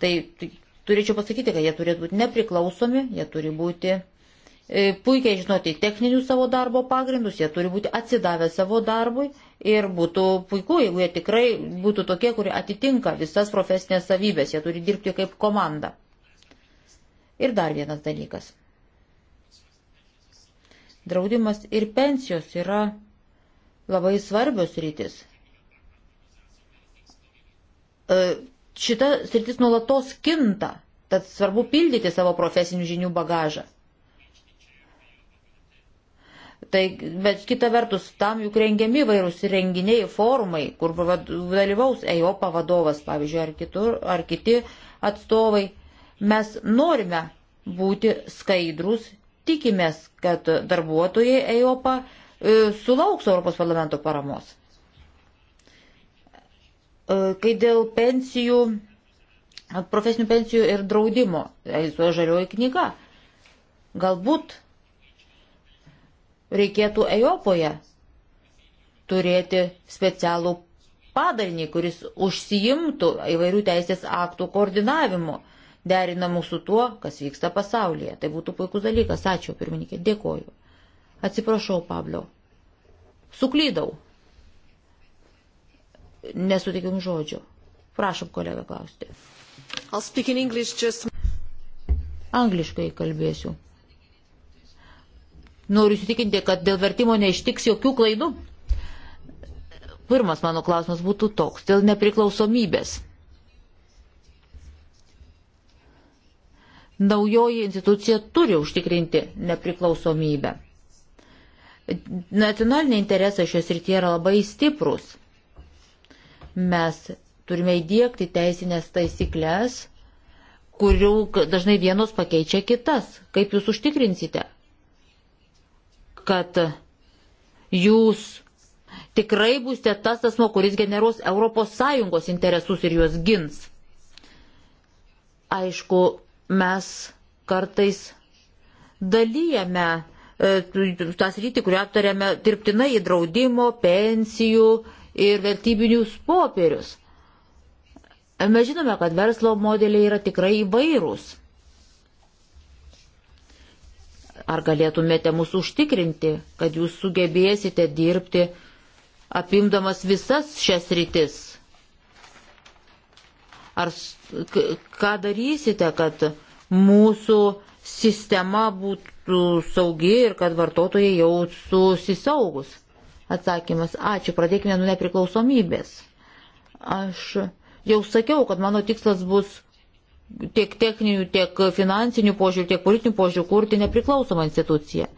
tai, tai turėčiau pasakyti, kad jie turėtų būti nepriklausomi, jie turi būti E, puikiai žinoti techninius savo darbo pagrindus, jie turi būti atsidavę savo darbui ir būtų puiku, jeigu jie tikrai būtų tokie, kurie atitinka visas profesinės savybės, jie turi dirbti kaip komanda. Ir dar vienas dalykas. Draudimas ir pensijos yra labai svarbios rytis. E, šita sritis nuolatos kinta, tad svarbu pildyti savo profesinių žinių bagažą. Tai, bet kita vertus, tam juk rengiami vairūs renginiai, forumai, kur dalyvaus EIOPA vadovas, pavyzdžiui, ar, kitur, ar kiti atstovai. Mes norime būti skaidrus, tikimės, kad darbuotojai EIOPA e, sulauks Europos parlamento paramos. E, kai dėl pensijų, profesinių pensijų ir draudimo, egzistuoja žalioji knyga. Galbūt reikėtų Ejopoje turėti specialų padalinį, kuris užsijimtų įvairių teisės aktų koordinavimu, derinamu su tuo, kas vyksta pasaulyje. Tai būtų puikus dalykas. Ačiū, pirmininkė. Dėkoju. Atsiprašau, Pablo. Suklydau. Nesutikim žodžio. Prašom, kolega, klausti. Just... Angliškai kalbėsiu. Noriu įsitikinti, kad dėl vertimo neištiks jokių klaidų. Pirmas mano klausimas būtų toks, dėl nepriklausomybės. Naujoji institucija turi užtikrinti nepriklausomybę. Nacionaliniai interesai šios rytyje yra labai stiprus. Mes turime įdėkti teisinės taisyklės, kurių dažnai vienos pakeičia kitas. Kaip jūs užtikrinsite, kad jūs tikrai būsite tas asmo, kuris generuos ES interesus ir juos gins. Aišku, mes kartais dalyjame e, tas rytį, kurią aptarėme dirbtinai į draudimo, pensijų ir vertybinius popierius. Mes žinome, kad verslo modeliai yra tikrai įvairūs. Ar galėtumėte mus užtikrinti, kad jūs sugebėsite dirbti apimdamas visas šias rytis? Ar ką darysite, kad mūsų sistema būtų saugi ir kad vartotojai jaustųsi saugus? Atsakymas - ačiū, pradėkime nuo nepriklausomybės. Aš jau sakiau, kad mano tikslas bus tiek techninių, tiek finansinių požiūrių, tiek politinių požiūrių kurti nepriklausomą instituciją.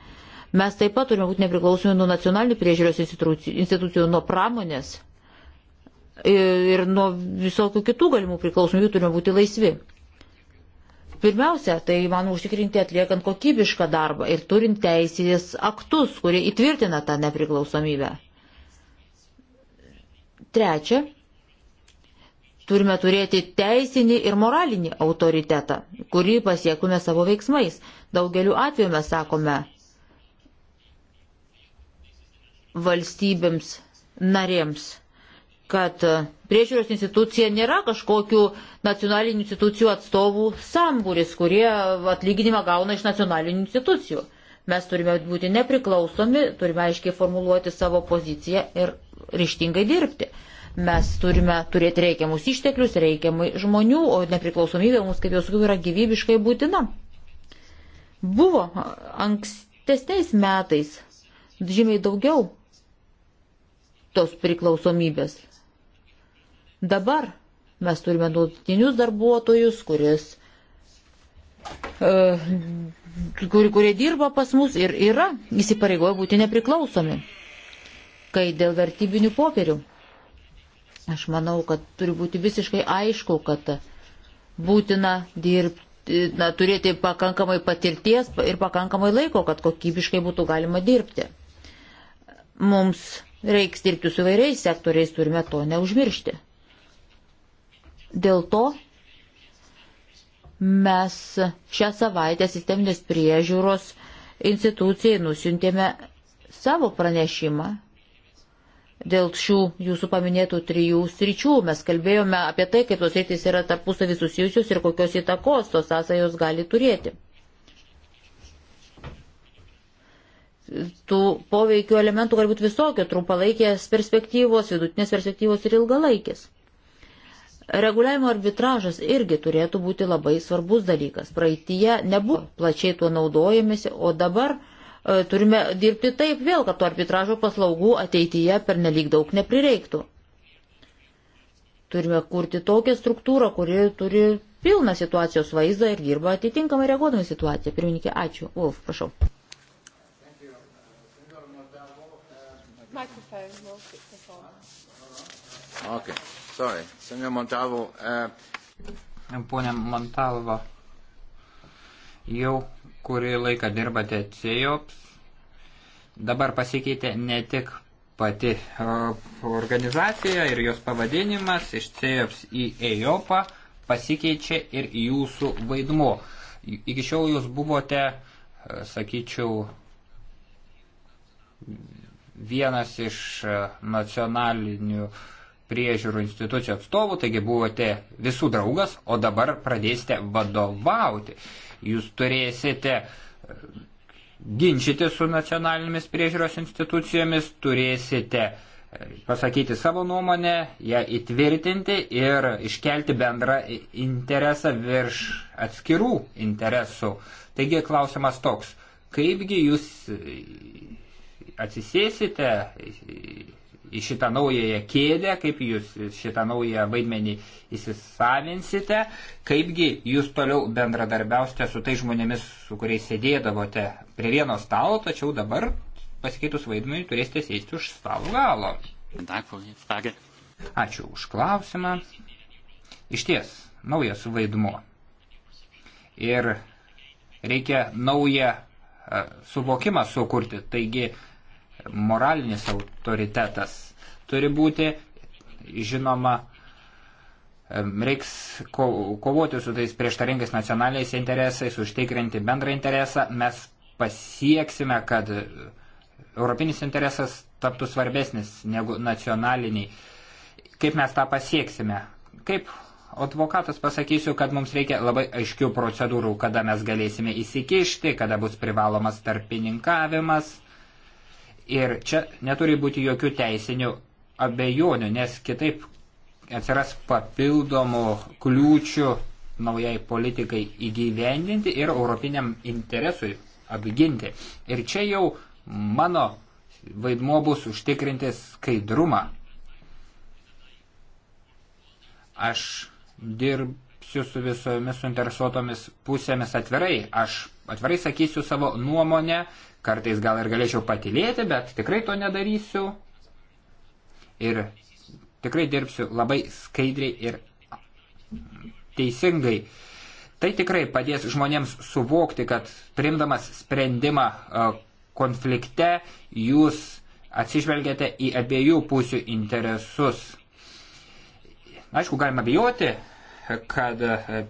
Mes taip pat turime būti nepriklausomi nuo nacionalinių priežiūros institucijų, institucijų nuo pramonės ir nuo visokių kitų galimų priklausomybių turime būti laisvi. Pirmiausia, tai man užtikrinti atliekant kokybišką darbą ir turint teisės aktus, kurie įtvirtina tą nepriklausomybę. Trečia, turime turėti teisinį ir moralinį autoritetą, kurį pasiekume savo veiksmais. Daugeliu atveju mes sakome valstybėms narėms, kad priežiūros institucija nėra kažkokių nacionalinių institucijų atstovų sambūris, kurie atlyginimą gauna iš nacionalinių institucijų. Mes turime būti nepriklausomi, turime aiškiai formuluoti savo poziciją ir ryštingai dirbti. Mes turime turėti reikiamus išteklius, reikiamai žmonių, o nepriklausomybė mums, kaip jau sakiau, yra gyvybiškai būtina. Buvo ankstesniais metais žymiai daugiau tos priklausomybės. Dabar mes turime nuolatinius darbuotojus, kuris, uh, kur, kurie dirba pas mus ir yra įsipareigoję būti nepriklausomi, kai dėl vertybinių popierių. Aš manau, kad turi būti visiškai aišku, kad būtina dirbti, na, turėti pakankamai patirties ir pakankamai laiko, kad kokybiškai būtų galima dirbti. Mums reiks dirbti su vairiais sektoriais, turime to neužmiršti. Dėl to mes šią savaitę sisteminės priežiūros institucijai nusintėme savo pranešimą dėl šių jūsų paminėtų trijų sričių. Mes kalbėjome apie tai, kaip tos rytis yra tarpusavį susijusios ir kokios įtakos tos sąsajos gali turėti. Tų poveikio elementų gali būti visokio - trumpalaikės perspektyvos, vidutinės perspektyvos ir ilgalaikės. Reguliavimo arbitražas irgi turėtų būti labai svarbus dalykas. Praeitie nebuvo plačiai tuo naudojamėsi, o dabar uh, E, turime dirbti taip vėl, kad to arbitražo paslaugų ateityje per nelik daug neprireiktų. Turime kurti tokią struktūrą, kuri turi pilną situacijos vaizdą ir dirba atitinkamai reaguodami situaciją. Pirmininkė, ačiū. Ulf, prašau. Okay. Sorry. Senor Montalvo. Uh... Pone Montalvo, jau kurį laiką dirbate CEOPS, dabar pasikeitė ne tik pati organizacija ir jos pavadinimas iš CEOPS į EIOPA pasikeičia ir jūsų vaidmuo. Iki šiol jūs buvote, e, sakyčiau, vienas iš e, nacionalinių priežiūrų institucijų atstovų, taigi buvote visų draugas, o dabar pradėsite vadovauti jūs turėsite e, ginčyti su nacionalinėmis priežiūros institucijomis, turėsite e, pasakyti savo nuomonę, ją įtvirtinti ir iškelti bendrą interesą virš atskirų interesų. Taigi klausimas toks, kaipgi jūs e, atsisėsite į šitą naująją kėdę, kaip jūs šitą naują vaidmenį įsisavinsite, kaipgi jūs toliau bendradarbiausite su tai žmonėmis, su kuriais sėdėdavote prie vieno stalo, tačiau dabar pasikeitus vaidmenį turėsite sėsti už stalo galo. Ačiū už klausimą. Iš ties, naujas vaidmuo. Ir reikia naują e, suvokimą sukurti. Taigi, moralinis autoritetas turi būti, žinoma, reiks kovoti su tais prieštaringais nacionaliais interesais, užtikrinti bendrą interesą, mes pasieksime, kad europinis interesas taptų svarbesnis negu nacionaliniai. Kaip mes tą pasieksime? Kaip advokatas pasakysiu, kad mums reikia labai aiškių procedūrų, kada mes galėsime įsikišti, kada bus privalomas tarpininkavimas, Ir čia neturi būti jokių teisinių abejonių, nes kitaip atsiras papildomų kliūčių naujai politikai įgyvendinti ir europiniam interesui apginti. Ir čia jau mano vaidmuo bus užtikrinti skaidrumą. Aš dirbsiu su visomis suinteresuotomis pusėmis atvirai. Aš atvarai sakysiu savo nuomonę, kartais gal ir galėčiau patilėti, bet tikrai to nedarysiu. Ir tikrai dirbsiu labai skaidriai ir teisingai. Tai tikrai padės žmonėms suvokti, kad priimdamas sprendimą e, konflikte jūs atsižvelgiate į abiejų pusių interesus. Aišku, galima bijoti, kad e,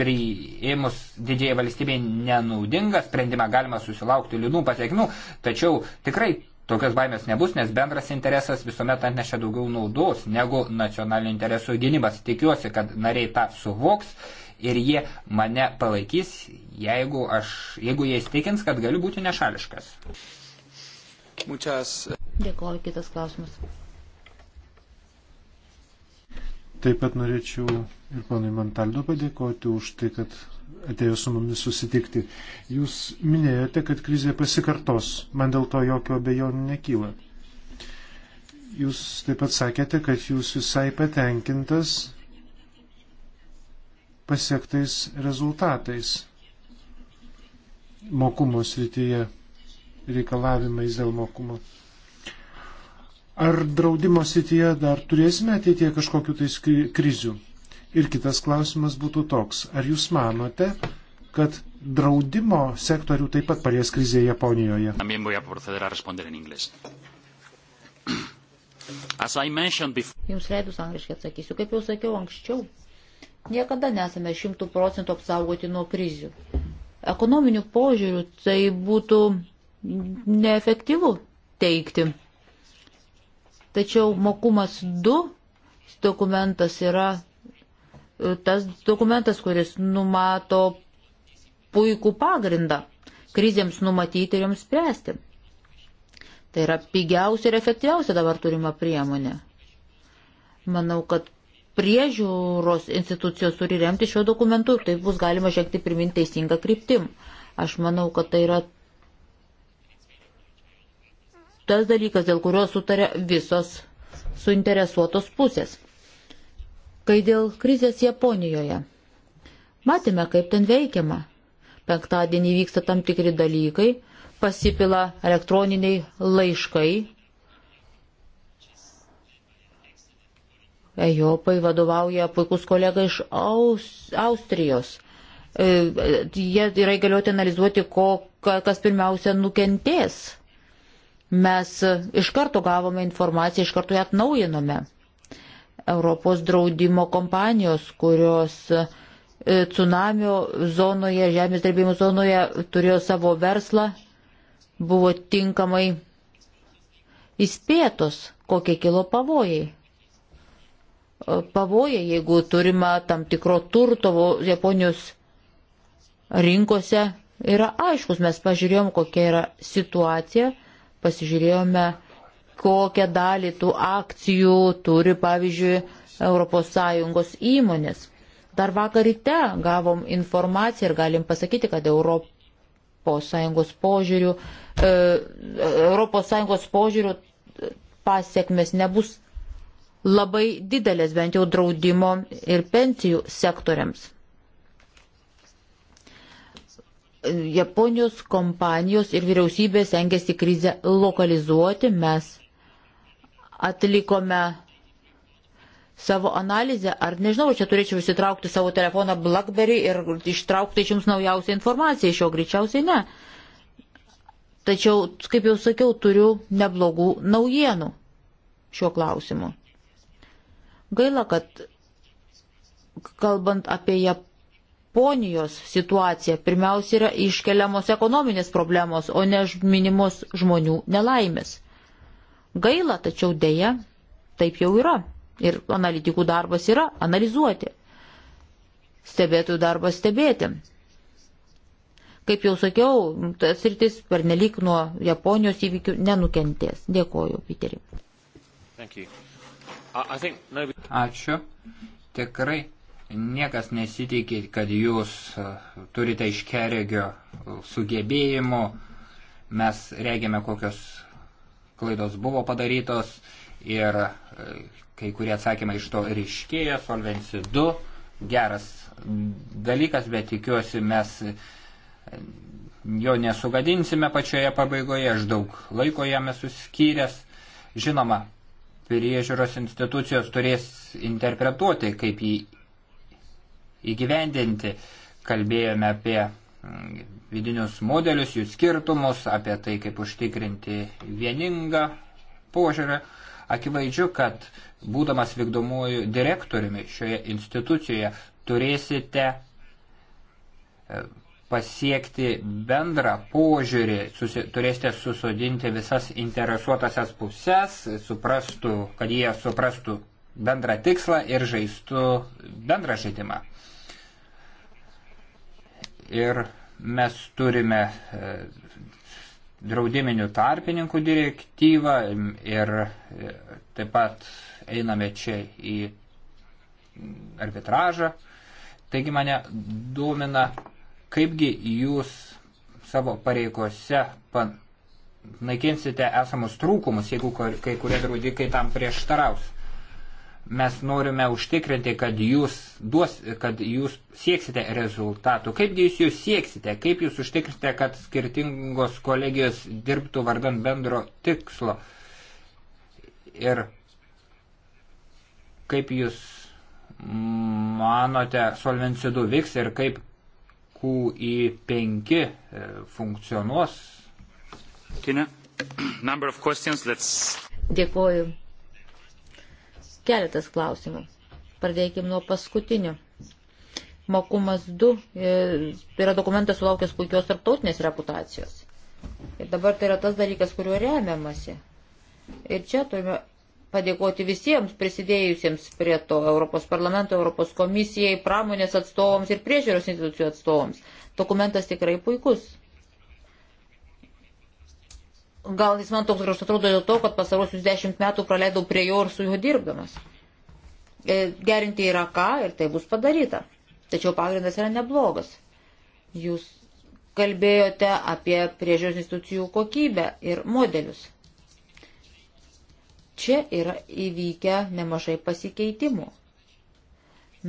priėmus didžiai valstybei nenaudingą sprendimą galima susilaukti liūdnų pasiekmių, tačiau tikrai tokios baimės nebus, nes bendras interesas visuomet atneša daugiau naudos negu nacionalinių interesų gynybas. Tikiuosi, kad nariai tą suvoks ir jie mane palaikys, jeigu, aš, jeigu jie įstikins, kad galiu būti nešališkas. Muchas. Dėkuoju, kitas klausimas. Taip pat norėčiau ir ponui Mantaldo padėkoti už tai, kad atėjo su mumis susitikti. Jūs minėjote, kad krizė pasikartos. Man dėl to jokio abejonių nekyla. Jūs taip pat sakėte, kad jūs visai patenkintas pasiektais rezultatais mokumo srityje reikalavimais dėl mokumo. Ar draudimo sityje dar turėsime ateitie kažkokiu tais krizių? Ir kitas klausimas būtų toks. Ar jūs manote, kad draudimo sektorių taip pat palies krizė Japonijoje? Jums leidus angliškai atsakysiu. Kaip jau sakiau anksčiau, niekada nesame šimtų procentų apsaugoti nuo krizių. Ekonominių požiūrių tai būtų neefektyvu teikti Tačiau mokumas 2 dokumentas yra e, tas dokumentas, kuris numato puikų pagrindą krizėms numatyti ir joms spręsti. Tai yra pigiausia ir efektyviausia dabar turima priemonė. Manau, kad priežiūros institucijos turi remti šiuo dokumentu ir taip bus galima žengti pirmin teisingą kryptim. Aš manau, kad tai yra tas dalykas, dėl kurio sutarė visos suinteresuotos pusės. Kai dėl krizės Japonijoje. Matėme, kaip ten veikiama. Penktadienį vyksta tam tikri dalykai, pasipila elektroniniai laiškai. Ejopai vadovauja puikus kolega iš Aus, Austrijos. E, e jie yra įgalioti analizuoti, ko, kas pirmiausia nukentės Mes iš karto gavome informaciją, iš karto ją atnaujinome. Europos draudimo kompanijos, kurios e, tsunamio zonoje, žemės drebėjimo zonoje turėjo savo verslą, buvo tinkamai įspėtos, kokie kilo pavojai. E, pavojai, jeigu turima tam tikro turto Japonijos rinkose, yra aiškus. Mes pažiūrėjom, kokia yra situacija pasižiūrėjome, kokią dalį tų akcijų turi, pavyzdžiui, ES įmonės. Dar vakar ryte gavom informaciją ir galim pasakyti, kad ES požiūrių, ES požiūrių pasiekmes nebus labai didelės bent jau draudimo ir pensijų sektoriams. Japonijos kompanijos ir vyriausybės engėsi krizę lokalizuoti, mes atlikome savo analizę, ar nežinau, čia turėčiau įsitraukti savo telefoną Blackberry ir ištraukti iš jums naujausią informaciją, iš jo greičiausiai ne. Tačiau, kaip jau sakiau, turiu neblogų naujienų šiuo klausimu. Gaila, kad kalbant apie Japoniją, Japonijos situacija pirmiausia yra iškeliamos ekonominės problemos, o ne minimos žmonių nelaimės. Gaila, tačiau dėja, taip jau yra. Ir analitikų darbas yra analizuoti. Stebėtojų darbas stebėti. Kaip jau sakiau, tas rytis per nelik nuo Japonijos įvykių nenukentės. Dėkoju, Piterį. Nobody... Ačiū. Tikrai niekas nesitikė, kad jūs e, turite iškeregio sugebėjimų, mes regėme, kokios klaidos buvo padarytos ir e, kai kurie atsakymai iš to ryškėjo, solvensi 2, geras dalykas, bet tikiuosi mes e, jo nesugadinsime pačioje pabaigoje, aš daug laiko jam esu skyręs. Žinoma, priežiūros institucijos turės interpretuoti, kaip jį įgyvendinti. Kalbėjome apie mm, vidinius modelius, jų skirtumus, apie tai, kaip užtikrinti vieningą požiūrį. Akivaizdžiu, kad būdamas vykdomuoju direktoriumi šioje institucijoje turėsite e, pasiekti bendrą požiūrį, susi, turėsite susodinti visas interesuotasias pusės, suprastų, kad jie suprastų bendrą tikslą ir žaistų bendrą žaidimą ir mes turime e, draudiminių tarpininkų direktyvą ir e, taip pat einame čia į arbitražą. Taigi mane domina, kaipgi jūs savo pareigose panaikinsite esamus trūkumus, jeigu kai kurie draudikai tam prieštaraus mes norime užtikrinti, kad jūs, duos, kad jūs sieksite rezultatų. Kaipgi jūs jų sieksite, kaip jūs užtikrinsite, kad skirtingos kolegijos dirbtų vardant bendro tikslo. Ir kaip jūs manote, Solvency 2 vyks ir kaip QI5 e, funkcionuos. Dėkuoju keletas klausimų. Pradėkime nuo paskutinio. Mokumas 2 e, yra dokumentas sulaukęs puikios tarptautinės reputacijos. Ir dabar tai yra tas dalykas, kuriuo remiamasi. Ir čia turime padėkoti visiems prisidėjusiems prie to Europos parlamento, Europos komisijai, pramonės atstovams ir priežiūros institucijų atstovams. Dokumentas tikrai puikus. Gal jis man toks gražus atrodo dėl to, kad pasarosius dešimt metų praleidau prie jo ir su juo dirbdamas. E, gerinti yra ką ir tai bus padaryta. Tačiau pagrindas yra neblogas. Jūs kalbėjote apie priežiūros institucijų kokybę ir modelius. Čia yra įvykę nemažai pasikeitimų.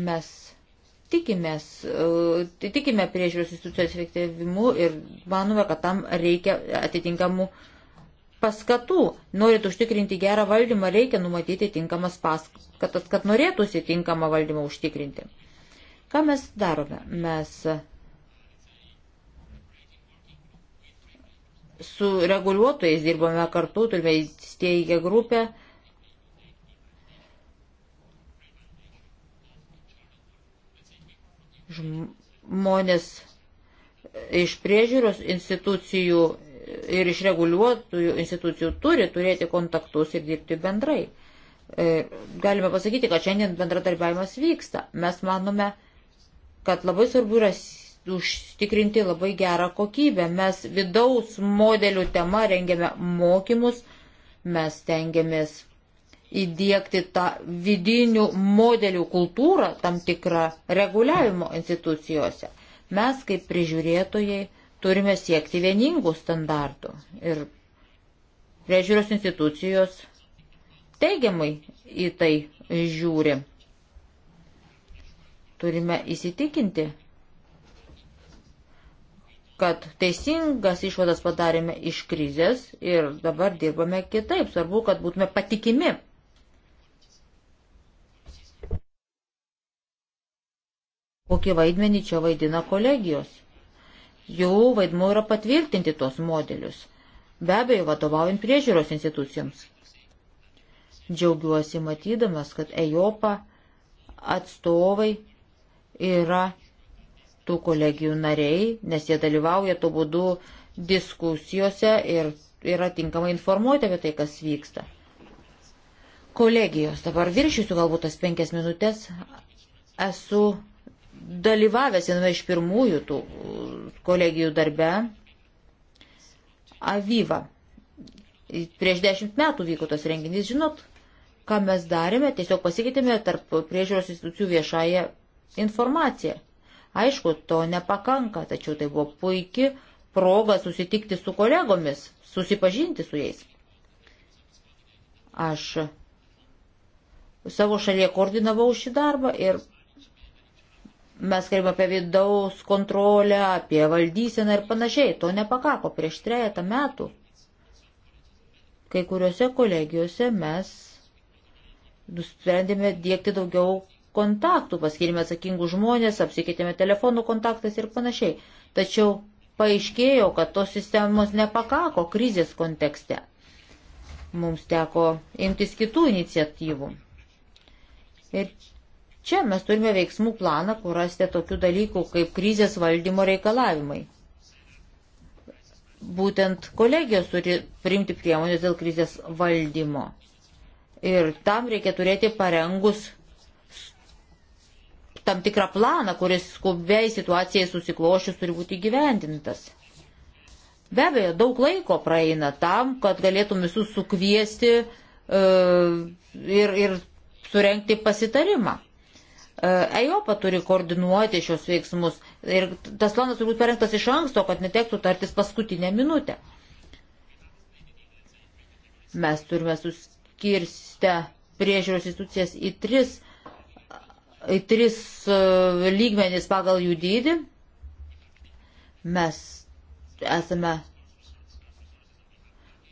Mes tikimės, e, tikime priežiūros institucijos efektyvimu ir manome, kad tam reikia atitinkamų paskatų. Norint užtikrinti gerą valdymą, reikia numatyti tinkamas paskatas, kad norėtųsi tinkamą valdymą užtikrinti. Ką mes darome? Mes su reguliuotojais dirbame kartu, turime įsteigę grupę. Žmonės iš priežiūros institucijų ir iš reguliuotojų institucijų turi turėti kontaktus ir dirbti bendrai. E, galime pasakyti, kad šiandien bendradarbiavimas vyksta. Mes manome, kad labai svarbu yra užtikrinti labai gerą kokybę. Mes vidaus modelių tema rengiame mokymus, mes tengiamės įdėkti tą vidinių modelių kultūrą tam tikrą reguliavimo institucijose. Mes kaip prižiūrėtojai turime siekti vieningų standartų. Ir priežiūros institucijos teigiamai į tai žiūri. Turime įsitikinti, kad teisingas išvadas padarėme iš krizės ir dabar dirbame kitaip. Svarbu, kad būtume patikimi. Kokį vaidmenį čia vaidina kolegijos? jų vaidmuo yra patvirtinti tos modelius, be abejo vadovaujant priežiūros institucijoms. Džiaugiuosi matydamas, kad EJOPA atstovai yra tų kolegijų nariai, nes jie dalyvauja tuo būdu diskusijose ir yra tinkamai informuoti apie tai, kas vyksta. Kolegijos, dabar viršysiu galbūt tas penkias minutės, esu dalyvavęs viename iš pirmųjų tų kolegijų darbe Avyva. Prieš dešimt metų vyko tas renginys, žinot, ką mes darėme, tiesiog pasikeitėme tarp priežiūros institucijų viešąją informaciją. Aišku, to nepakanka, tačiau tai buvo puikia proga susitikti su kolegomis, susipažinti su jais. Aš savo šalyje koordinavau šį darbą ir Mes kalbame apie vidaus kontrolę, apie valdyseną ir panašiai. To nepakako prieš trejata metų. Kai kuriuose kolegijose mes nusprendėme dėkti daugiau kontaktų, paskirime atsakingų žmonės, apsikeitėme telefonų kontaktais ir panašiai. Tačiau paaiškėjo, kad tos sistemos nepakako krizės kontekste. Mums teko imtis kitų iniciatyvų. Ir Čia mes turime veiksmų planą, kur rasite tokių dalykų kaip krizės valdymo reikalavimai. Būtent kolegijos turi priimti priemonės dėl krizės valdymo. Ir tam reikia turėti parengus tam tikrą planą, kuris skubiai situacijai susiklošius turi būti gyvendintas. Be abejo, daug laiko praeina tam, kad galėtum visus sukviesti e, ir, ir surenkti pasitarimą. E, EIOPA turi koordinuoti šios veiksmus ir tas planas turi būti parengtas iš anksto, kad netektų tartis paskutinę minutę. Mes turime suskirstę priežiūros institucijas į tris, į tris e, lygmenis pagal jų dydį. Mes esame,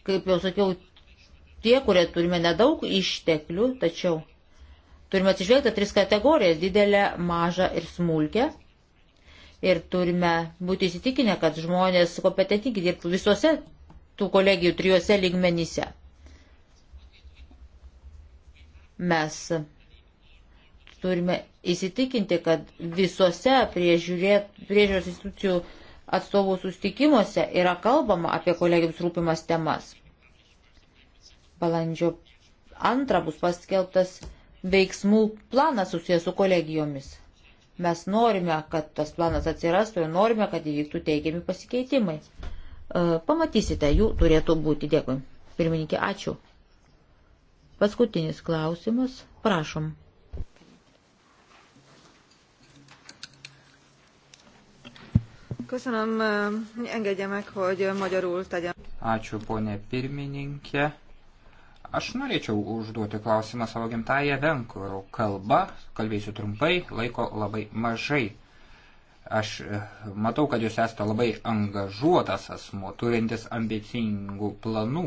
kaip jau sakiau, tie, kurie turime nedaug išteklių, tačiau Turime atsižvelgti tris kategorijas - didelę, mažą ir smulkę. Ir turime būti įsitikinę, kad žmonės kompetentingi dirbtų visuose tų kolegijų trijuose lygmenyse. Mes turime įsitikinti, kad visuose priežiūros institucijų atstovų sustikimuose yra kalbama apie kolegiams rūpimas temas. Balandžio antrą bus paskelbtas veiksmų planas susijęs su kolegijomis. Mes norime, kad tas planas atsirastų ir norime, kad įvyktų teigiami pasikeitimai. E, pamatysite, jų turėtų būti. Dėkui. Pirmininkė, ačiū. Paskutinis klausimas. Prašom. Köszönöm, e, engedje meg, hogy magyarul tegyem. Ačiū, ponė pirmininkė. Aš norėčiau užduoti klausimą savo gimtają venkurų kalbą, kalbėsiu trumpai, laiko labai mažai. Aš e, matau, kad jūs esate labai angažuotas asmo, turintis ambicingų planų,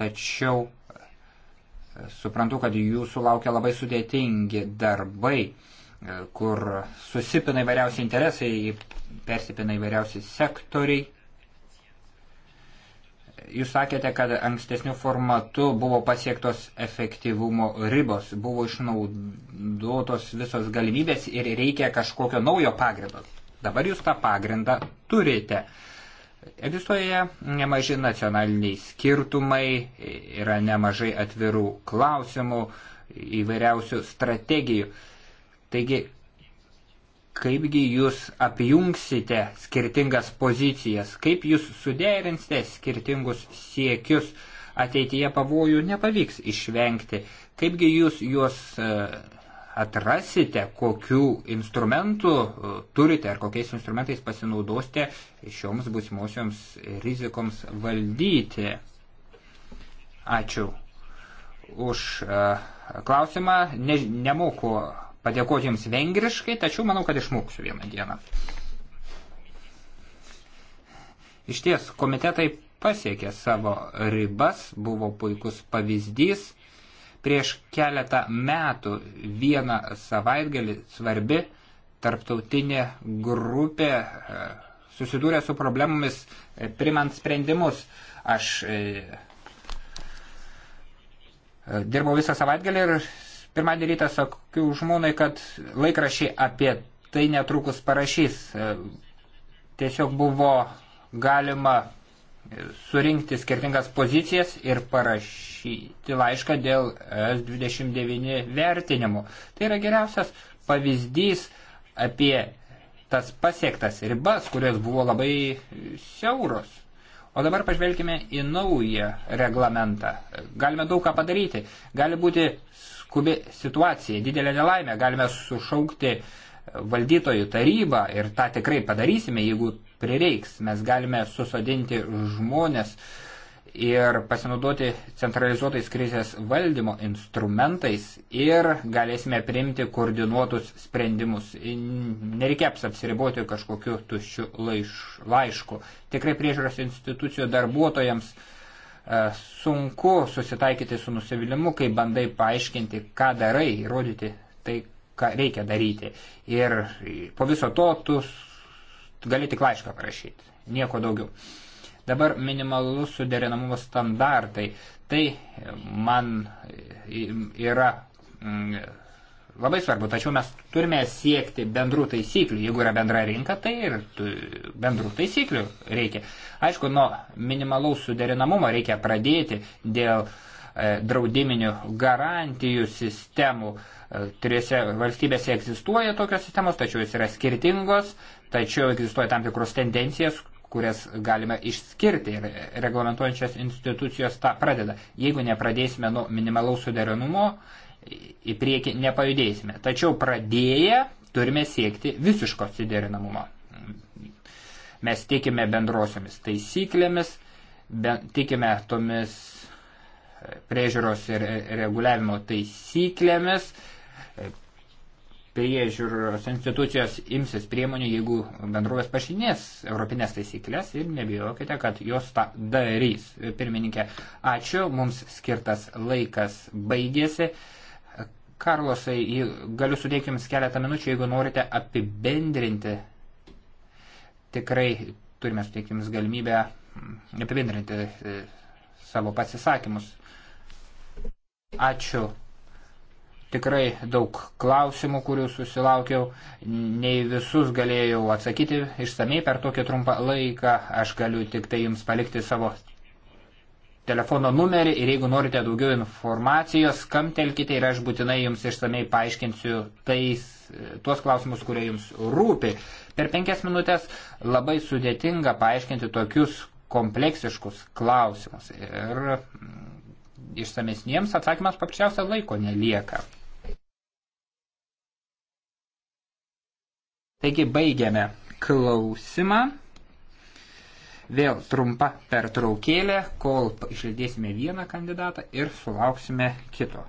tačiau e, suprantu, kad jūsų laukia labai sudėtingi darbai, e, kur susipina įvairiausi interesai, persipina įvairiausi sektoriai Jūs sakėte, kad ankstesnių formatų buvo pasiektos efektyvumo ribos, buvo išnaudotos visos galimybės ir reikia kažkokio naujo pagrindo. Dabar jūs tą pagrindą turite. Egzistuoja nemažai nacionaliniai skirtumai, yra nemažai atvirų klausimų, įvairiausių strategijų. Taigi, kaipgi jūs apjungsite skirtingas pozicijas, kaip jūs suderinsite skirtingus siekius, ateityje pavojų nepavyks išvengti, kaipgi jūs juos e, atrasite, kokių instrumentų e, turite ar kokiais instrumentais pasinaudosite šioms busimosioms rizikoms valdyti. Ačiū už e, klausimą. Ne, nemoku padėkoti jums vengriškai, tačiau manau, kad išmoksiu vieną dieną. Iš ties, komitetai pasiekė savo ribas, buvo puikus pavyzdys. Prieš keletą metų vieną savaitgalį svarbi tarptautinė grupė e, susidūrė su problemomis, e, primant sprendimus. Aš e, dirbau visą savaitgalį ir Pirmadienį rytą sakiau žmonai, kad laikrašiai apie tai netrukus parašys. E, tiesiog buvo galima surinkti skirtingas pozicijas ir parašyti laišką dėl S29 vertinimų. Tai yra geriausias pavyzdys apie tas pasiektas ribas, kurios buvo labai siauros. O dabar pažvelkime į naują reglamentą. Galime daug ką padaryti. Gali būti skubi situacija, didelė nelaimė, galime sušaukti valdytojų tarybą ir tą tikrai padarysime, jeigu prireiks. Mes galime susodinti žmonės ir pasinaudoti centralizuotais krizės valdymo instrumentais ir galėsime priimti koordinuotus sprendimus. Nereikės apsiriboti kažkokiu tuščiu laišku. Tikrai priežiūros institucijų darbuotojams E, sunku susitaikyti su nusivylimu, kai bandai paaiškinti, ką darai, įrodyti tai, ką reikia daryti. Ir po viso to tu gali tik laišką parašyti, nieko daugiau. Dabar minimalus suderinamumo standartai. Tai man yra labai svarbu, tačiau mes turime siekti bendrų taisyklių. Jeigu yra bendra rinka, tai ir bendrų taisyklių reikia. Aišku, nuo minimalaus suderinamumo reikia pradėti dėl e, draudiminių garantijų sistemų. E, Trijose valstybėse egzistuoja tokios sistemos, tačiau jos yra skirtingos, tačiau egzistuoja tam tikros tendencijos, kurias galime išskirti ir reglamentuojančios institucijos tą pradeda. Jeigu nepradėsime nuo minimalaus suderenumo, į priekį nepajudėsime. Tačiau pradėję turime siekti visiško suderinamumo. Mes tikime bendrosiomis taisyklėmis, be, tikime tomis priežiūros ir reguliavimo taisyklėmis. Priežiūros institucijos imsis priemonių, jeigu bendrovės pašinės europinės taisyklės ir nebijokite, kad jos tą darys. Pirmininkė, ačiū, mums skirtas laikas baigėsi. Karlosai, galiu suteikti Jums keletą minučių, jeigu norite apibendrinti. Tikrai turime suteikti Jums galimybę mm, apibendrinti e, savo pasisakymus. Ačiū. Tikrai daug klausimų, kurių susilaukiau, nei visus galėjau atsakyti išsamei per tokį trumpą laiką. Aš galiu tik tai jums palikti savo telefono numerį ir jeigu norite daugiau informacijos, skamtelkite ir aš būtinai jums išsamei paaiškinsiu tais, tuos klausimus, kurie jums rūpi. Per penkias minutės labai sudėtinga paaiškinti tokius kompleksiškus klausimus ir mm, išsamesniems atsakymams paprasčiausia laiko nelieka. Taigi baigiame klausimą. Vėl trumpa pertraukėlė, kol išlydėsime vieną kandidatą ir sulauksime kito.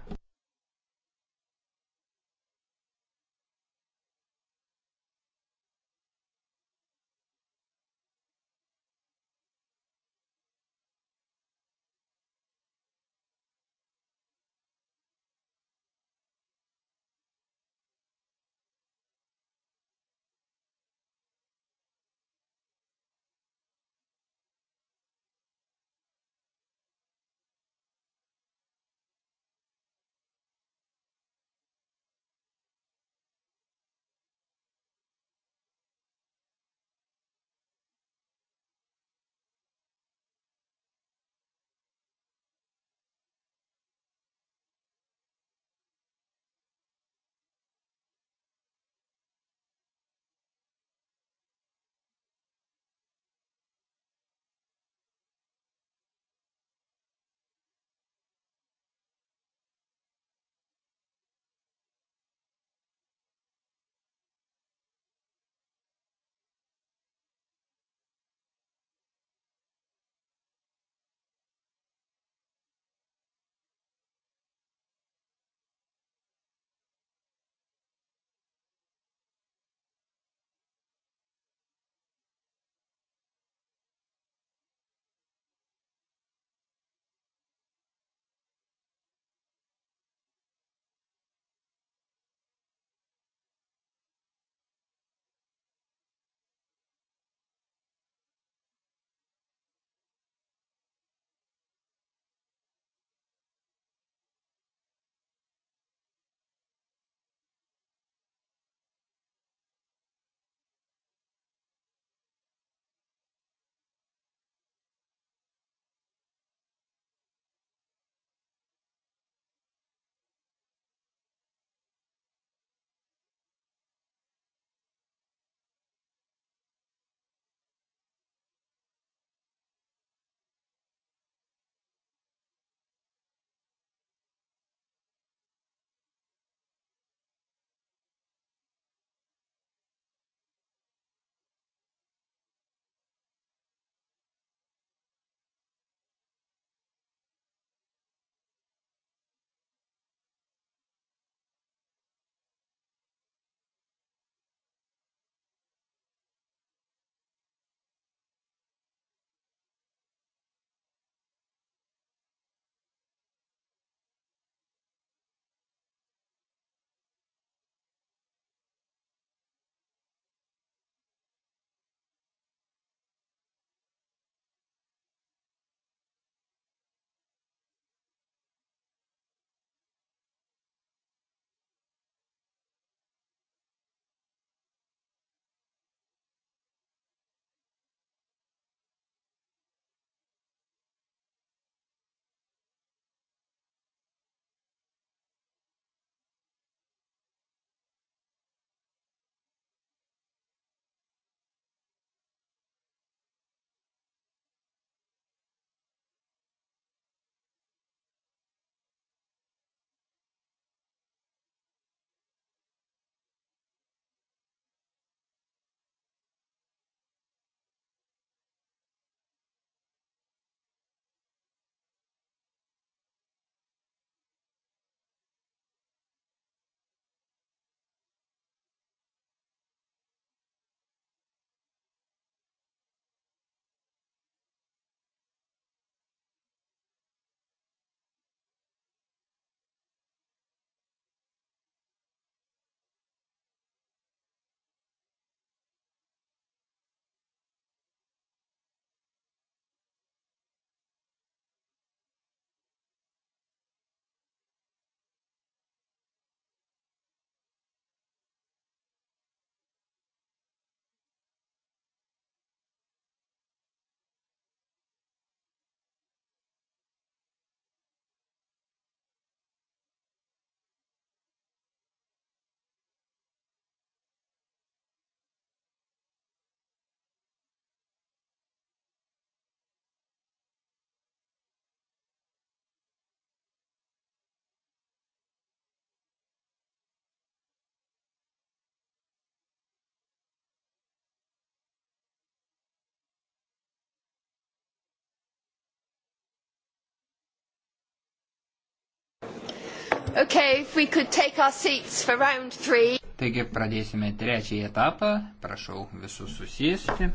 Okay, if we could take our seats for round three. Taigi pradėsime trečiąjį etapą. Prašau visus susėsti.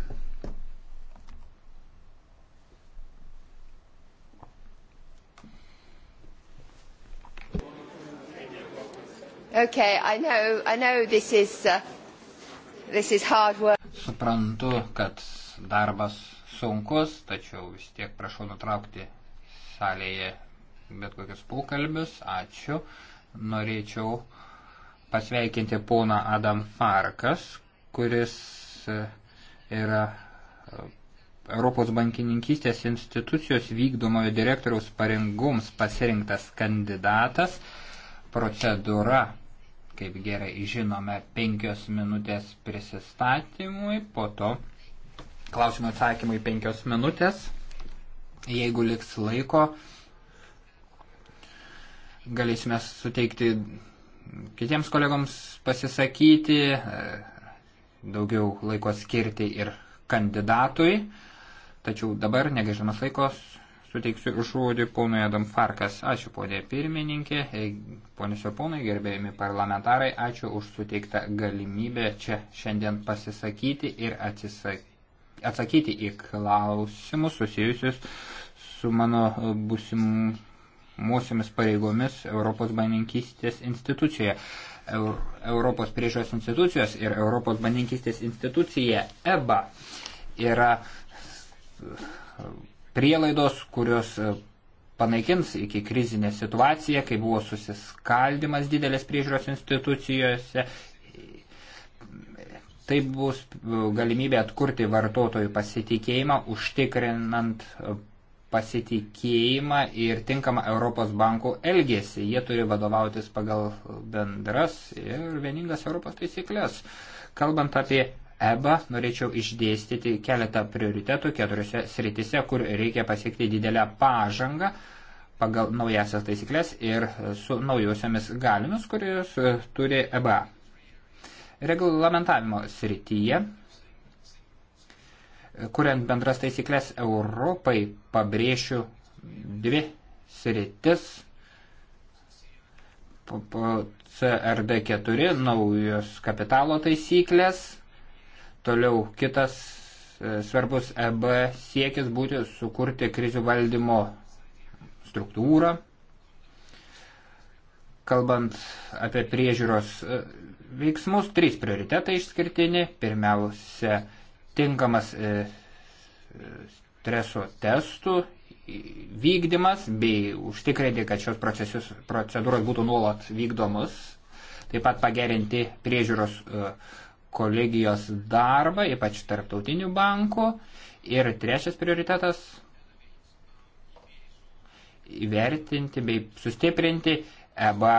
Okay, I know, I know this is, uh, this is hard work. Suprantu, kad darbas sunkus, tačiau vis tiek prašau nutraukti salėje bet kokius pokalbius. Ačiū. Norėčiau pasveikinti poną Adam Farkas, kuris e, yra e, Europos bankininkystės institucijos vykdomojo direktoriaus pareigoms pasirinktas kandidatas. Procedūra, kaip gerai žinome, penkios minutės prisistatymui, po to klausimų atsakymui penkios minutės. Jeigu liks laiko, galėsime suteikti kitiems kolegoms pasisakyti, daugiau laiko skirti ir kandidatui. Tačiau dabar, negaižamas laikos, suteiksiu žodį ponui Adam Farkas. Ačiū ponė pirmininkė, ponės ir ponai, gerbėjami parlamentarai, ačiū už suteiktą galimybę čia šiandien pasisakyti ir atsisakyti atsakyti į klausimus susijusius su mano busim, būsimis pareigomis Europos bankininkystės institucijoje. Eur, Europos priežiūros institucijos ir Europos bankininkystės institucija EBA yra prielaidos, kurios panaikins iki krizinę situaciją, kai buvo susiskaldimas didelės priežiūros institucijose. Tai bus galimybė atkurti vartotojų pasitikėjimą, užtikrinant pasitikėjimą ir tinkamą Europos bankų elgesį. Jie turi vadovautis pagal bendras ir vieningas Europos taisyklės. Kalbant apie EBA, norėčiau išdėstyti keletą prioritetų keturiose sritise, kur reikia pasiekti didelę pažangą pagal naujasias taisyklės ir su naujosiamis galimis, kurios turi EBA. Reglamentavimo srityje kuriant bendras taisyklės Europai, pabrėšiu dvi sritis. CRD4 naujos kapitalo taisyklės, toliau kitas e, svarbus EB siekis būti sukurti krizių valdymo struktūrą. Kalbant apie priežiūros e, veiksmus, trys prioritetai išskirtini. Pirmiausia, tinkamas e, streso testų vykdymas bei užtikrinti, kad šios procedūros būtų nuolat vykdomus, taip pat pagerinti priežiūros e, kolegijos darbą, ypač tarptautinių bankų. Ir trečias prioritetas - įvertinti bei sustiprinti EBA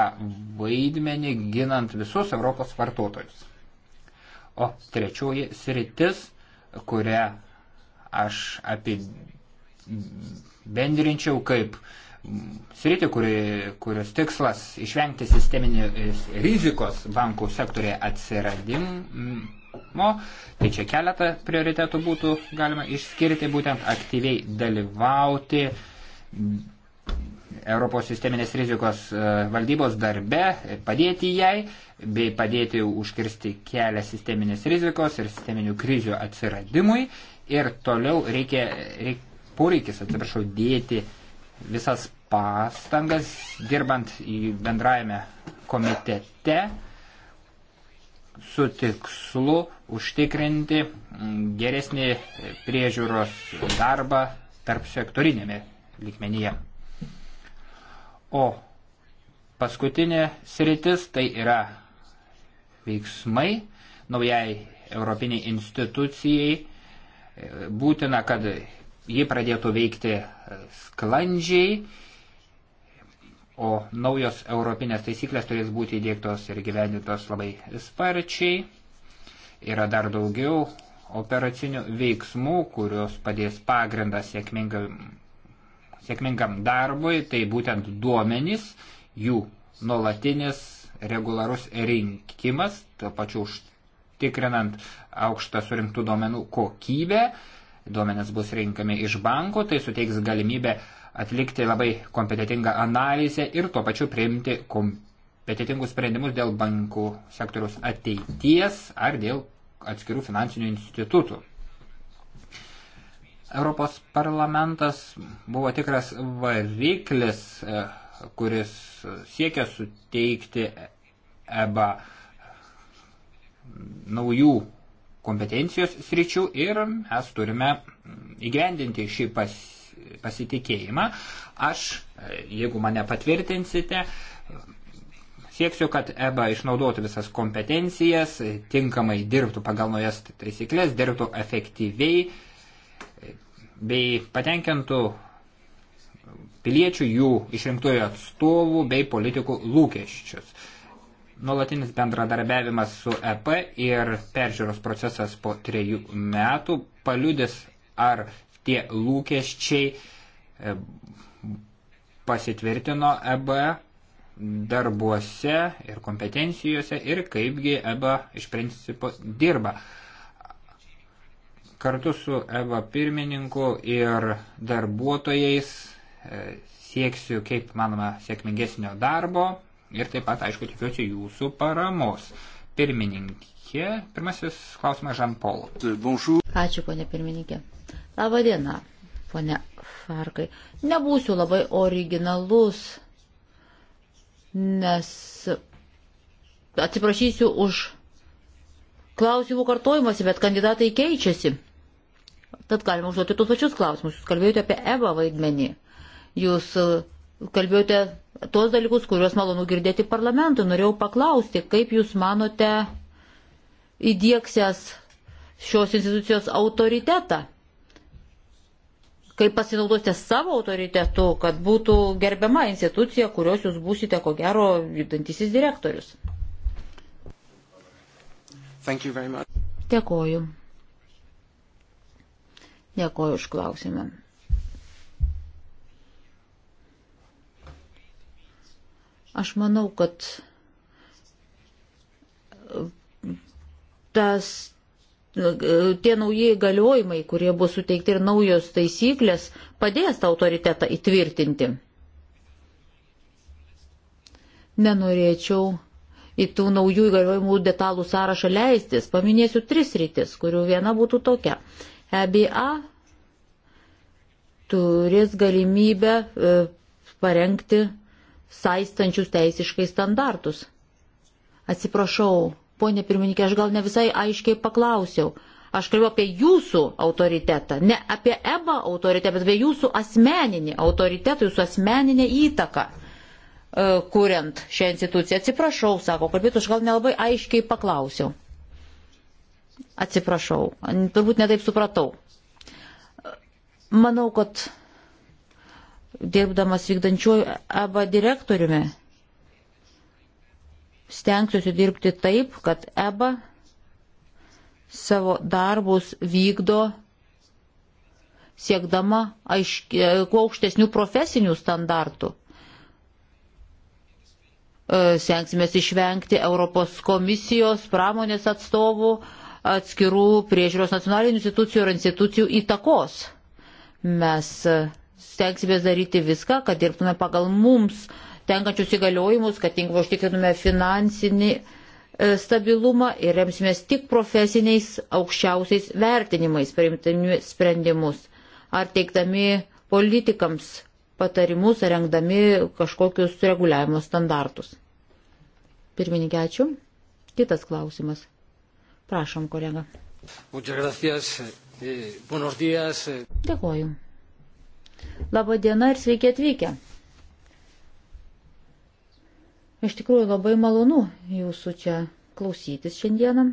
vaidmenį ginant visus Europos vartotojus. O trečioji sritis kurią aš apibendrinčiau kaip sritį, kuri, kurios tikslas išvengti sisteminės rizikos bankų sektorėje atsiradimo. Tai čia keletą prioritetų būtų galima išskirti, būtent aktyviai dalyvauti Europos sisteminės rizikos e, valdybos darbe, e, padėti jai, bei padėti užkirsti kelią sisteminės rizikos ir sisteminių krizių atsiradimui. Ir toliau reikia, reik, poreikis, atsiprašau, dėti visas pastangas, dirbant į bendrajame komitete su tikslu užtikrinti geresnį priežiūros darbą tarp sektorinėme lygmenyje. O paskutinė sritis tai yra veiksmai naujai Europiniai institucijai būtina, kad ji pradėtų veikti sklandžiai, o naujos europinės taisyklės turės būti įdėktos ir gyvendintos labai sparčiai. Yra dar daugiau operacinių veiksmų, kurios padės pagrindą sėkmingam sėkmingam darbui, tai būtent duomenys, jų nuolatinis regularus rinkimas, to pačiu užtikrinant aukštą surinktų duomenų kokybę. Duomenys bus rinkami iš banko, tai suteiks galimybę atlikti labai kompetitingą analizę ir tuo pačiu priimti kompetitingus sprendimus dėl bankų sektoriaus ateities ar dėl atskirų finansinių institutų. Europos parlamentas buvo tikras variklis, e, kuris siekia suteikti EBA naujų kompetencijos sričių ir mes turime įgyvendinti šį pas, pasitikėjimą. Aš, e, jeigu mane patvirtinsite, sieksiu, kad EBA išnaudotų visas kompetencijas, tinkamai dirbtų pagal naujas taisyklės, dirbtų efektyviai bei patenkintų piliečių, jų išrinktųjų atstovų bei politikų lūkesčius. Nuolatinis bendradarbiavimas su EP ir peržiūros procesas po trejų metų paliudis, ar tie lūkesčiai e, pasitvirtino EBA darbuose ir kompetencijose ir kaipgi EBA iš principo dirba kartu su EVA pirmininku ir darbuotojais e, sieksiu, kaip manoma, sėkmingesnio darbo ir taip pat, aišku, tikiuosi jūsų paramos. Pirmininkė, pirmasis klausimas Žanpol. Ačiū, ponė pirmininkė. Labą dieną, ponė Farkai. Nebūsiu labai originalus, nes atsiprašysiu už klausimų kartojimuose, bet kandidatai keičiasi. Tad galima užduoti tuos pačius klausimus. Jūs kalbėjote apie EBA vaidmenį. Jūs e, kalbėjote tuos dalykus, kuriuos malonu girdėti parlamentui. Norėjau paklausti, kaip Jūs manote įdėksęs šios institucijos autoritetą? Kaip pasinaudosite savo autoritetu, kad būtų gerbiama institucija, kurios Jūs būsite, ko gero, judantisis direktorius? Dėkoju. Dėkoju už klausimą. Aš manau, kad e, tas, e, tie nauji įgaliojimai, kurie bus suteikti ir naujos taisyklės, padės tą autoritetą įtvirtinti. Nenorėčiau į tų naujų įgaliojimų detalų sąrašą leistis. Paminėsiu tris rytis, kurių viena būtų tokia. EBA turės galimybę e, parengti saistančius teisiškai standartus. Atsiprašau, ponė pirmininkė, aš gal ne visai aiškiai paklausiau. Aš kalbėjau apie jūsų autoritetą, ne apie EBA autoritetą, bet apie jūsų asmeninį autoritetą, jūsų asmeninę įtaką, e, kuriant šią instituciją. Atsiprašau, sako, kalbėtų, aš gal nelabai aiškiai paklausiau. Atsiprašau, turbūt netaip supratau. Manau, kad dirbdamas vykdančiuoju arba e direktoriumi, stengsiuosi dirbti taip, kad EBA savo darbus vykdo siekdama aiški, kuo aukštesnių profesinių standartų. E, Sengsimės išvengti Europos komisijos pramonės atstovų atskirų priežiūros nacionalinių institucijų ir institucijų įtakos. Mes e, stengsime daryti viską, kad dirbtume pagal mums tenkančius įgaliojimus, kad tinkamai užtikrintume finansinį e, stabilumą ir remsimės tik profesiniais aukščiausiais vertinimais priimtami sprendimus, ar teikdami politikams patarimus, ar rengdami kažkokius reguliavimo standartus. Pirmininkė, ačiū. Kitas klausimas. Prašom, kolega. Dėkuoju. Labą dieną ir sveiki atvykę. Iš tikrųjų labai malonu jūsų čia klausytis šiandieną.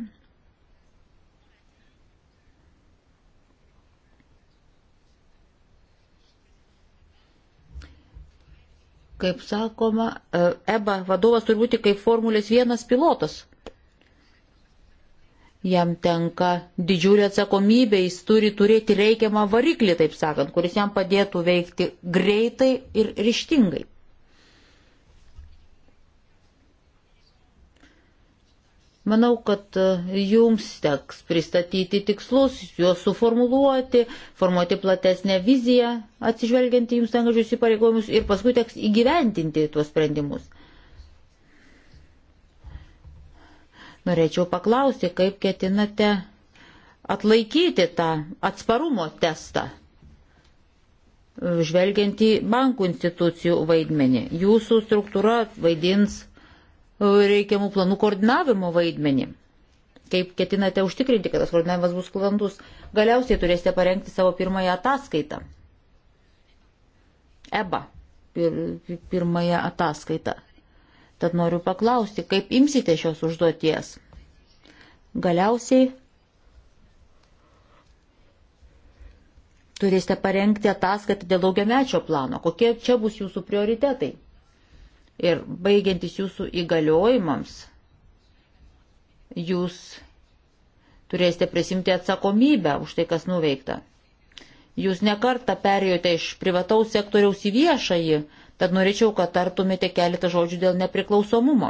Kaip sakoma, e, EBA vadovas turi būti kaip Formulės vienas pilotas jam tenka didžiulė atsakomybė, jis turi turėti reikiamą variklį, taip sakant, kuris jam padėtų veikti greitai ir ryštingai. Manau, kad e, jums teks pristatyti tikslus, juos suformuluoti, formuoti platesnę viziją, atsižvelgiant į jums tenkačius įpareigojimus ir paskui teks įgyventinti tuos sprendimus. Norėčiau paklausti, kaip ketinate atlaikyti tą atsparumo testą, žvelgiant į bankų institucijų vaidmenį. Jūsų struktūra vaidins e, reikiamų planų koordinavimo vaidmenį. Kaip ketinate užtikrinti, kad tas koordinavimas bus sklandus, galiausiai turėsite parengti savo pirmąją ataskaitą. EBA. Pir, pirmąją ataskaitą. Tad noriu paklausti, kaip imsite šios užduoties? Galiausiai turėsite parengti ataskaitą dėl daugiamečio plano. Kokie čia bus jūsų prioritetai? Ir baigiantis jūsų įgaliojimams, jūs turėsite prisimti atsakomybę už tai, kas nuveikta. Jūs nekartą perėjote iš privataus sektoriaus į viešąjį Tad norėčiau, kad tartumėte keletą žodžių dėl nepriklausomumo.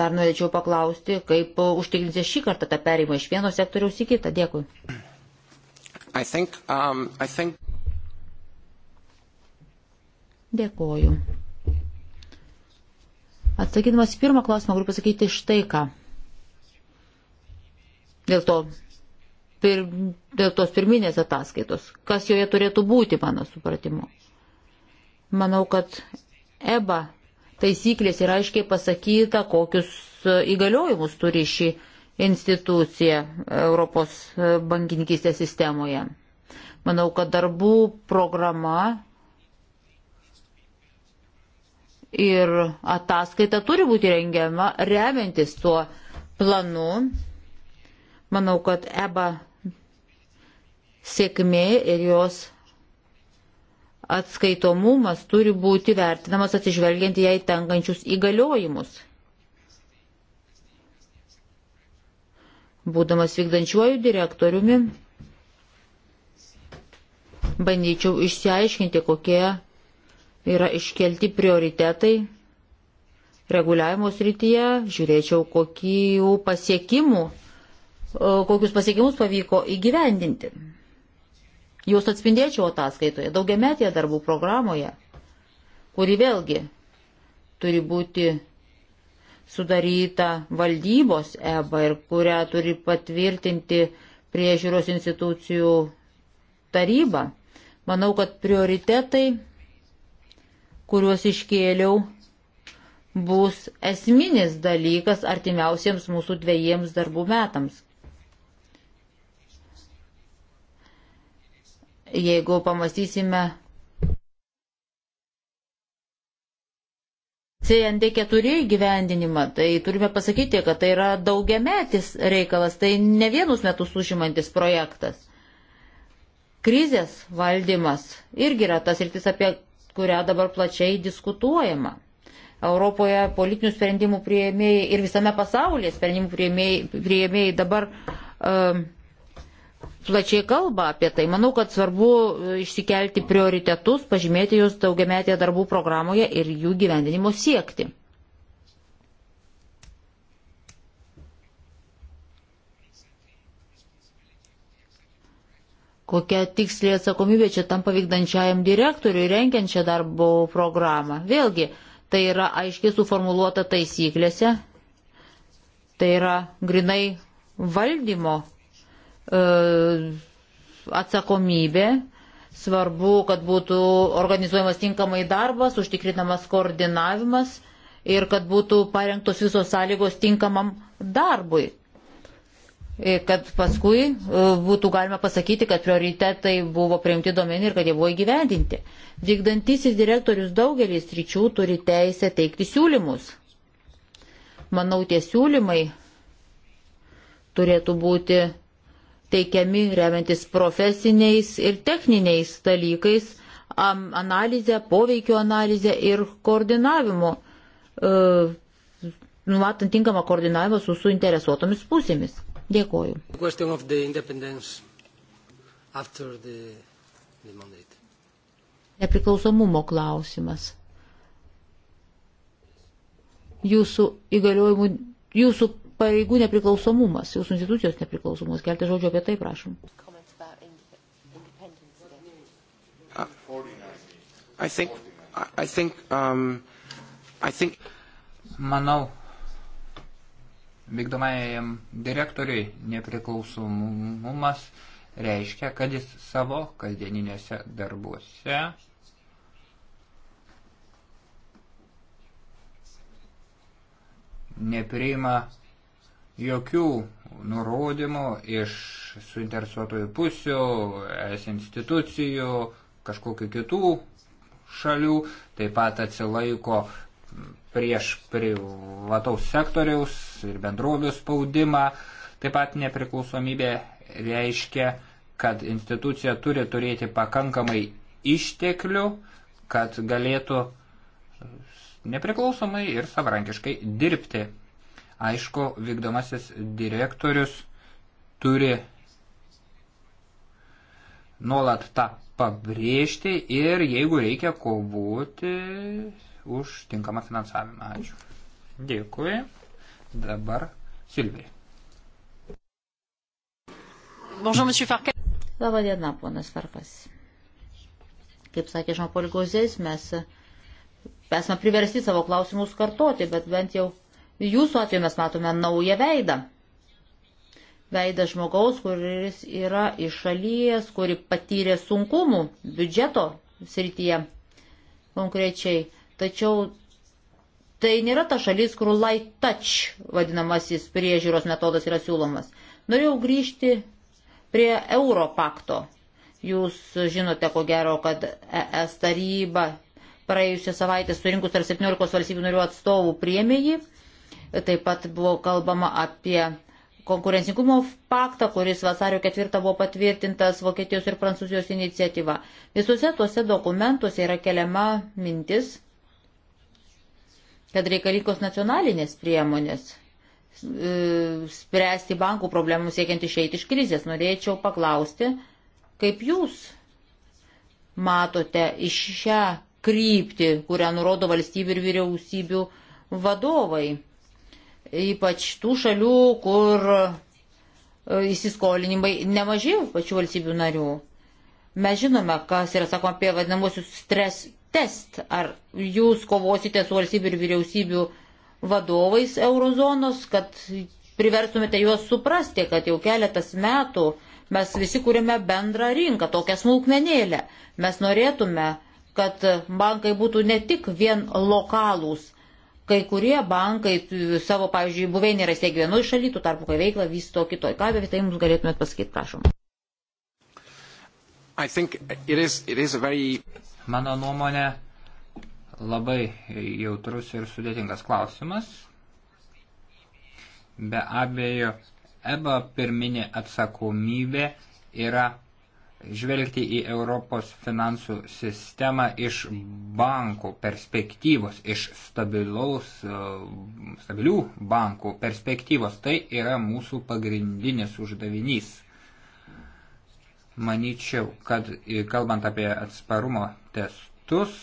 Dar norėčiau paklausti, kaip užtikrinsite šį kartą tą perėjimą iš vieno sektoriaus į kitą. Dėkui. I think, um, I think... Dėkoju. Atsakydamas į pirmą klausimą, galiu pasakyti štai ką. Dėl to pir, dėl tos pirminės ataskaitos, kas joje turėtų būti, mano supratimu. Manau, kad EBA taisyklės yra aiškiai pasakyta, kokius e, įgaliojimus turi ši institucija Europos e, bankininkystės sistemoje. Manau, kad darbų programa ir ataskaita turi būti rengiama remiantis tuo planu. Manau, kad EBA sėkmė ir jos atskaitomumas turi būti vertinamas atsižvelgiant į jai tenkančius įgaliojimus. Būdamas vykdančiuoju direktoriumi, bandyčiau išsiaiškinti, kokie yra iškelti prioritetai reguliavimo srityje, žiūrėčiau, kokių pasiekimų, kokius pasiekimus pavyko įgyvendinti. Jūs atspindėčiau ataskaitoje, daugiametėje darbų programoje, kuri vėlgi turi būti sudaryta valdybos EBA ir kurią turi patvirtinti priežiūros institucijų taryba. Manau, kad prioritetai, kuriuos iškėliau, bus esminis dalykas artimiausiems mūsų dviejiems darbų metams. jeigu pamatysime CND4 gyvendinimą, tai turime pasakyti, kad tai yra daugiametis reikalas, tai ne vienus metus užimantis projektas. Krizės valdymas irgi yra tas rytis, apie kurią dabar plačiai diskutuojama. Europoje politinių sprendimų prieėmėjai ir visame pasaulyje sprendimų prieėmėjai, prieėmėjai dabar um, uh, plačiai kalba apie tai. Manau, kad svarbu e, išsikelti prioritetus, pažymėti juos daugiametėje darbų programoje ir jų gyvendinimo siekti. Kokia tiksliai atsakomybė čia tam pavykdančiajam direktoriui renkiančią darbo programą. Vėlgi, tai yra aiškiai suformuoluota taisyklėse, tai yra grinai valdymo E, atsakomybė. Svarbu, kad būtų organizuojamas tinkamai darbas, užtikrinamas koordinavimas ir kad būtų parengtos visos sąlygos tinkamam darbui. Ir e, kad paskui e, būtų galima pasakyti, kad prioritetai buvo priimti domenį ir kad jie buvo įgyvendinti. Vykdantisis direktorius daugelis ryčių turi teisę teikti siūlymus. Manau, tie siūlymai turėtų būti teikiami remiantis profesiniais ir techniniais dalykais, analizę, poveikio analizę ir koordinavimo, e, numatant tinkamą koordinavimą su suinteresuotomis pusėmis. Dėkoju. Nepriklausomumo klausimas. Jūsų įgaliojimų, jūsų pareigų nepriklausomumas, jūsų institucijos nepriklausomumas. Kelti žodžio apie tai, prašom. I think, I think, um, I think... Manau, vykdomajam direktoriui nepriklausomumas reiškia, kad jis savo kasdieninėse darbuose nepriima jokių nurodymų iš suinteresuotojų pusių, es institucijų, kažkokiu kitų šalių, taip pat atsilaiko prieš privataus sektoriaus ir bendrovių spaudimą. Taip pat nepriklausomybė reiškia, kad institucija turi turėti pakankamai išteklių, kad galėtų nepriklausomai ir savarankiškai dirbti. Aišku, vykdomasis direktorius turi nuolat tą pabrėžti ir jeigu reikia kovoti už tinkamą finansavimą. Ačiū. Dėkui. Dabar Silvija. Bonjour, monsieur Farkas. Labą dieną, ponas Farkas. Kaip sakė Žanpol Gozės, mes esame priversti savo klausimus kartoti, bet bent jau Jūsų atveju mes matome naują veidą. Veidą žmogaus, kuris yra iš šalies, kuri patyrė sunkumų biudžeto srityje konkrečiai. Tačiau tai nėra ta šalis, kur light touch vadinamasis priežiūros metodas yra siūlomas. Norėjau grįžti prie Europakto. Jūs žinote, ko gero, kad ES taryba praėjusią savaitę surinkus tarp 17 valstybių narių atstovų priemė jį Taip pat buvo kalbama apie konkurencingumo paktą, kuris vasario 4 buvo patvirtintas Vokietijos ir Prancūzijos iniciatyva. Visuose tuose dokumentuose yra keliama mintis, kad reikalingos nacionalinės priemonės e, spręsti bankų problemų siekiant išeiti iš krizės. Norėčiau paklausti, kaip jūs matote iš šią kryptį, kurią nurodo valstybių ir vyriausybių vadovai ypač tų šalių, kur e, įsiskolinimai nemažiai pačių valstybių narių. Mes žinome, kas yra sakoma apie vadinamosius stres test. Ar jūs kovosite su valstybių ir vyriausybių vadovais eurozonos, kad priverstumėte juos suprasti, kad jau keletas metų mes visi kūrėme bendrą rinką, tokią smulkmenėlę. Mes norėtume, kad bankai būtų ne tik vien lokalūs, Kai kurie bankai savo, pavyzdžiui, buveinį yra steigia vienoje šalyje, tuo tarpu, kai veikla vysto kitoje. Ką apie tai mums galėtumėt pasakyti, prašom? It is, it is very... Mano nuomonė, labai jautrus ir sudėtingas klausimas. Be abejo, EBA pirminė atsakomybė yra žvelgti į Europos finansų sistemą iš bankų perspektyvos, iš stabilaus, e, stabilių bankų perspektyvos. Tai yra mūsų pagrindinis uždavinys. Manyčiau, kad e, kalbant apie atsparumo testus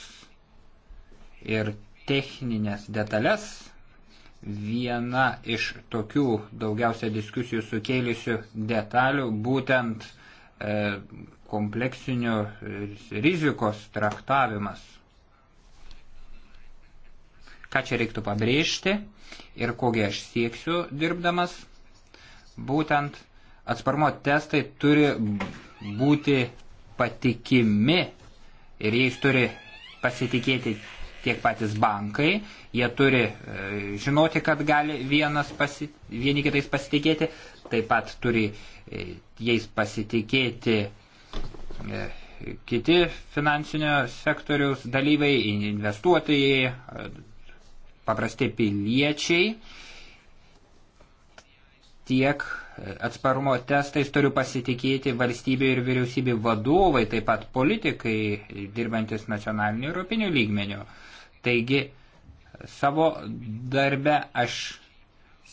ir techninės detalės, viena iš tokių daugiausia diskusijų sukėlusių detalių būtent uh, E, kompleksinio e, rizikos traktavimas. Ką čia reiktų pabrėžti ir kogi aš sieksiu dirbdamas, būtent atsparmo testai turi būti patikimi ir jais turi pasitikėti tiek patys bankai, jie turi e, žinoti, kad gali vienas pasi, vieni kitais pasitikėti, taip pat turi e, jais pasitikėti e, kiti finansinio sektoriaus dalyviai, investuotojai, paprastai piliečiai. Tiek e, atsparumo testais turiu pasitikėti valstybė ir vyriausybė vadovai, taip pat politikai dirbantis nacionaliniu europiniu lygmeniu. Taigi savo darbe aš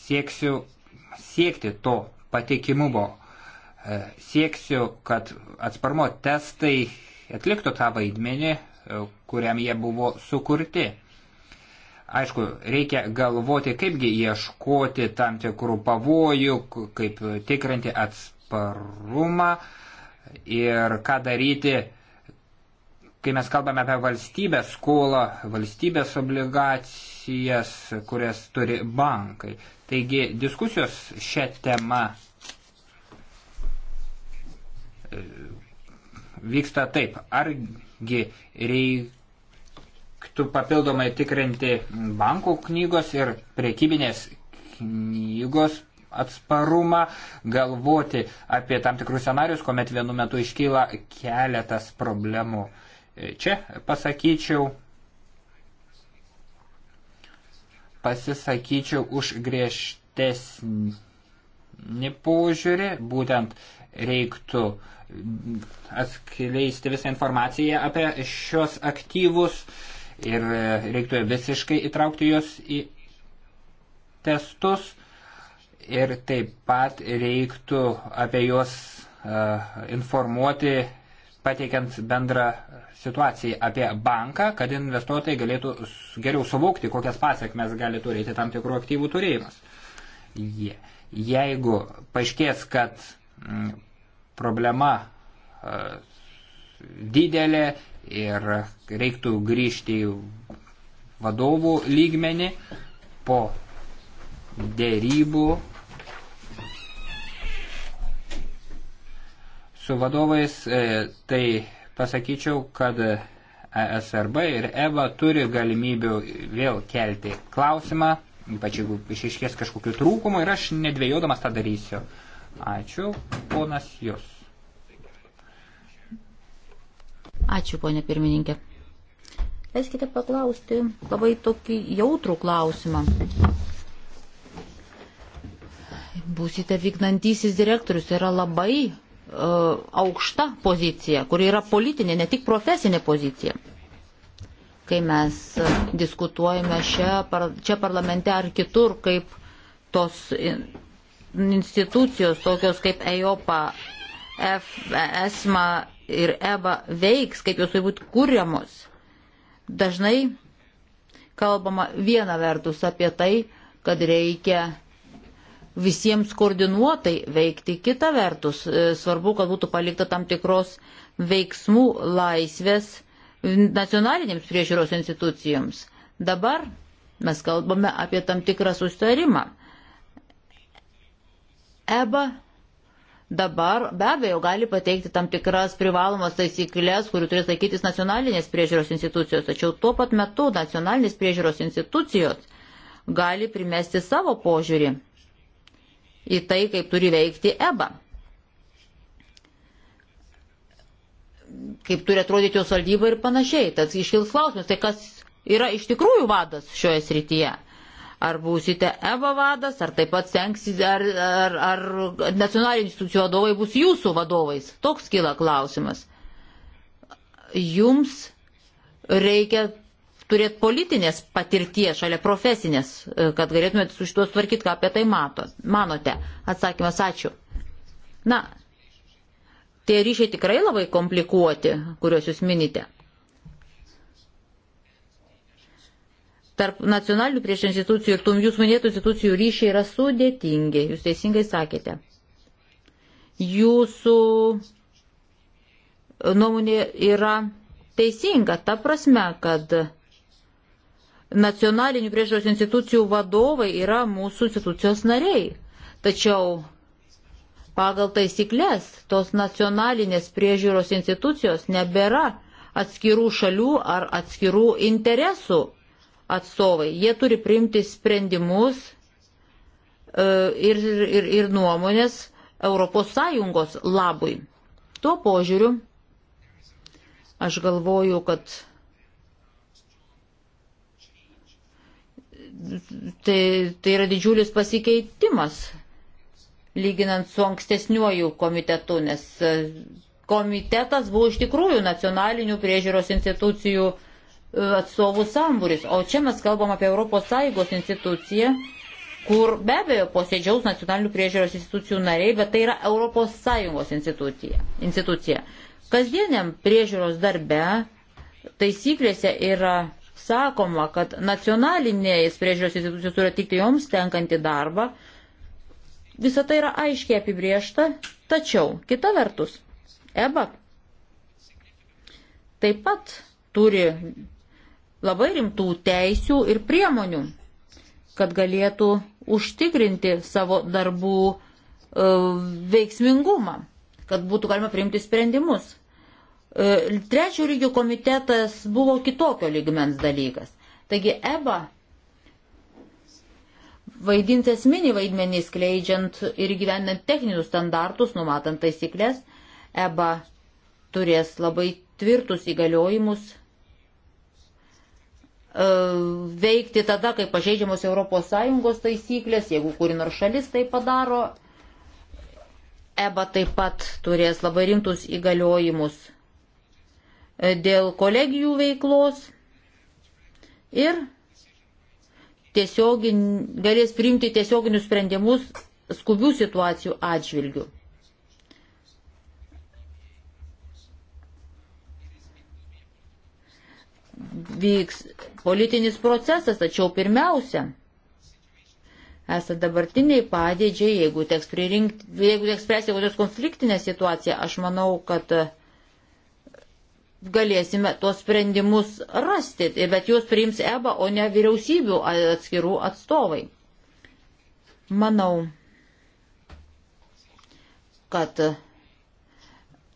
sieksiu siekti to patikimumo. E, sieksiu, kad atsparmo testai atliktų tą vaidmenį, e, kuriam jie buvo sukurti. Aišku, reikia galvoti, kaipgi ieškoti tam tikrų pavojų, kaip tikrinti atsparumą ir ką daryti kai mes kalbame apie valstybės skolą, valstybės obligacijas, kurias turi bankai. Taigi diskusijos šią temą e, vyksta taip, argi reiktų papildomai tikrinti bankų knygos ir priekybinės knygos atsparumą, galvoti apie tam tikrus scenarius, kuomet vienu metu iškyla keletas problemų. Čia pasakyčiau, pasisakyčiau už griežtesnį požiūrį, būtent reiktų atskleisti visą informaciją apie šios aktyvus ir reiktų visiškai įtraukti juos į testus ir taip pat reiktų apie juos uh, informuoti pateikiant bendrą situaciją apie banką, kad investuotojai galėtų geriau suvokti, kokias pasiekmes gali turėti tam tikrų aktyvų turėjimas. Jeigu paaiškės, kad mm, problema e, didelė ir reiktų grįžti į vadovų lygmenį po dėrybų su vadovais, e, tai pasakyčiau, kad ESRB ir EBA turi galimybių vėl kelti klausimą, ypač jeigu išiškės kažkokių trūkumų ir aš nedvėjodamas tą darysiu. Ačiū, ponas Jūs. Ačiū, ponė pirmininkė. Leiskite paklausti labai tokį jautrų klausimą. Būsite vykdantysis direktorius, tai yra labai Uh, aukšta pozicija, kuri yra politinė, ne tik profesinė pozicija. Kai mes uh, diskutuojame čia, čia parlamente ar kitur, kaip tos institucijos, tokios kaip EIOPA, ESMA ir EBA veiks, kaip jos turi būti kūriamos, dažnai kalbama viena vertus apie tai, kad reikia visiems koordinuotai veikti. Kita vertus, e, svarbu, kad būtų palikta tam tikros veiksmų laisvės nacionalinėms priežiūros institucijoms. Dabar mes kalbame apie tam tikrą sustarimą. EBA dabar be abejo gali pateikti tam tikras privalomas taisyklės, kurių turės laikytis nacionalinės priežiūros institucijos, tačiau tuo pat metu nacionalinės priežiūros institucijos gali primesti savo požiūrį į tai, kaip turi veikti EBA. Kaip turi atrodyti jos valdyba ir panašiai. Tad iškils klausimas, tai kas yra iš tikrųjų vadas šioje srityje? Ar būsite EBA vadas, ar taip pat senksite, ar, ar, ar nacionalinių institucijų vadovai bus jūsų vadovais? Toks kyla klausimas. Jums reikia turėti politinės patirties šalia profesinės, e, kad galėtumėte su šituos tvarkyti, ką apie tai mato, manote. Atsakymas ačiū. Na, tie ryšiai tikrai labai komplikuoti, kuriuos jūs minite. Tarp nacionalinių prieš institucijų ir tum jūs minėtų institucijų ryšiai yra sudėtingi, jūs teisingai sakėte. Jūsų nuomonė yra teisinga, ta prasme, kad nacionalinių priežiūros institucijų vadovai yra mūsų institucijos nariai. Tačiau pagal taisyklės tos nacionalinės priežiūros institucijos nebėra atskirų šalių ar atskirų interesų atstovai. Jie turi priimti sprendimus e, ir, ir, ir nuomonės ES labui. Tuo požiūriu aš galvoju, kad tai, tai yra didžiulis pasikeitimas, lyginant su ankstesniuoju komitetu, nes e, komitetas buvo iš tikrųjų nacionalinių priežiūros institucijų e, atstovų sambūris, o čia mes kalbam apie ES instituciją, kur be abejo posėdžiaus nacionalinių priežiūros institucijų nariai, bet tai yra ES institucija. institucija. Kasdieniam priežiūros darbe taisyklėse yra sakoma, kad nacionalinės priežiūros institucijos turi atlikti joms tenkantį darbą. Visą tai yra aiškiai apibriešta, tačiau kita vertus, EBA taip pat turi labai rimtų teisių ir priemonių, kad galėtų užtikrinti savo darbų e, veiksmingumą, kad būtų galima priimti sprendimus. E, trečio lygio komitetas buvo kitokio lygmens dalykas. Taigi EBA vaidins esminį vaidmenį skleidžiant ir gyvenant techninius standartus, numatant taisyklės. EBA turės labai tvirtus įgaliojimus e, veikti tada, kai pažeidžiamos ES taisyklės, jeigu kuri nors šalis tai padaro. EBA taip pat turės labai rimtus įgaliojimus dėl kolegijų veiklos ir tiesiogin, galės priimti tiesioginius sprendimus skubių situacijų atžvilgių. Vyks politinis procesas, tačiau pirmiausia, esant dabartiniai padėdžiai, jeigu teks, pririnkti, jeigu teks spręsti kokios konfliktinę situaciją, aš manau, kad uh, galėsime tuos sprendimus rasti, bet juos priims EBA, o ne vyriausybių atskirų atstovai. Manau, kad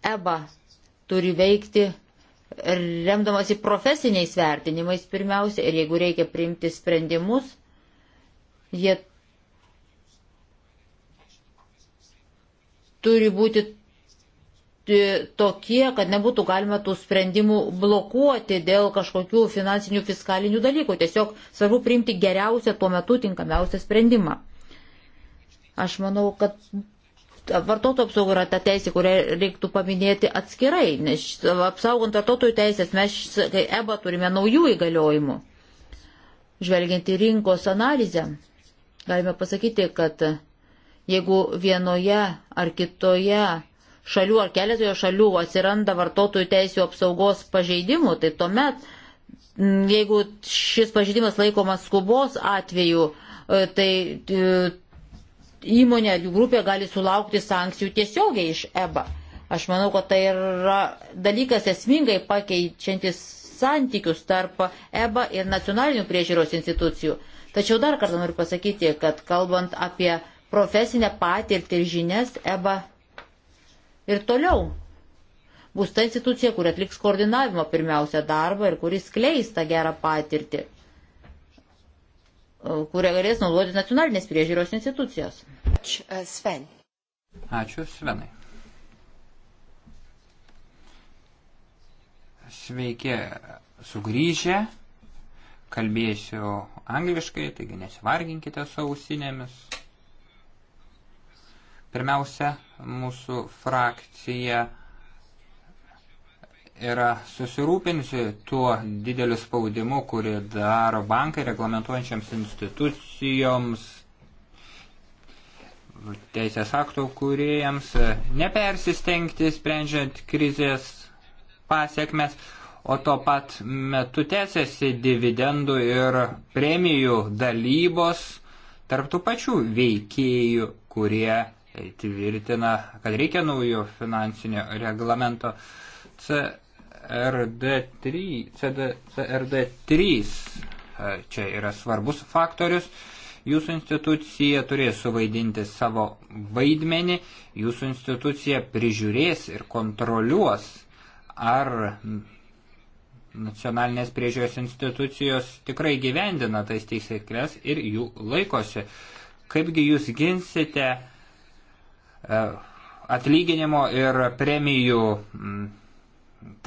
EBA turi veikti remdamasi profesiniais vertinimais pirmiausia ir jeigu reikia priimti sprendimus, jie turi būti tokie, kad nebūtų galima tų sprendimų blokuoti dėl kažkokių finansinių fiskalinių dalykų. Tiesiog svarbu priimti geriausią tuo metu tinkamiausią sprendimą. Aš manau, kad vartotojų apsauga yra ta teisė, kurią reiktų paminėti atskirai, nes apsaugant vartotojų teisės mes, kai EBA, turime naujų įgaliojimų. Žvelgiant į rinkos analizę, galime pasakyti, kad jeigu vienoje ar kitoje šalių ar keletoje šalių atsiranda vartotojų teisų apsaugos pažeidimų, tai tuomet, mm, jeigu šis pažeidimas laikomas skubos atveju, e, tai e, įmonė ar jų grupė gali sulaukti sankcijų tiesiogiai iš EBA. Aš manau, kad tai yra dalykas esmingai pakeičiantis santykius tarp EBA ir nacionalinių priežiūros institucijų. Tačiau dar kartą noriu pasakyti, kad kalbant apie profesinę patirtį ir žinias, EBA ir toliau bus ta institucija, kuri atliks koordinavimo pirmiausia darbą ir kuris kleis tą gerą patirtį, e, kurią galės naudoti nacionalinės priežiūros institucijos. Ačiū, Sven. Ačiū, Svenai. Sveiki sugrįžę, kalbėsiu angliškai, taigi nesivarginkite su ausinėmis. Pirmiausia, mūsų frakcija yra susirūpinsi tuo dideliu spaudimu, kurį daro bankai reglamentuojančiams institucijoms, teisės aktų kūrėjams, nepersistengti sprendžiant krizės pasiekmes, o tuo pat metu tęsiasi dividendų ir premijų dalybos tarptų pačių veikėjų, kurie tvirtina, kad reikia naujo finansinio reglamento. CRD3, CD, CRD3 e, čia yra svarbus faktorius. Jūsų institucija turės suvaidinti savo vaidmenį, jūsų institucija prižiūrės ir kontroliuos, ar nacionalinės priežiūros institucijos tikrai gyvendina tais teisikles ir jų laikosi. Kaipgi jūs ginsite E, atlyginimo ir premijų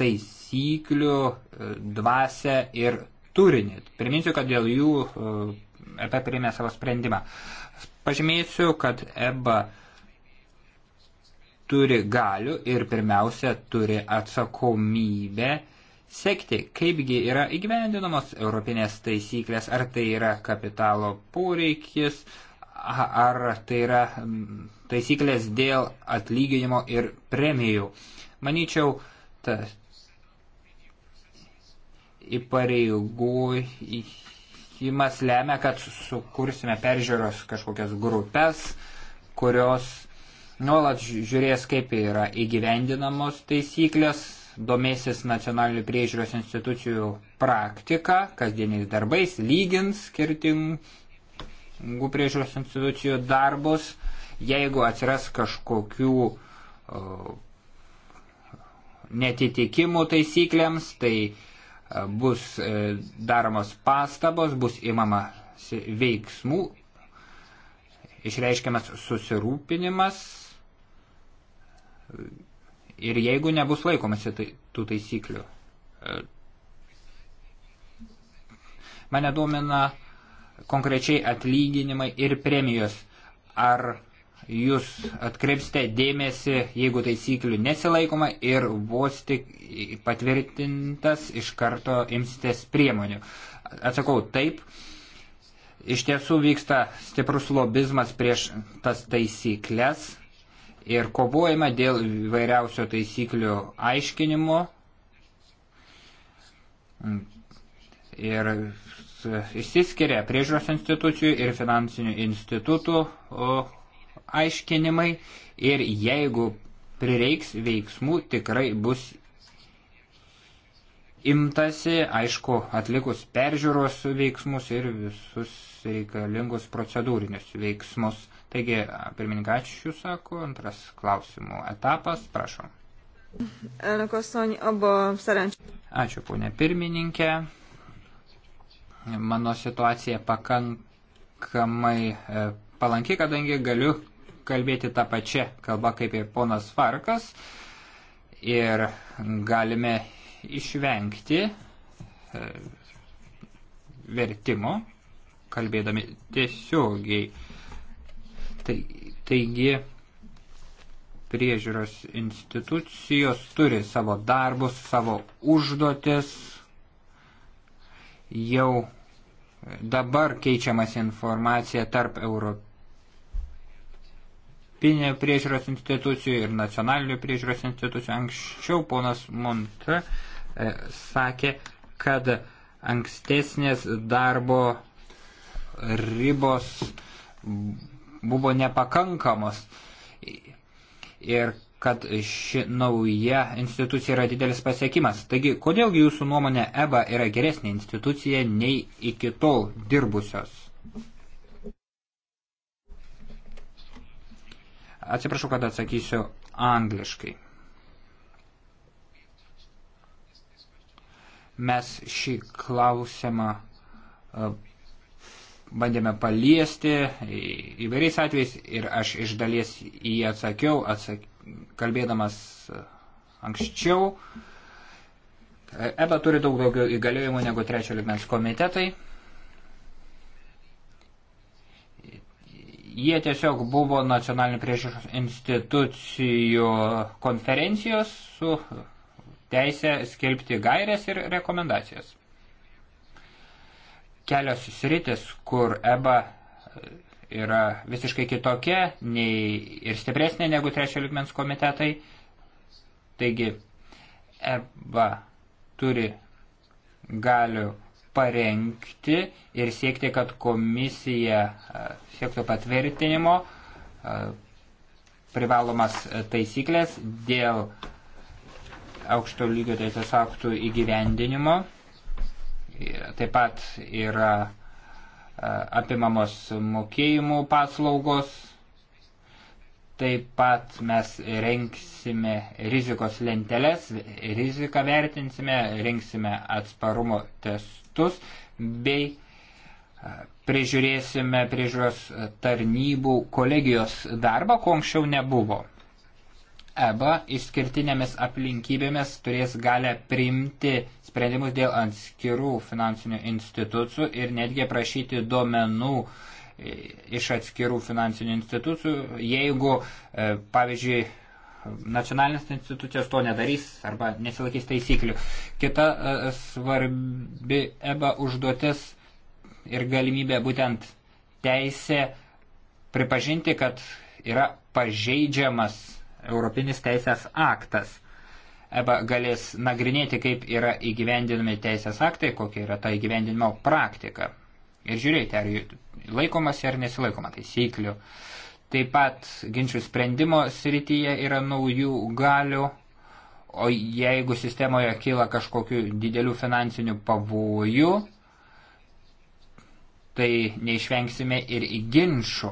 taisyklių e, dvasę ir turinį. Priminsiu, kad dėl jų EPA e priėmė savo sprendimą. Pažymėsiu, kad EBA turi galių ir pirmiausia turi atsakomybę sekti, kaipgi yra įgyvendinamos europinės taisyklės, ar tai yra kapitalo poreikis, ar tai yra taisyklės dėl atlyginimo ir premijų. Manyčiau, ta įpareigojimas lemia, kad sukursime peržiūros kažkokias grupės, kurios nuolat žiūrės, kaip yra įgyvendinamos taisyklės, domėsis nacionalinių priežiūros institucijų praktika, kasdieniais darbais, lygins skirtingų priežiūros institucijų darbus. Jeigu atsiras kažkokių e, netitikimų taisyklėms, tai e, bus e, daromos pastabos, bus imama veiksmų, išreiškiamas susirūpinimas ir jeigu nebus laikomasi tai, tų taisyklių. Mane domina konkrečiai atlyginimai ir premijos. Ar jūs atkreipsite dėmesį, jeigu taisyklių nesilaikoma ir vos tik patvirtintas iš karto imsitės priemonių. Atsakau taip, iš tiesų vyksta stiprus lobizmas prieš tas taisyklės ir kovojama dėl vairiausio taisyklių aiškinimo. Ir išsiskiria priežiūros institucijų ir finansinių institutų aiškinimai ir jeigu prireiks veiksmų, tikrai bus imtasi, aišku, atlikus peržiūros veiksmus ir visus reikalingus procedūrinius veiksmus. Taigi, pirmininkačių sako, antras klausimų etapas, prašom. Ačiū, ponė pirmininkė. Mano situacija pakankamai e, palanki, kadangi galiu kalbėti tą pačią kalbą kaip ir ponas Farkas ir galime išvengti e, vertimo, kalbėdami tiesiogiai. Tai, taigi, priežiūros institucijos turi savo darbus, savo užduotis, jau dabar keičiamas informacija tarp europiečių Europinė priežiūros institucijų ir nacionalinių priežiūros institucijų. Anksčiau ponas Monta e, sakė, kad ankstesnės darbo ribos buvo nepakankamos ir kad ši nauja institucija yra didelis pasiekimas. Taigi, kodėl jūsų nuomonė EBA yra geresnė institucija nei iki tol dirbusios? Atsiprašau, kad atsakysiu angliškai. Mes šį klausimą e, bandėme paliesti įvairiais atvejais ir aš iš dalies į jį atsakiau, atsak... kalbėdamas e, anksčiau. E, EBA turi daug daugiau įgaliojimų negu trečio ligmens komitetai. Jie tiesiog buvo nacionalinių priežiūros institucijų konferencijos su teisė skelbti gairias ir rekomendacijas. Kelios sritis, kur EBA yra visiškai kitokia nei ir stipresnė negu trečio ligmens komitetai. Taigi EBA turi galių parengti ir siekti, kad komisija e, siektų patvirtinimo e, privalomas taisyklės dėl aukšto lygio teisės aktų įgyvendinimo. Taip pat yra e, apimamos mokėjimų paslaugos. Taip pat mes renksime rizikos lenteles, riziką vertinsime, renksime atsparumo testus testus bei e, prižiūrėsime priežiūros tarnybų kolegijos darbą, ko anksčiau nebuvo. EBA išskirtinėmis aplinkybėmis turės galę priimti sprendimus dėl atskirų finansinių institucijų ir netgi prašyti duomenų e, iš atskirų finansinių institucijų, jeigu, e, pavyzdžiui, nacionalinės institucijos to nedarys arba nesilaikys taisyklių. Kita e, svarbi EBA užduotis ir galimybė būtent teisė pripažinti, kad yra pažeidžiamas Europinis teisės aktas. EBA galės nagrinėti, kaip yra įgyvendinami teisės aktai, kokia yra ta įgyvendinimo praktika. Ir žiūrėti, ar laikomasi ar nesilaikoma taisyklių. Uh, Taip pat ginčių sprendimo srityje yra naujų galių, o jeigu sistemoje kyla kažkokiu dideliu finansiniu pavoju, tai neišvengsime ir ginčių.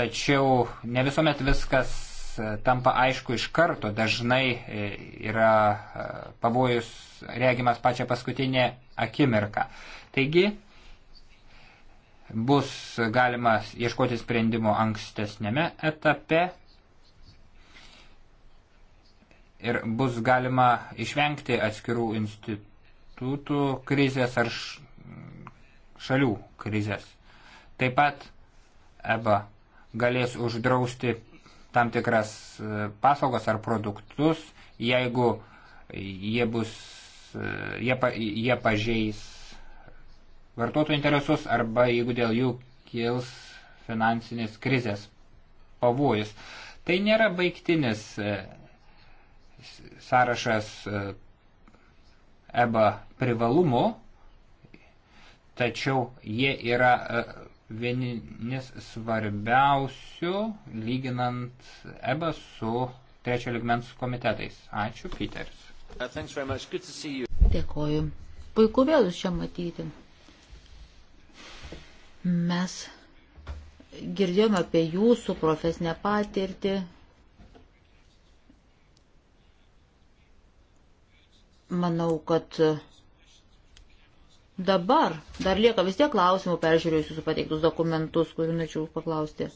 Tačiau ne visuomet viskas e, tampa aišku iš karto, dažnai e, yra e, pavojus regimas pačią paskutinę akimirką. Taigi, bus galima ieškoti sprendimo ankstesnėme etape ir bus galima išvengti atskirų institutų krizės ar šalių krizės. Taip pat EBA galės uždrausti tam tikras e, paslaugas ar produktus, jeigu e, jie bus, e, jie, jie pažeis vartotojų interesus arba jeigu dėl jų kils finansinės krizės pavojus. Tai nėra baigtinis e, sąrašas e, EBA privalumų, tačiau jie yra e, vieninis svarbiausių lyginant EBA su trečio ligmens komitetais. Ačiū, Piteris. Dėkoju. Puiku vėl jūs čia matyti. Mes girdėjome apie jūsų profesinę patirtį. Manau, kad dabar dar lieka vis tiek klausimų peržiūrėjus jūsų pateiktus dokumentus, kurių norėčiau paklausti.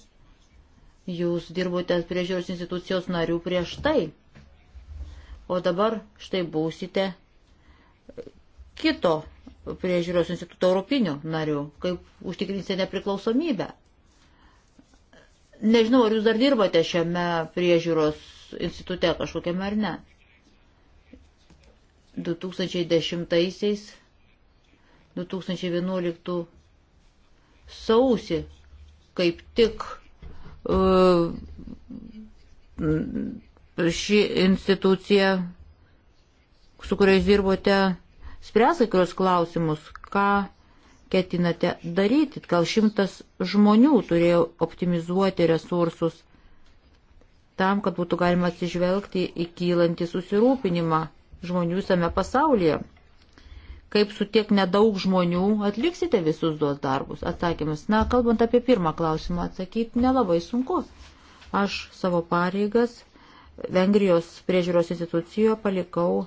Jūs dirbote priežiūros institucijos narių prieš tai, o dabar štai būsite kito priežiūros instituto europinių narių, kaip užtikrinsite nepriklausomybę. Nežinau, ar jūs dar dirbate šiame priežiūros institute kažkokiame ar ne. 2010-aisiais, 2011 sausi kaip tik uh, ši institucija, su kuriais dirbote, spręs kai kurios klausimus, ką ketinate daryti. Gal šimtas žmonių turėjo optimizuoti resursus tam, kad būtų galima atsižvelgti į kylantį susirūpinimą žmonių visame pasaulyje. Kaip su tiek nedaug žmonių atliksite visus tuos darbus? Atsakymas. Na, kalbant apie pirmą klausimą, atsakyti nelabai sunku. Aš savo pareigas Vengrijos priežiūros institucijoje palikau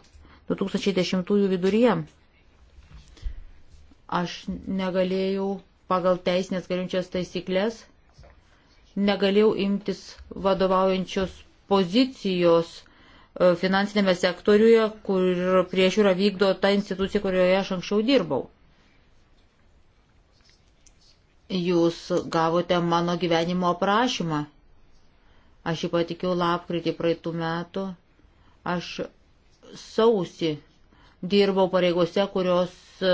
2010 viduryje aš negalėjau pagal teisinės galinčias taisyklės, negalėjau imtis vadovaujančios pozicijos e, finansinėme sektoriuje, kur priežiūra vykdo ta institucija, kurioje aš anksčiau dirbau. Jūs gavote mano gyvenimo aprašymą. Aš jį patikiau lapkritį praeitų metų. Aš sausį dirbau pareigose, kurios e,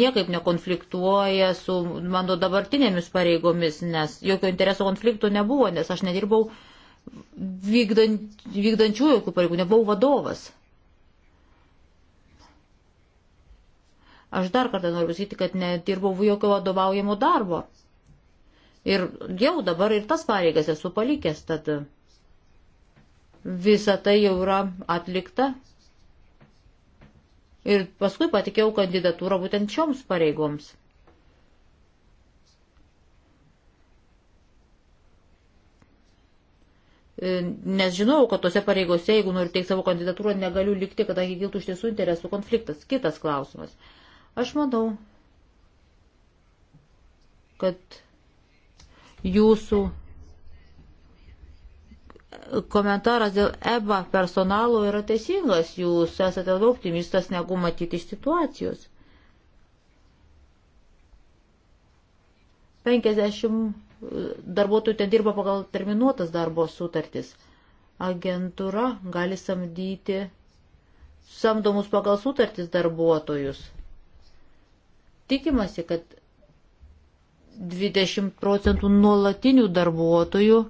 niekaip nekonfliktuoja su mano dabartinėmis pareigomis, nes jokio interesų konfliktų nebuvo, nes aš nedirbau vykdant, vykdančių jokių pareigų, nebuvau vadovas. Aš dar kartą noriu pasakyti, kad nedirbau jokio vadovaujamo darbo. Ir jau dabar ir tas pareigas esu palikęs, tad visa tai jau yra atlikta, Ir paskui patikėjau kandidatūrą būtent šioms pareigoms. E, nes žinau, kad tose pareigose, jeigu noriu teikti savo kandidatūrą, negaliu likti, kadangi kiltų iš tiesų interesų konfliktas. Kitas klausimas. Aš manau, kad jūsų komentaras dėl EBA personalo yra teisingas, jūs esate labiau optimistas negu matyti iš situacijos. 50 darbuotojų ten dirba pagal terminuotas darbo sutartis. Agentūra gali samdyti samdomus pagal sutartis darbuotojus. Tikimasi, kad 20 procentų nuolatinių darbuotojų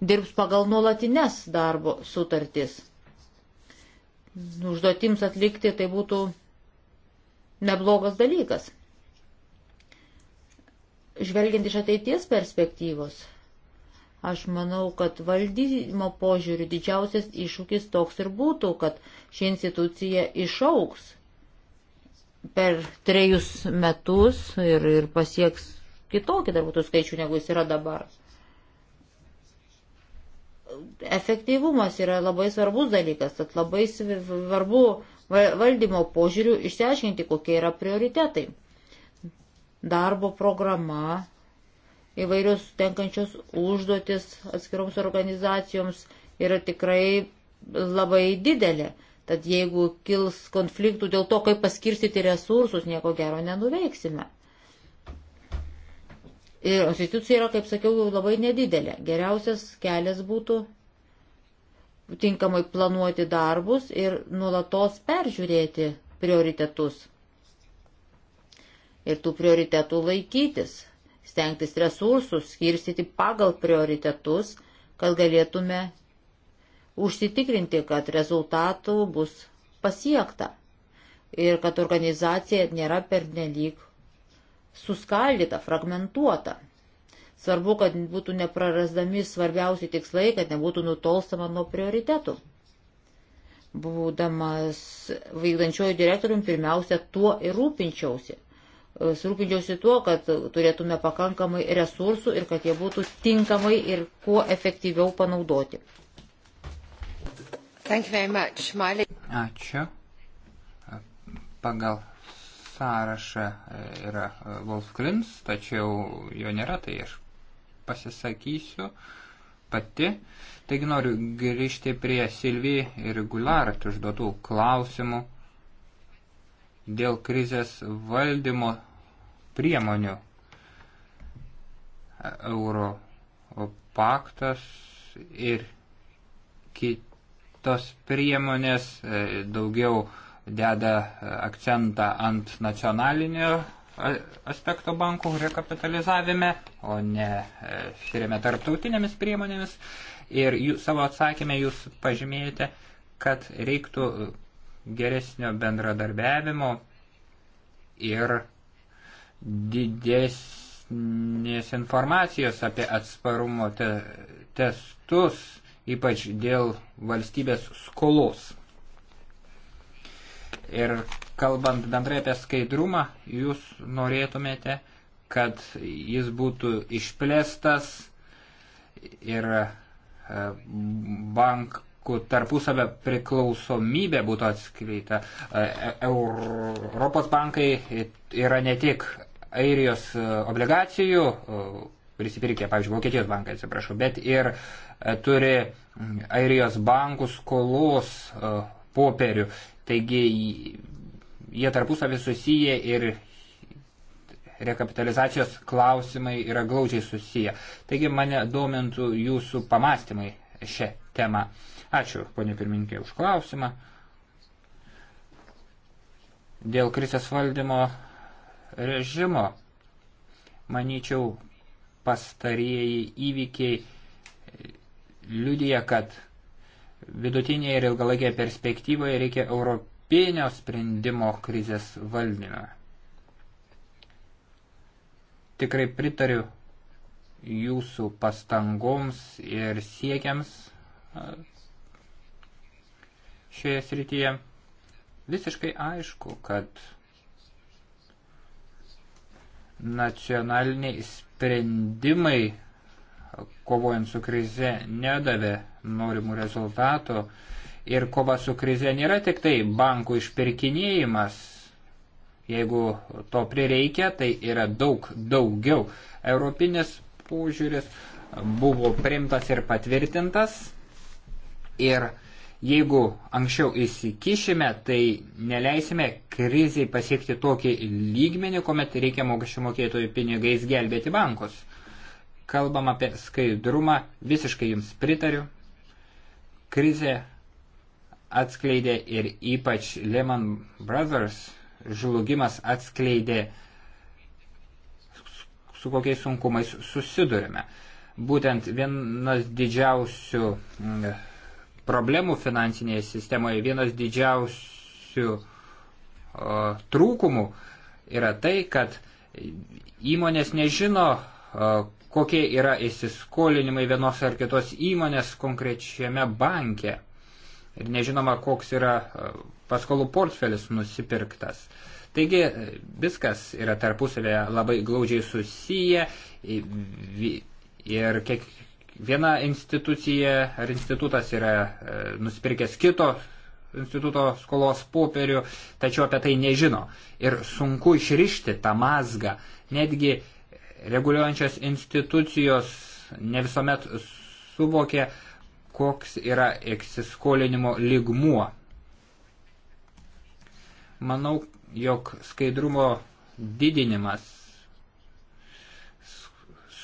dirbs pagal nuolatines darbo sutartis. Užduotims atlikti tai būtų neblogas dalykas. Žvelgiant iš ateities perspektyvos, aš manau, kad valdymo požiūrių didžiausias iššūkis toks ir būtų, kad ši institucija išauks per trejus metus ir, ir pasieks kitokį darbuotojų skaičių, negu jis yra dabar efektyvumas yra labai svarbus dalykas, tad labai svarbu valdymo požiūrių išsiaiškinti, kokie yra prioritetai. Darbo programa, įvairios tenkančios užduotis atskiroms organizacijoms yra tikrai labai didelė. Tad jeigu kils konfliktų dėl to, kaip paskirstyti resursus, nieko gero nenuveiksime. Ir institucija yra, kaip sakiau, jau labai nedidelė. Geriausias kelias būtų tinkamai planuoti darbus ir nulatos peržiūrėti prioritetus. Ir tų prioritetų laikytis, stengtis resursus skirstyti pagal prioritetus, kad galėtume užsitikrinti, kad rezultatų bus pasiekta ir kad organizacija nėra pernelyg suskaldyta, fragmentuota. Svarbu, kad būtų neprarasdami svarbiausi tikslai, kad nebūtų nutolstama nuo prioritetų. Būdamas vykdančiojo direktorium, pirmiausia, tuo ir rūpinčiausi. Srūpinčiausi tuo, kad turėtume pakankamai resursų ir kad jie būtų tinkamai ir kuo efektyviau panaudoti. Ačiū. Pagal sąrašą e, yra e, Wolf Klims, tačiau jo nėra, tai aš pasisakysiu pati. Taigi noriu grįžti prie Silvi ir Gulart užduotų klausimų dėl krizės valdymo priemonių. Euro paktas ir kitos priemonės e, daugiau deda e, akcentą ant nacionalinio aspekto bankų rekapitalizavime, o ne skiriame e, tarptautinėmis priemonėmis. Ir jų, savo atsakymę jūs pažymėjote, kad reiktų e, geresnio bendradarbiavimo ir didesnės informacijos apie atsparumo te testus, ypač dėl valstybės skolos. Ir kalbant bendrai apie skaidrumą, jūs norėtumėte, kad jis būtų išplėstas ir e, bankų tarpusavę priklausomybė būtų atskleita. E, e, Europos bankai yra ne tik Airijos obligacijų prisipirkė, pavyzdžiui, Vokietijos bankai, atsiprašau, bet ir turi Airijos bankų skolos popierių. Taigi jie tarpusavį susiję ir rekapitalizacijos klausimai yra glaudžiai susiję. Taigi mane domintų jūsų pamastymai šią temą. Ačiū, ponė pirmininkė, už klausimą. Dėl krizės valdymo režimo, manyčiau, pastarieji įvykiai liudija, kad vidutinėje ir ilgalaikėje perspektyvoje reikia europinio sprendimo krizės valdyme. Tikrai pritariu jūsų pastangoms ir siekiams šioje srityje. Visiškai aišku, kad nacionaliniai sprendimai kovojant su krize nedavė norimų rezultatų ir kova su krize nėra tik tai bankų išpirkinėjimas. Jeigu to prireikia, tai yra daug daugiau. Europinis požiūris buvo primtas ir patvirtintas. Ir jeigu anksčiau įsikišime, tai neleisime kriziai pasiekti tokį lygmenį, kuomet reikia mokesčių mokėtojų pinigais gelbėti bankus kalbam apie skaidrumą, visiškai jums pritariu. Krizė atskleidė ir ypač Lehman Brothers žlugimas atskleidė, su kokiais sunkumais susidurime. Būtent vienas didžiausių mm, problemų finansinėje sistemoje, vienas didžiausių o, trūkumų yra tai, kad įmonės nežino, kokie yra įsiskolinimai vienos ar kitos įmonės konkrečiame banke. Ir nežinoma, koks yra e, paskolų portfelis nusipirktas. Taigi e, viskas yra tarpusavėje labai glaudžiai susiję ir kiek, viena institucija ar institutas yra e, nusipirkęs kito instituto skolos popierių, tačiau apie tai nežino. Ir sunku išrišti tą mazgą. Netgi reguliuojančios institucijos ne visuomet suvokė, koks yra įsiskolinimo ligmuo. Manau, jog skaidrumo didinimas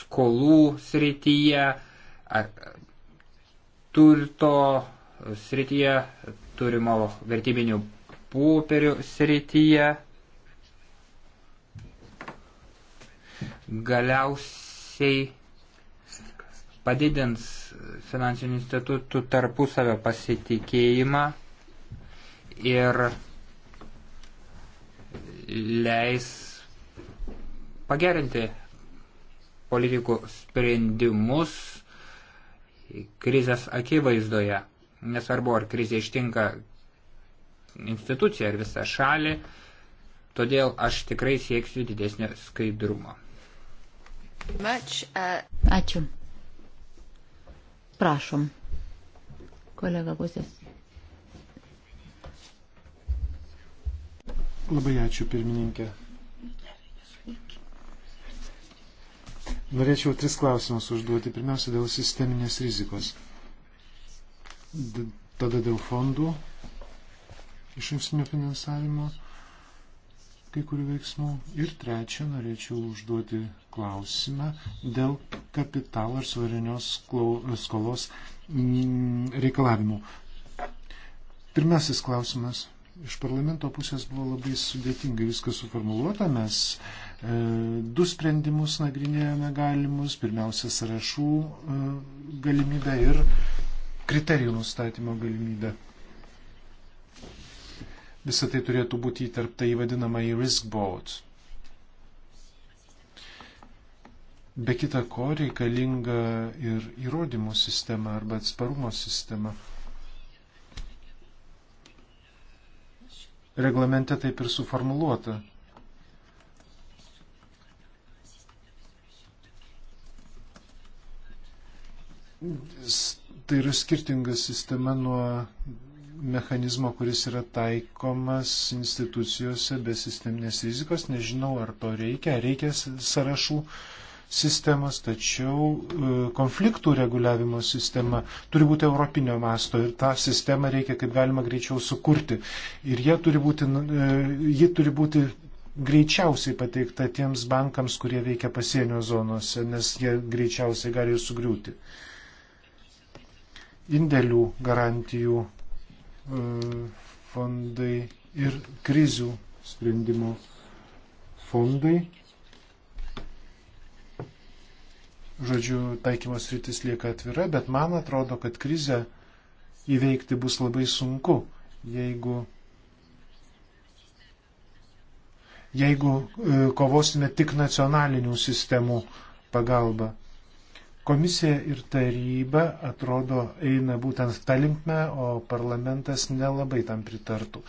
skolų srityje, turto srityje, turimo vertybinių popierių srityje galiausiai padidins finansinių institutų tarpusavio pasitikėjimą ir leis pagerinti politikų sprendimus krizės akivaizdoje. Nesvarbu, ar krizė ištinka instituciją ar visą šalį, todėl aš tikrai sieksiu didesnio skaidrumo. Uh, ačiū. Prašom, kolega Pusės. Labai ačiū, pirmininkė. Norėčiau tris klausimus užduoti. Pirmiausia, dėl sisteminės rizikos. D tada dėl fondų iš jungsinio finansavimo kai kurių veiksmų. Ir trečia, norėčiau užduoti klausimą dėl kapitalo ir suverenios skolos mm, reikalavimų. Pirmasis klausimas. Iš parlamento pusės buvo labai sudėtingai viskas suformuoluota. Mes e, du sprendimus nagrinėjome galimus. Pirmiausia, sąrašų e, galimybę ir kriterijų nustatymo galimybę. Visą tai turėtų būti įtarpta į vadinamą į risk board. Be kita ko reikalinga ir įrodymų sistema arba atsparumo sistema. Reglamente taip ir suformuluota, tai yra skirtinga sistema nuo mechanizmo, kuris yra taikomas institucijose be sisteminės rizikos. Nežinau, ar to reikia, ar reikia sąrašų sistemas, tačiau e, konfliktų reguliavimo sistema turi būti europinio masto ir tą sistemą reikia kaip galima greičiau sukurti. Ir ji turi būti, e, ji turi būti greičiausiai pateikta tiems bankams, kurie veikia pasienio zonose, nes jie greičiausiai gali ir sugriūti. Indėlių garantijų E, fondai ir krizių sprendimo fondai. Žodžiu, taikymos rytis lieka atvira, bet man atrodo, kad krizę įveikti bus labai sunku, jeigu, jeigu e, kovosime tik nacionalinių sistemų pagalba. Komisija ir taryba atrodo eina būtent tą linkmę, o parlamentas nelabai tam pritartų.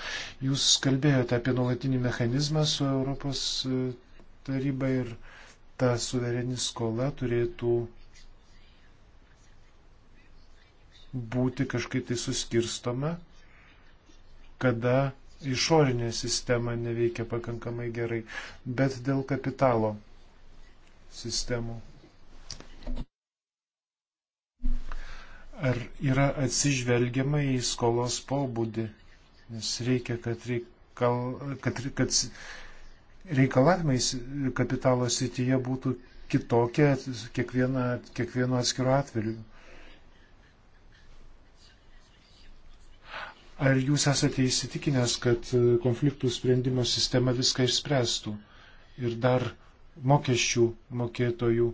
Jūs kalbėjote apie nuolatinį mechanizmą su Europos e, taryba ir ta suvereni skola turėtų būti kažkaip tai suskirstoma, kada išorinė sistema neveikia pakankamai gerai, bet dėl kapitalo sistemų ar yra atsižvelgiama į skolos pobūdį, nes reikia, kad, reikal, kad, kad reikalavimai kapitalo srityje būtų kitokie kiekvieno atskiru atveju. Ar jūs esate įsitikinęs, kad konfliktų sprendimo sistema viską išspręstų ir dar mokesčių mokėtojų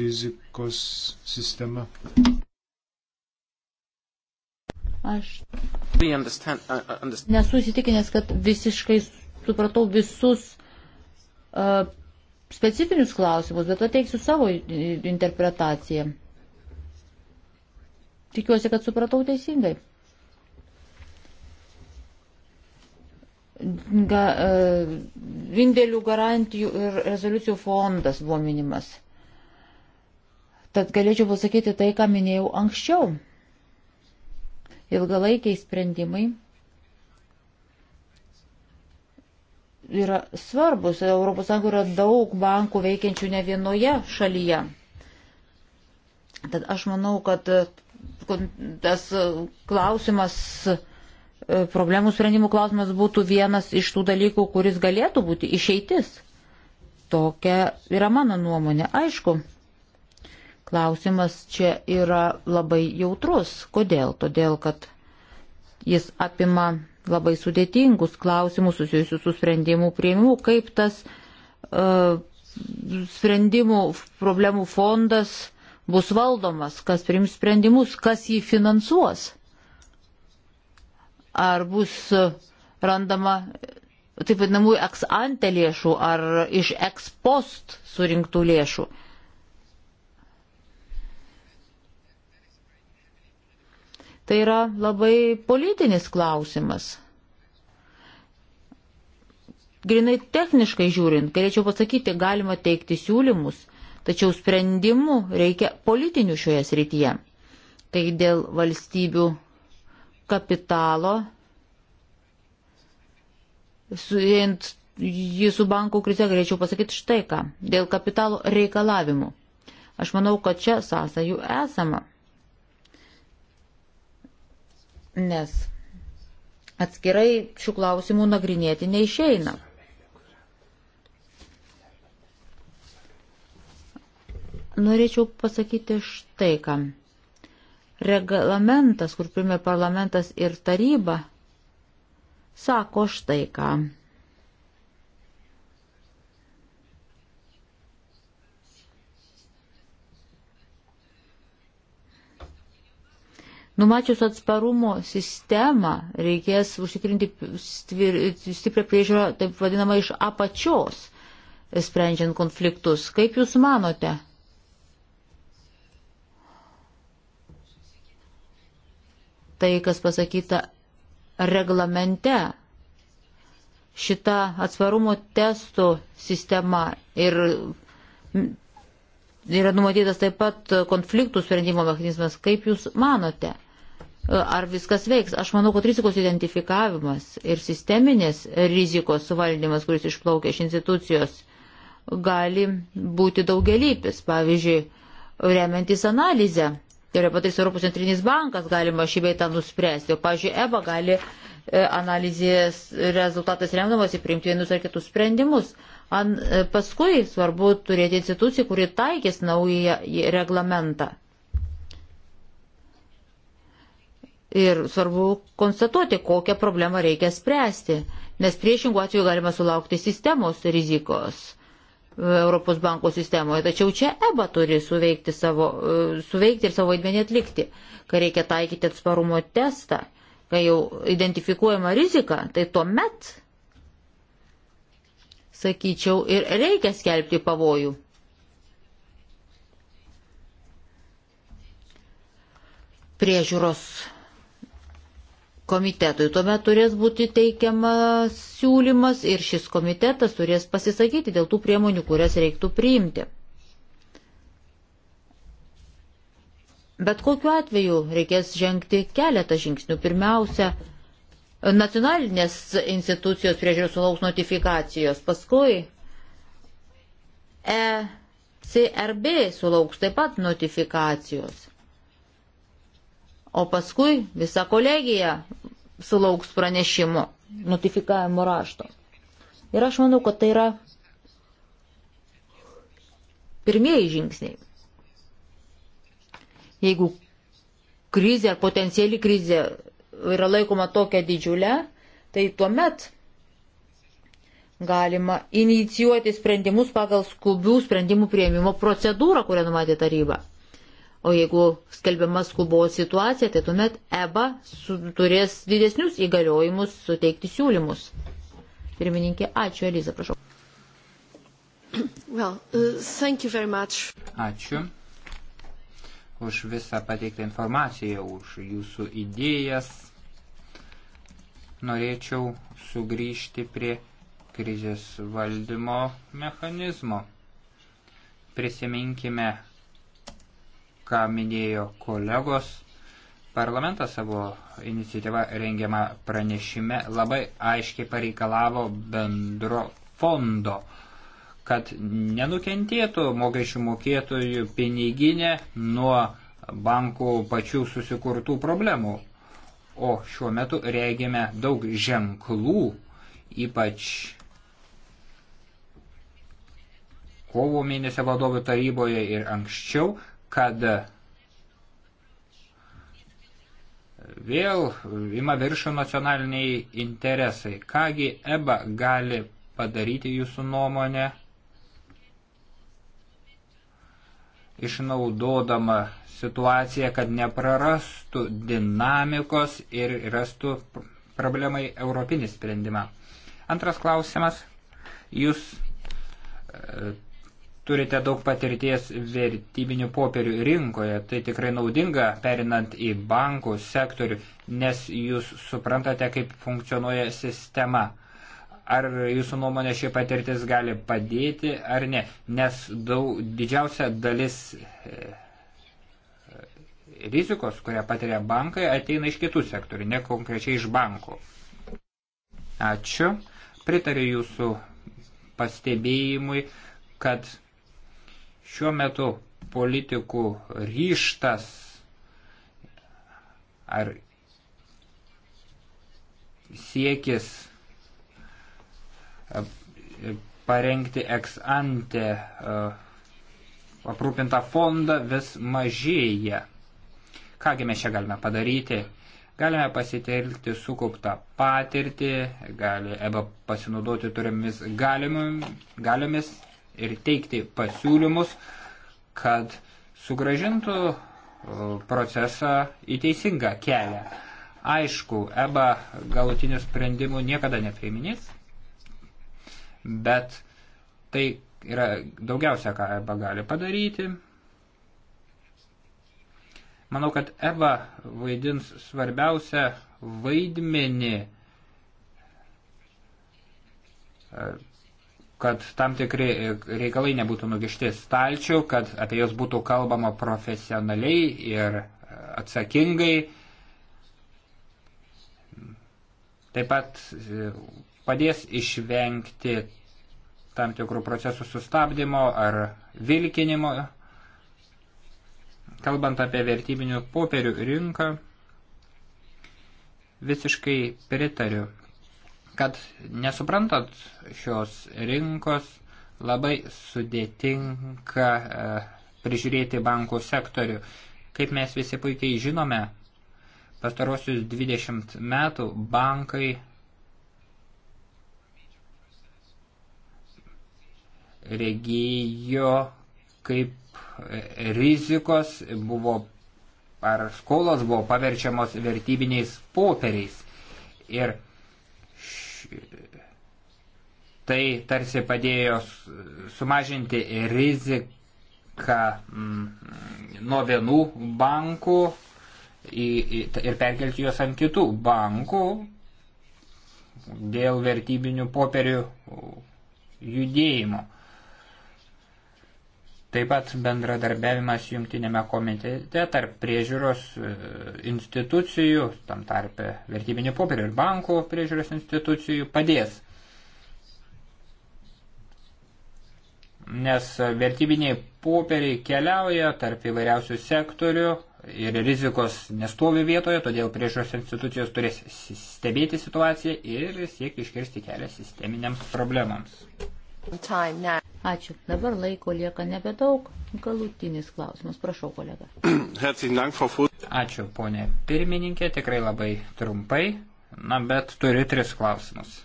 rizikos sistema? Aš uh, uh, nesu įsitikinęs, kad visiškai supratau visus uh, specifinius klausimus, bet pateiksiu savo interpretaciją. Tikiuosi, kad supratau teisingai. Ga, uh, indėlių garantijų ir rezoliucijų fondas buvo minimas. Tad galėčiau pasakyti tai, ką minėjau anksčiau. Ilgalaikiai sprendimai yra svarbus. ES yra daug bankų veikiančių ne vienoje šalyje. Tad aš manau, kad tas klausimas, problemų sprendimų klausimas būtų vienas iš tų dalykų, kuris galėtų būti išeitis. Tokia yra mano nuomonė. Aišku, Klausimas čia yra labai jautrus. Kodėl? Todėl, kad jis apima labai sudėtingus klausimus susijusius su sprendimų prieimimu, kaip tas uh, sprendimų problemų fondas bus valdomas, kas priims sprendimus, kas jį finansuos. Ar bus randama taip vadinamų ex ante lėšų ar iš ex post surinktų lėšų. Uh, Tai yra labai politinis klausimas. Grinai techniškai žiūrint, galėčiau pasakyti, galima teikti siūlymus, tačiau sprendimų reikia politinių šioje srityje. Tai dėl valstybių kapitalo, sujant jį su bankų krize, galėčiau pasakyti štai ką, dėl kapitalo reikalavimų. Aš manau, kad čia sąsajų esama nes atskirai šių klausimų nagrinėti neišeina. Norėčiau pasakyti štai ką. Reglamentas, kur primė parlamentas ir taryba, sako štai ką. Numačius atsparumo sistemą, reikės užtikrinti stiprią priežiūrą, taip vadinamą, iš apačios, sprendžiant konfliktus. Kaip Jūs manote? Tai, kas pasakyta reglamente, šita atsparumo testų sistema ir yra numatytas taip pat konfliktų sprendimo mechanizmas. Kaip Jūs manote? E, ar viskas veiks. Aš manau, kad rizikos identifikavimas ir sisteminės rizikos valdymas, kuris išplaukia iš institucijos, gali būti daugelypis. Pavyzdžiui, remiantis analizę, tai yra patais Europos centrinis bankas, galima šį beitą nuspręsti. O, pavyzdžiui, EBA gali e, analizės rezultatas remdamas įprimti vienus ar kitus sprendimus. An, e, paskui svarbu turėti instituciją, kuri taikys naują reglamentą. Ir svarbu konstatuoti, kokią problemą reikia spręsti, nes priešingų atveju galima sulaukti sistemos rizikos. E, Europos banko sistemoje. Tačiau čia EBA turi suveikti, savo, e, suveikti ir savo vaidmenį atlikti, kai reikia taikyti atsparumo testą, kai jau identifikuojama rizika, tai tuomet, sakyčiau, ir reikia skelbti pavojų. Priežiūros komitetui. Tuomet turės būti teikiamas siūlymas ir šis komitetas turės pasisakyti dėl tų priemonių, kurias reiktų priimti. Bet kokiu atveju reikės žengti keletą žingsnių. Pirmiausia, nacionalinės institucijos priežiūros sulauks notifikacijos, paskui ECRB sulauks taip pat notifikacijos. O paskui visa kolegija sulauks pranešimo, notifikavimo rašto. Ir aš manau, kad tai yra pirmieji žingsniai. Jeigu krizė ar potenciali krizė yra laikoma tokia didžiulė, tai tuomet galima inicijuoti sprendimus pagal skubių sprendimų prieimimo procedūrą, kurią numatė taryba. O jeigu skelbiama skubos situacija, tai tuomet EBA turės didesnius įgaliojimus suteikti siūlymus. Pirmininkė, ačiū, Eliza, prašau. Well, uh, ačiū už visą pateiktą informaciją, už jūsų idėjas. Norėčiau sugrįžti prie krizės valdymo mechanizmo. Prisiminkime ką minėjo kolegos. Parlamentas savo iniciatyvą rengiamą pranešime labai aiškiai pareikalavo bendro fondo, kad nenukentėtų mokesčių mokėtojų piniginė nuo bankų pačių susikurtų problemų. O šiuo metu regime daug ženklų, ypač kovo mėnesio vadovų taryboje ir anksčiau, kad vėl ima viršų nacionaliniai interesai. Kągi EBA gali padaryti jūsų nuomonę, išnaudodama situaciją, kad neprarastų dinamikos ir rastų problemai europinį sprendimą. Antras klausimas. Jūs turite daug patirties vertybinių popierių rinkoje. Tai tikrai naudinga perinant į bankų sektorių, nes jūs suprantate, kaip funkcionuoja sistema. Ar jūsų nuomonė ši patirtis gali padėti ar ne? Nes daug, didžiausia dalis e, e, rizikos, kurią patiria bankai, ateina iš kitų sektorių, ne konkrečiai iš bankų. Ačiū. Pritariu jūsų pastebėjimui, kad Šiuo metu politikų ryštas ar siekis e, parengti ex ante e, aprūpintą fondą vis mažėja. Kągi mes čia galime padaryti? Galime pasitelkti sukauptą patirtį, gali EBA pasinaudoti turimomis galiomis, ir teikti pasiūlymus, kad sugražintų e, procesą į teisingą kelią. Aišku, EBA galutinių sprendimų niekada nepeiminės, bet tai yra daugiausia, ką EBA gali padaryti. Manau, kad EBA vaidins svarbiausią vaidmenį e, kad tam tikri e, reikalai nebūtų nugišti stalčių, kad apie juos būtų kalbama profesionaliai ir e, atsakingai. Taip pat e, padės išvengti tam tikrų procesų sustabdymo ar vilkinimo. Kalbant apie vertybinių popierių rinką, visiškai pritariu kad nesuprantant šios rinkos labai sudėtinga e, prižiūrėti bankų sektorių. Kaip mes visi puikiai žinome, pastarosius 20 metų bankai regėjo, kaip e, rizikos buvo ar skolos buvo paverčiamos vertybiniais popieriais. Ir Tai tarsi padėjo sumažinti riziką mm, nuo vienų bankų ir perkelti juos ant kitų bankų dėl vertybinių popierių judėjimo. Taip pat bendradarbiavimas jungtinėme komitete tarp priežiūros e, institucijų, tam tarpe vertybinių popierių ir bankų priežiūros institucijų padės. Nes vertybiniai popieriai keliauja tarp įvairiausių sektorių ir rizikos nestovi vietoje, todėl priežiūros institucijos turės stebėti situaciją ir siekti iškirsti kelią sisteminiams problemams. Time now. Ačiū. Dabar laiko lieka nebedaug. Galutinis klausimas. Prašau, kolega. Ačiū, ponė pirmininkė. Tikrai labai trumpai. Na, bet turiu tris klausimus.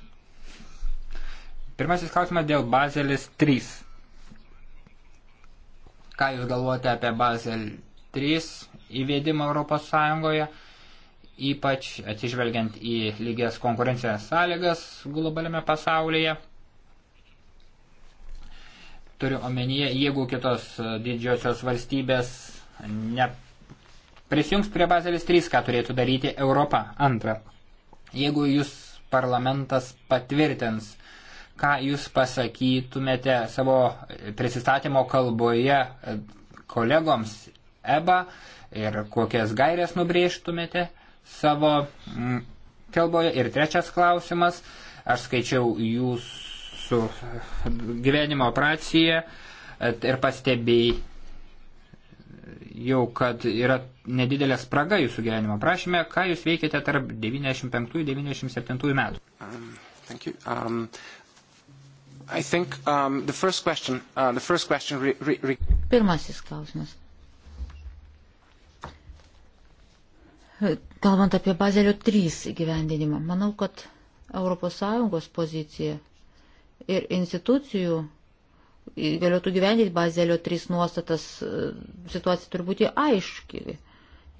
Pirmasis klausimas dėl bazelis 3. Ką Jūs galvojate apie bazel 3 įvedimą Europos Sąjungoje, ypač atsižvelgiant į lygias konkurencinės sąlygas globaliame pasaulyje? Turiu omenyje, jeigu kitos e, didžiosios valstybės ne prisijungs prie bazelis 3, ką turėtų daryti Europa. Antra, jeigu jūs parlamentas patvirtins, ką jūs pasakytumėte savo prisistatymo kalboje e, kolegoms EBA ir kokias gairias nubrėžtumėte savo mm, kalboje. Ir trečias klausimas, aš skaičiau jūs su gyvenimo operacija e, ir pastebėjau, kad yra nedidelė spraga jūsų gyvenimo prašymė. Ką jūs veikėte tarp 95-97 metų? Um, thank you. Um, I think um, the first question, uh, the first question re, re, re... Pirmasis klausimas. Kalbant apie Bazelio 3 įgyvendinimą, manau, kad ES pozicija ir institucijų galėtų gyventi bazelio 3 nuostatas, e, situacija turi būti aiški.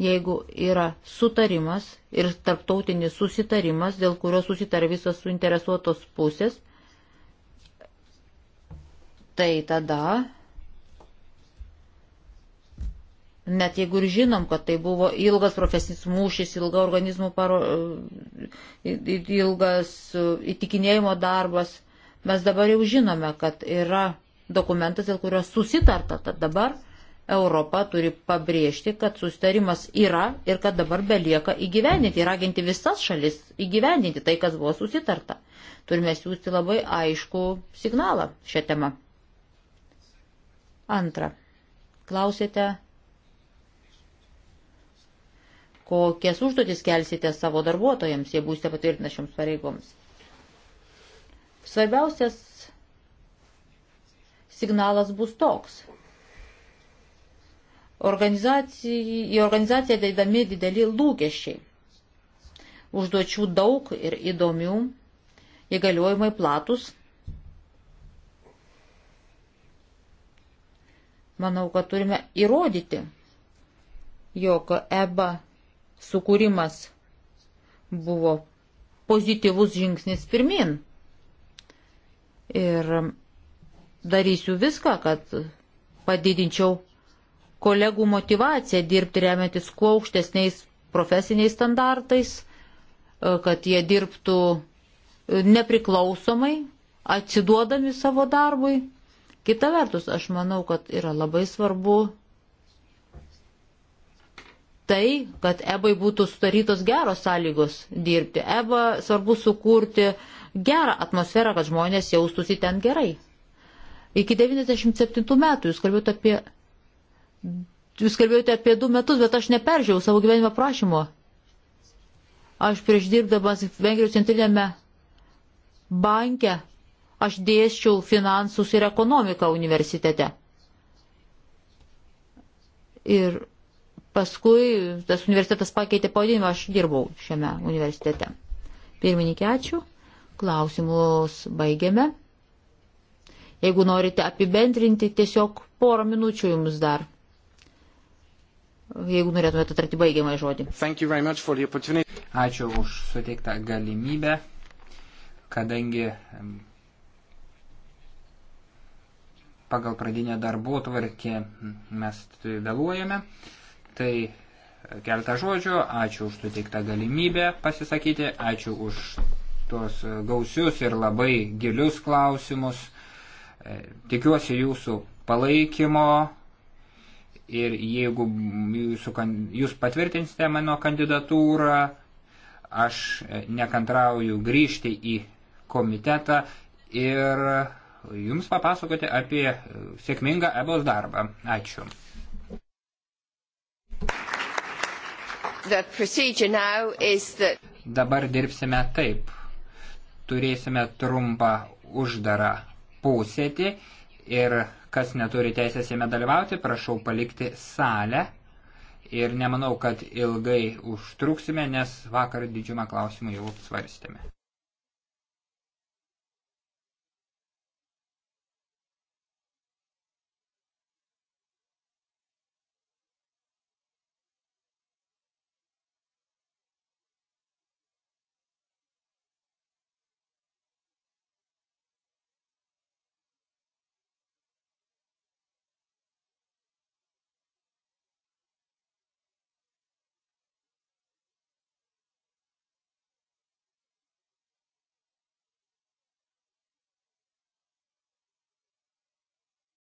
Jeigu yra sutarimas ir tarptautinis susitarimas, dėl kurio susitarė visos suinteresuotos pusės, tai tada, net jeigu ir žinom, kad tai buvo ilgas profesinis mūšis, ilga organizmų paro, e, ilgas e, įtikinėjimo darbas, Mes dabar jau žinome, kad yra dokumentas, dėl kurio susitarta, tad dabar Europa turi pabrėžti, kad sustarimas yra ir kad dabar belieka įgyvendinti ir raginti visas šalis įgyvendinti tai, kas buvo susitarta. Turime siūsti labai aišku signalą šią temą. Antra. Klausėte, kokias užduotis kelsite savo darbuotojams, jei būsite patvirtinę šioms pareigoms. Svarbiausias signalas bus toks. Organizacijai, į organizaciją daidami dideli lūkesčiai. Užduočių daug ir įdomių, įgaliojimai platus. Manau, kad turime įrodyti, jog EBA sukūrimas buvo pozityvus žingsnis pirmin Ir darysiu viską, kad padidinčiau kolegų motivaciją dirbti remiantis kuo aukštesniais profesiniais standartais, e, kad jie dirbtų nepriklausomai, atsiduodami savo darbui. Kita vertus, aš manau, kad yra labai svarbu tai, kad EBA būtų sudarytos geros sąlygos dirbti. EBA svarbu sukurti gerą atmosferą, kad žmonės jaustųsi ten gerai. Iki 97 metų jūs kalbėjote apie, jūs kalbėjote apie du metus, bet aš neperžiau savo gyvenimo prašymo. Aš prieš dirbdamas Vengrijos centrinėme banke, aš dėščiau finansus ir ekonomiką universitete. Ir paskui tas universitetas pakeitė pavadinimą, aš dirbau šiame universitete. Pirmininkė, ačiū. Klausimus baigiame. Jeigu norite apibendrinti, tiesiog porą minučių jums dar. Jeigu norėtumėte atrati baigiamą žodį. Ačiū už suteiktą galimybę, kadangi pagal pradinę darbo tvarkę mes vėluojame. Tai keltą žodžių, ačiū už suteiktą galimybę pasisakyti, ačiū už tuos e, gausius ir labai gilius klausimus. E, tikiuosi jūsų palaikymo ir jeigu jūsų, jūs patvirtinsite mano kandidatūrą, aš e, nekantrauju grįžti į komitetą ir jums papasakoti apie sėkmingą EBOS darbą. Ačiū. That... Dabar dirbsime taip turėsime trumpą uždarą posėdį ir kas neturi teisės jame dalyvauti, prašau palikti salę. Ir nemanau, kad ilgai užtruksime, nes vakar didžiumą klausimų jau apsvarstėme.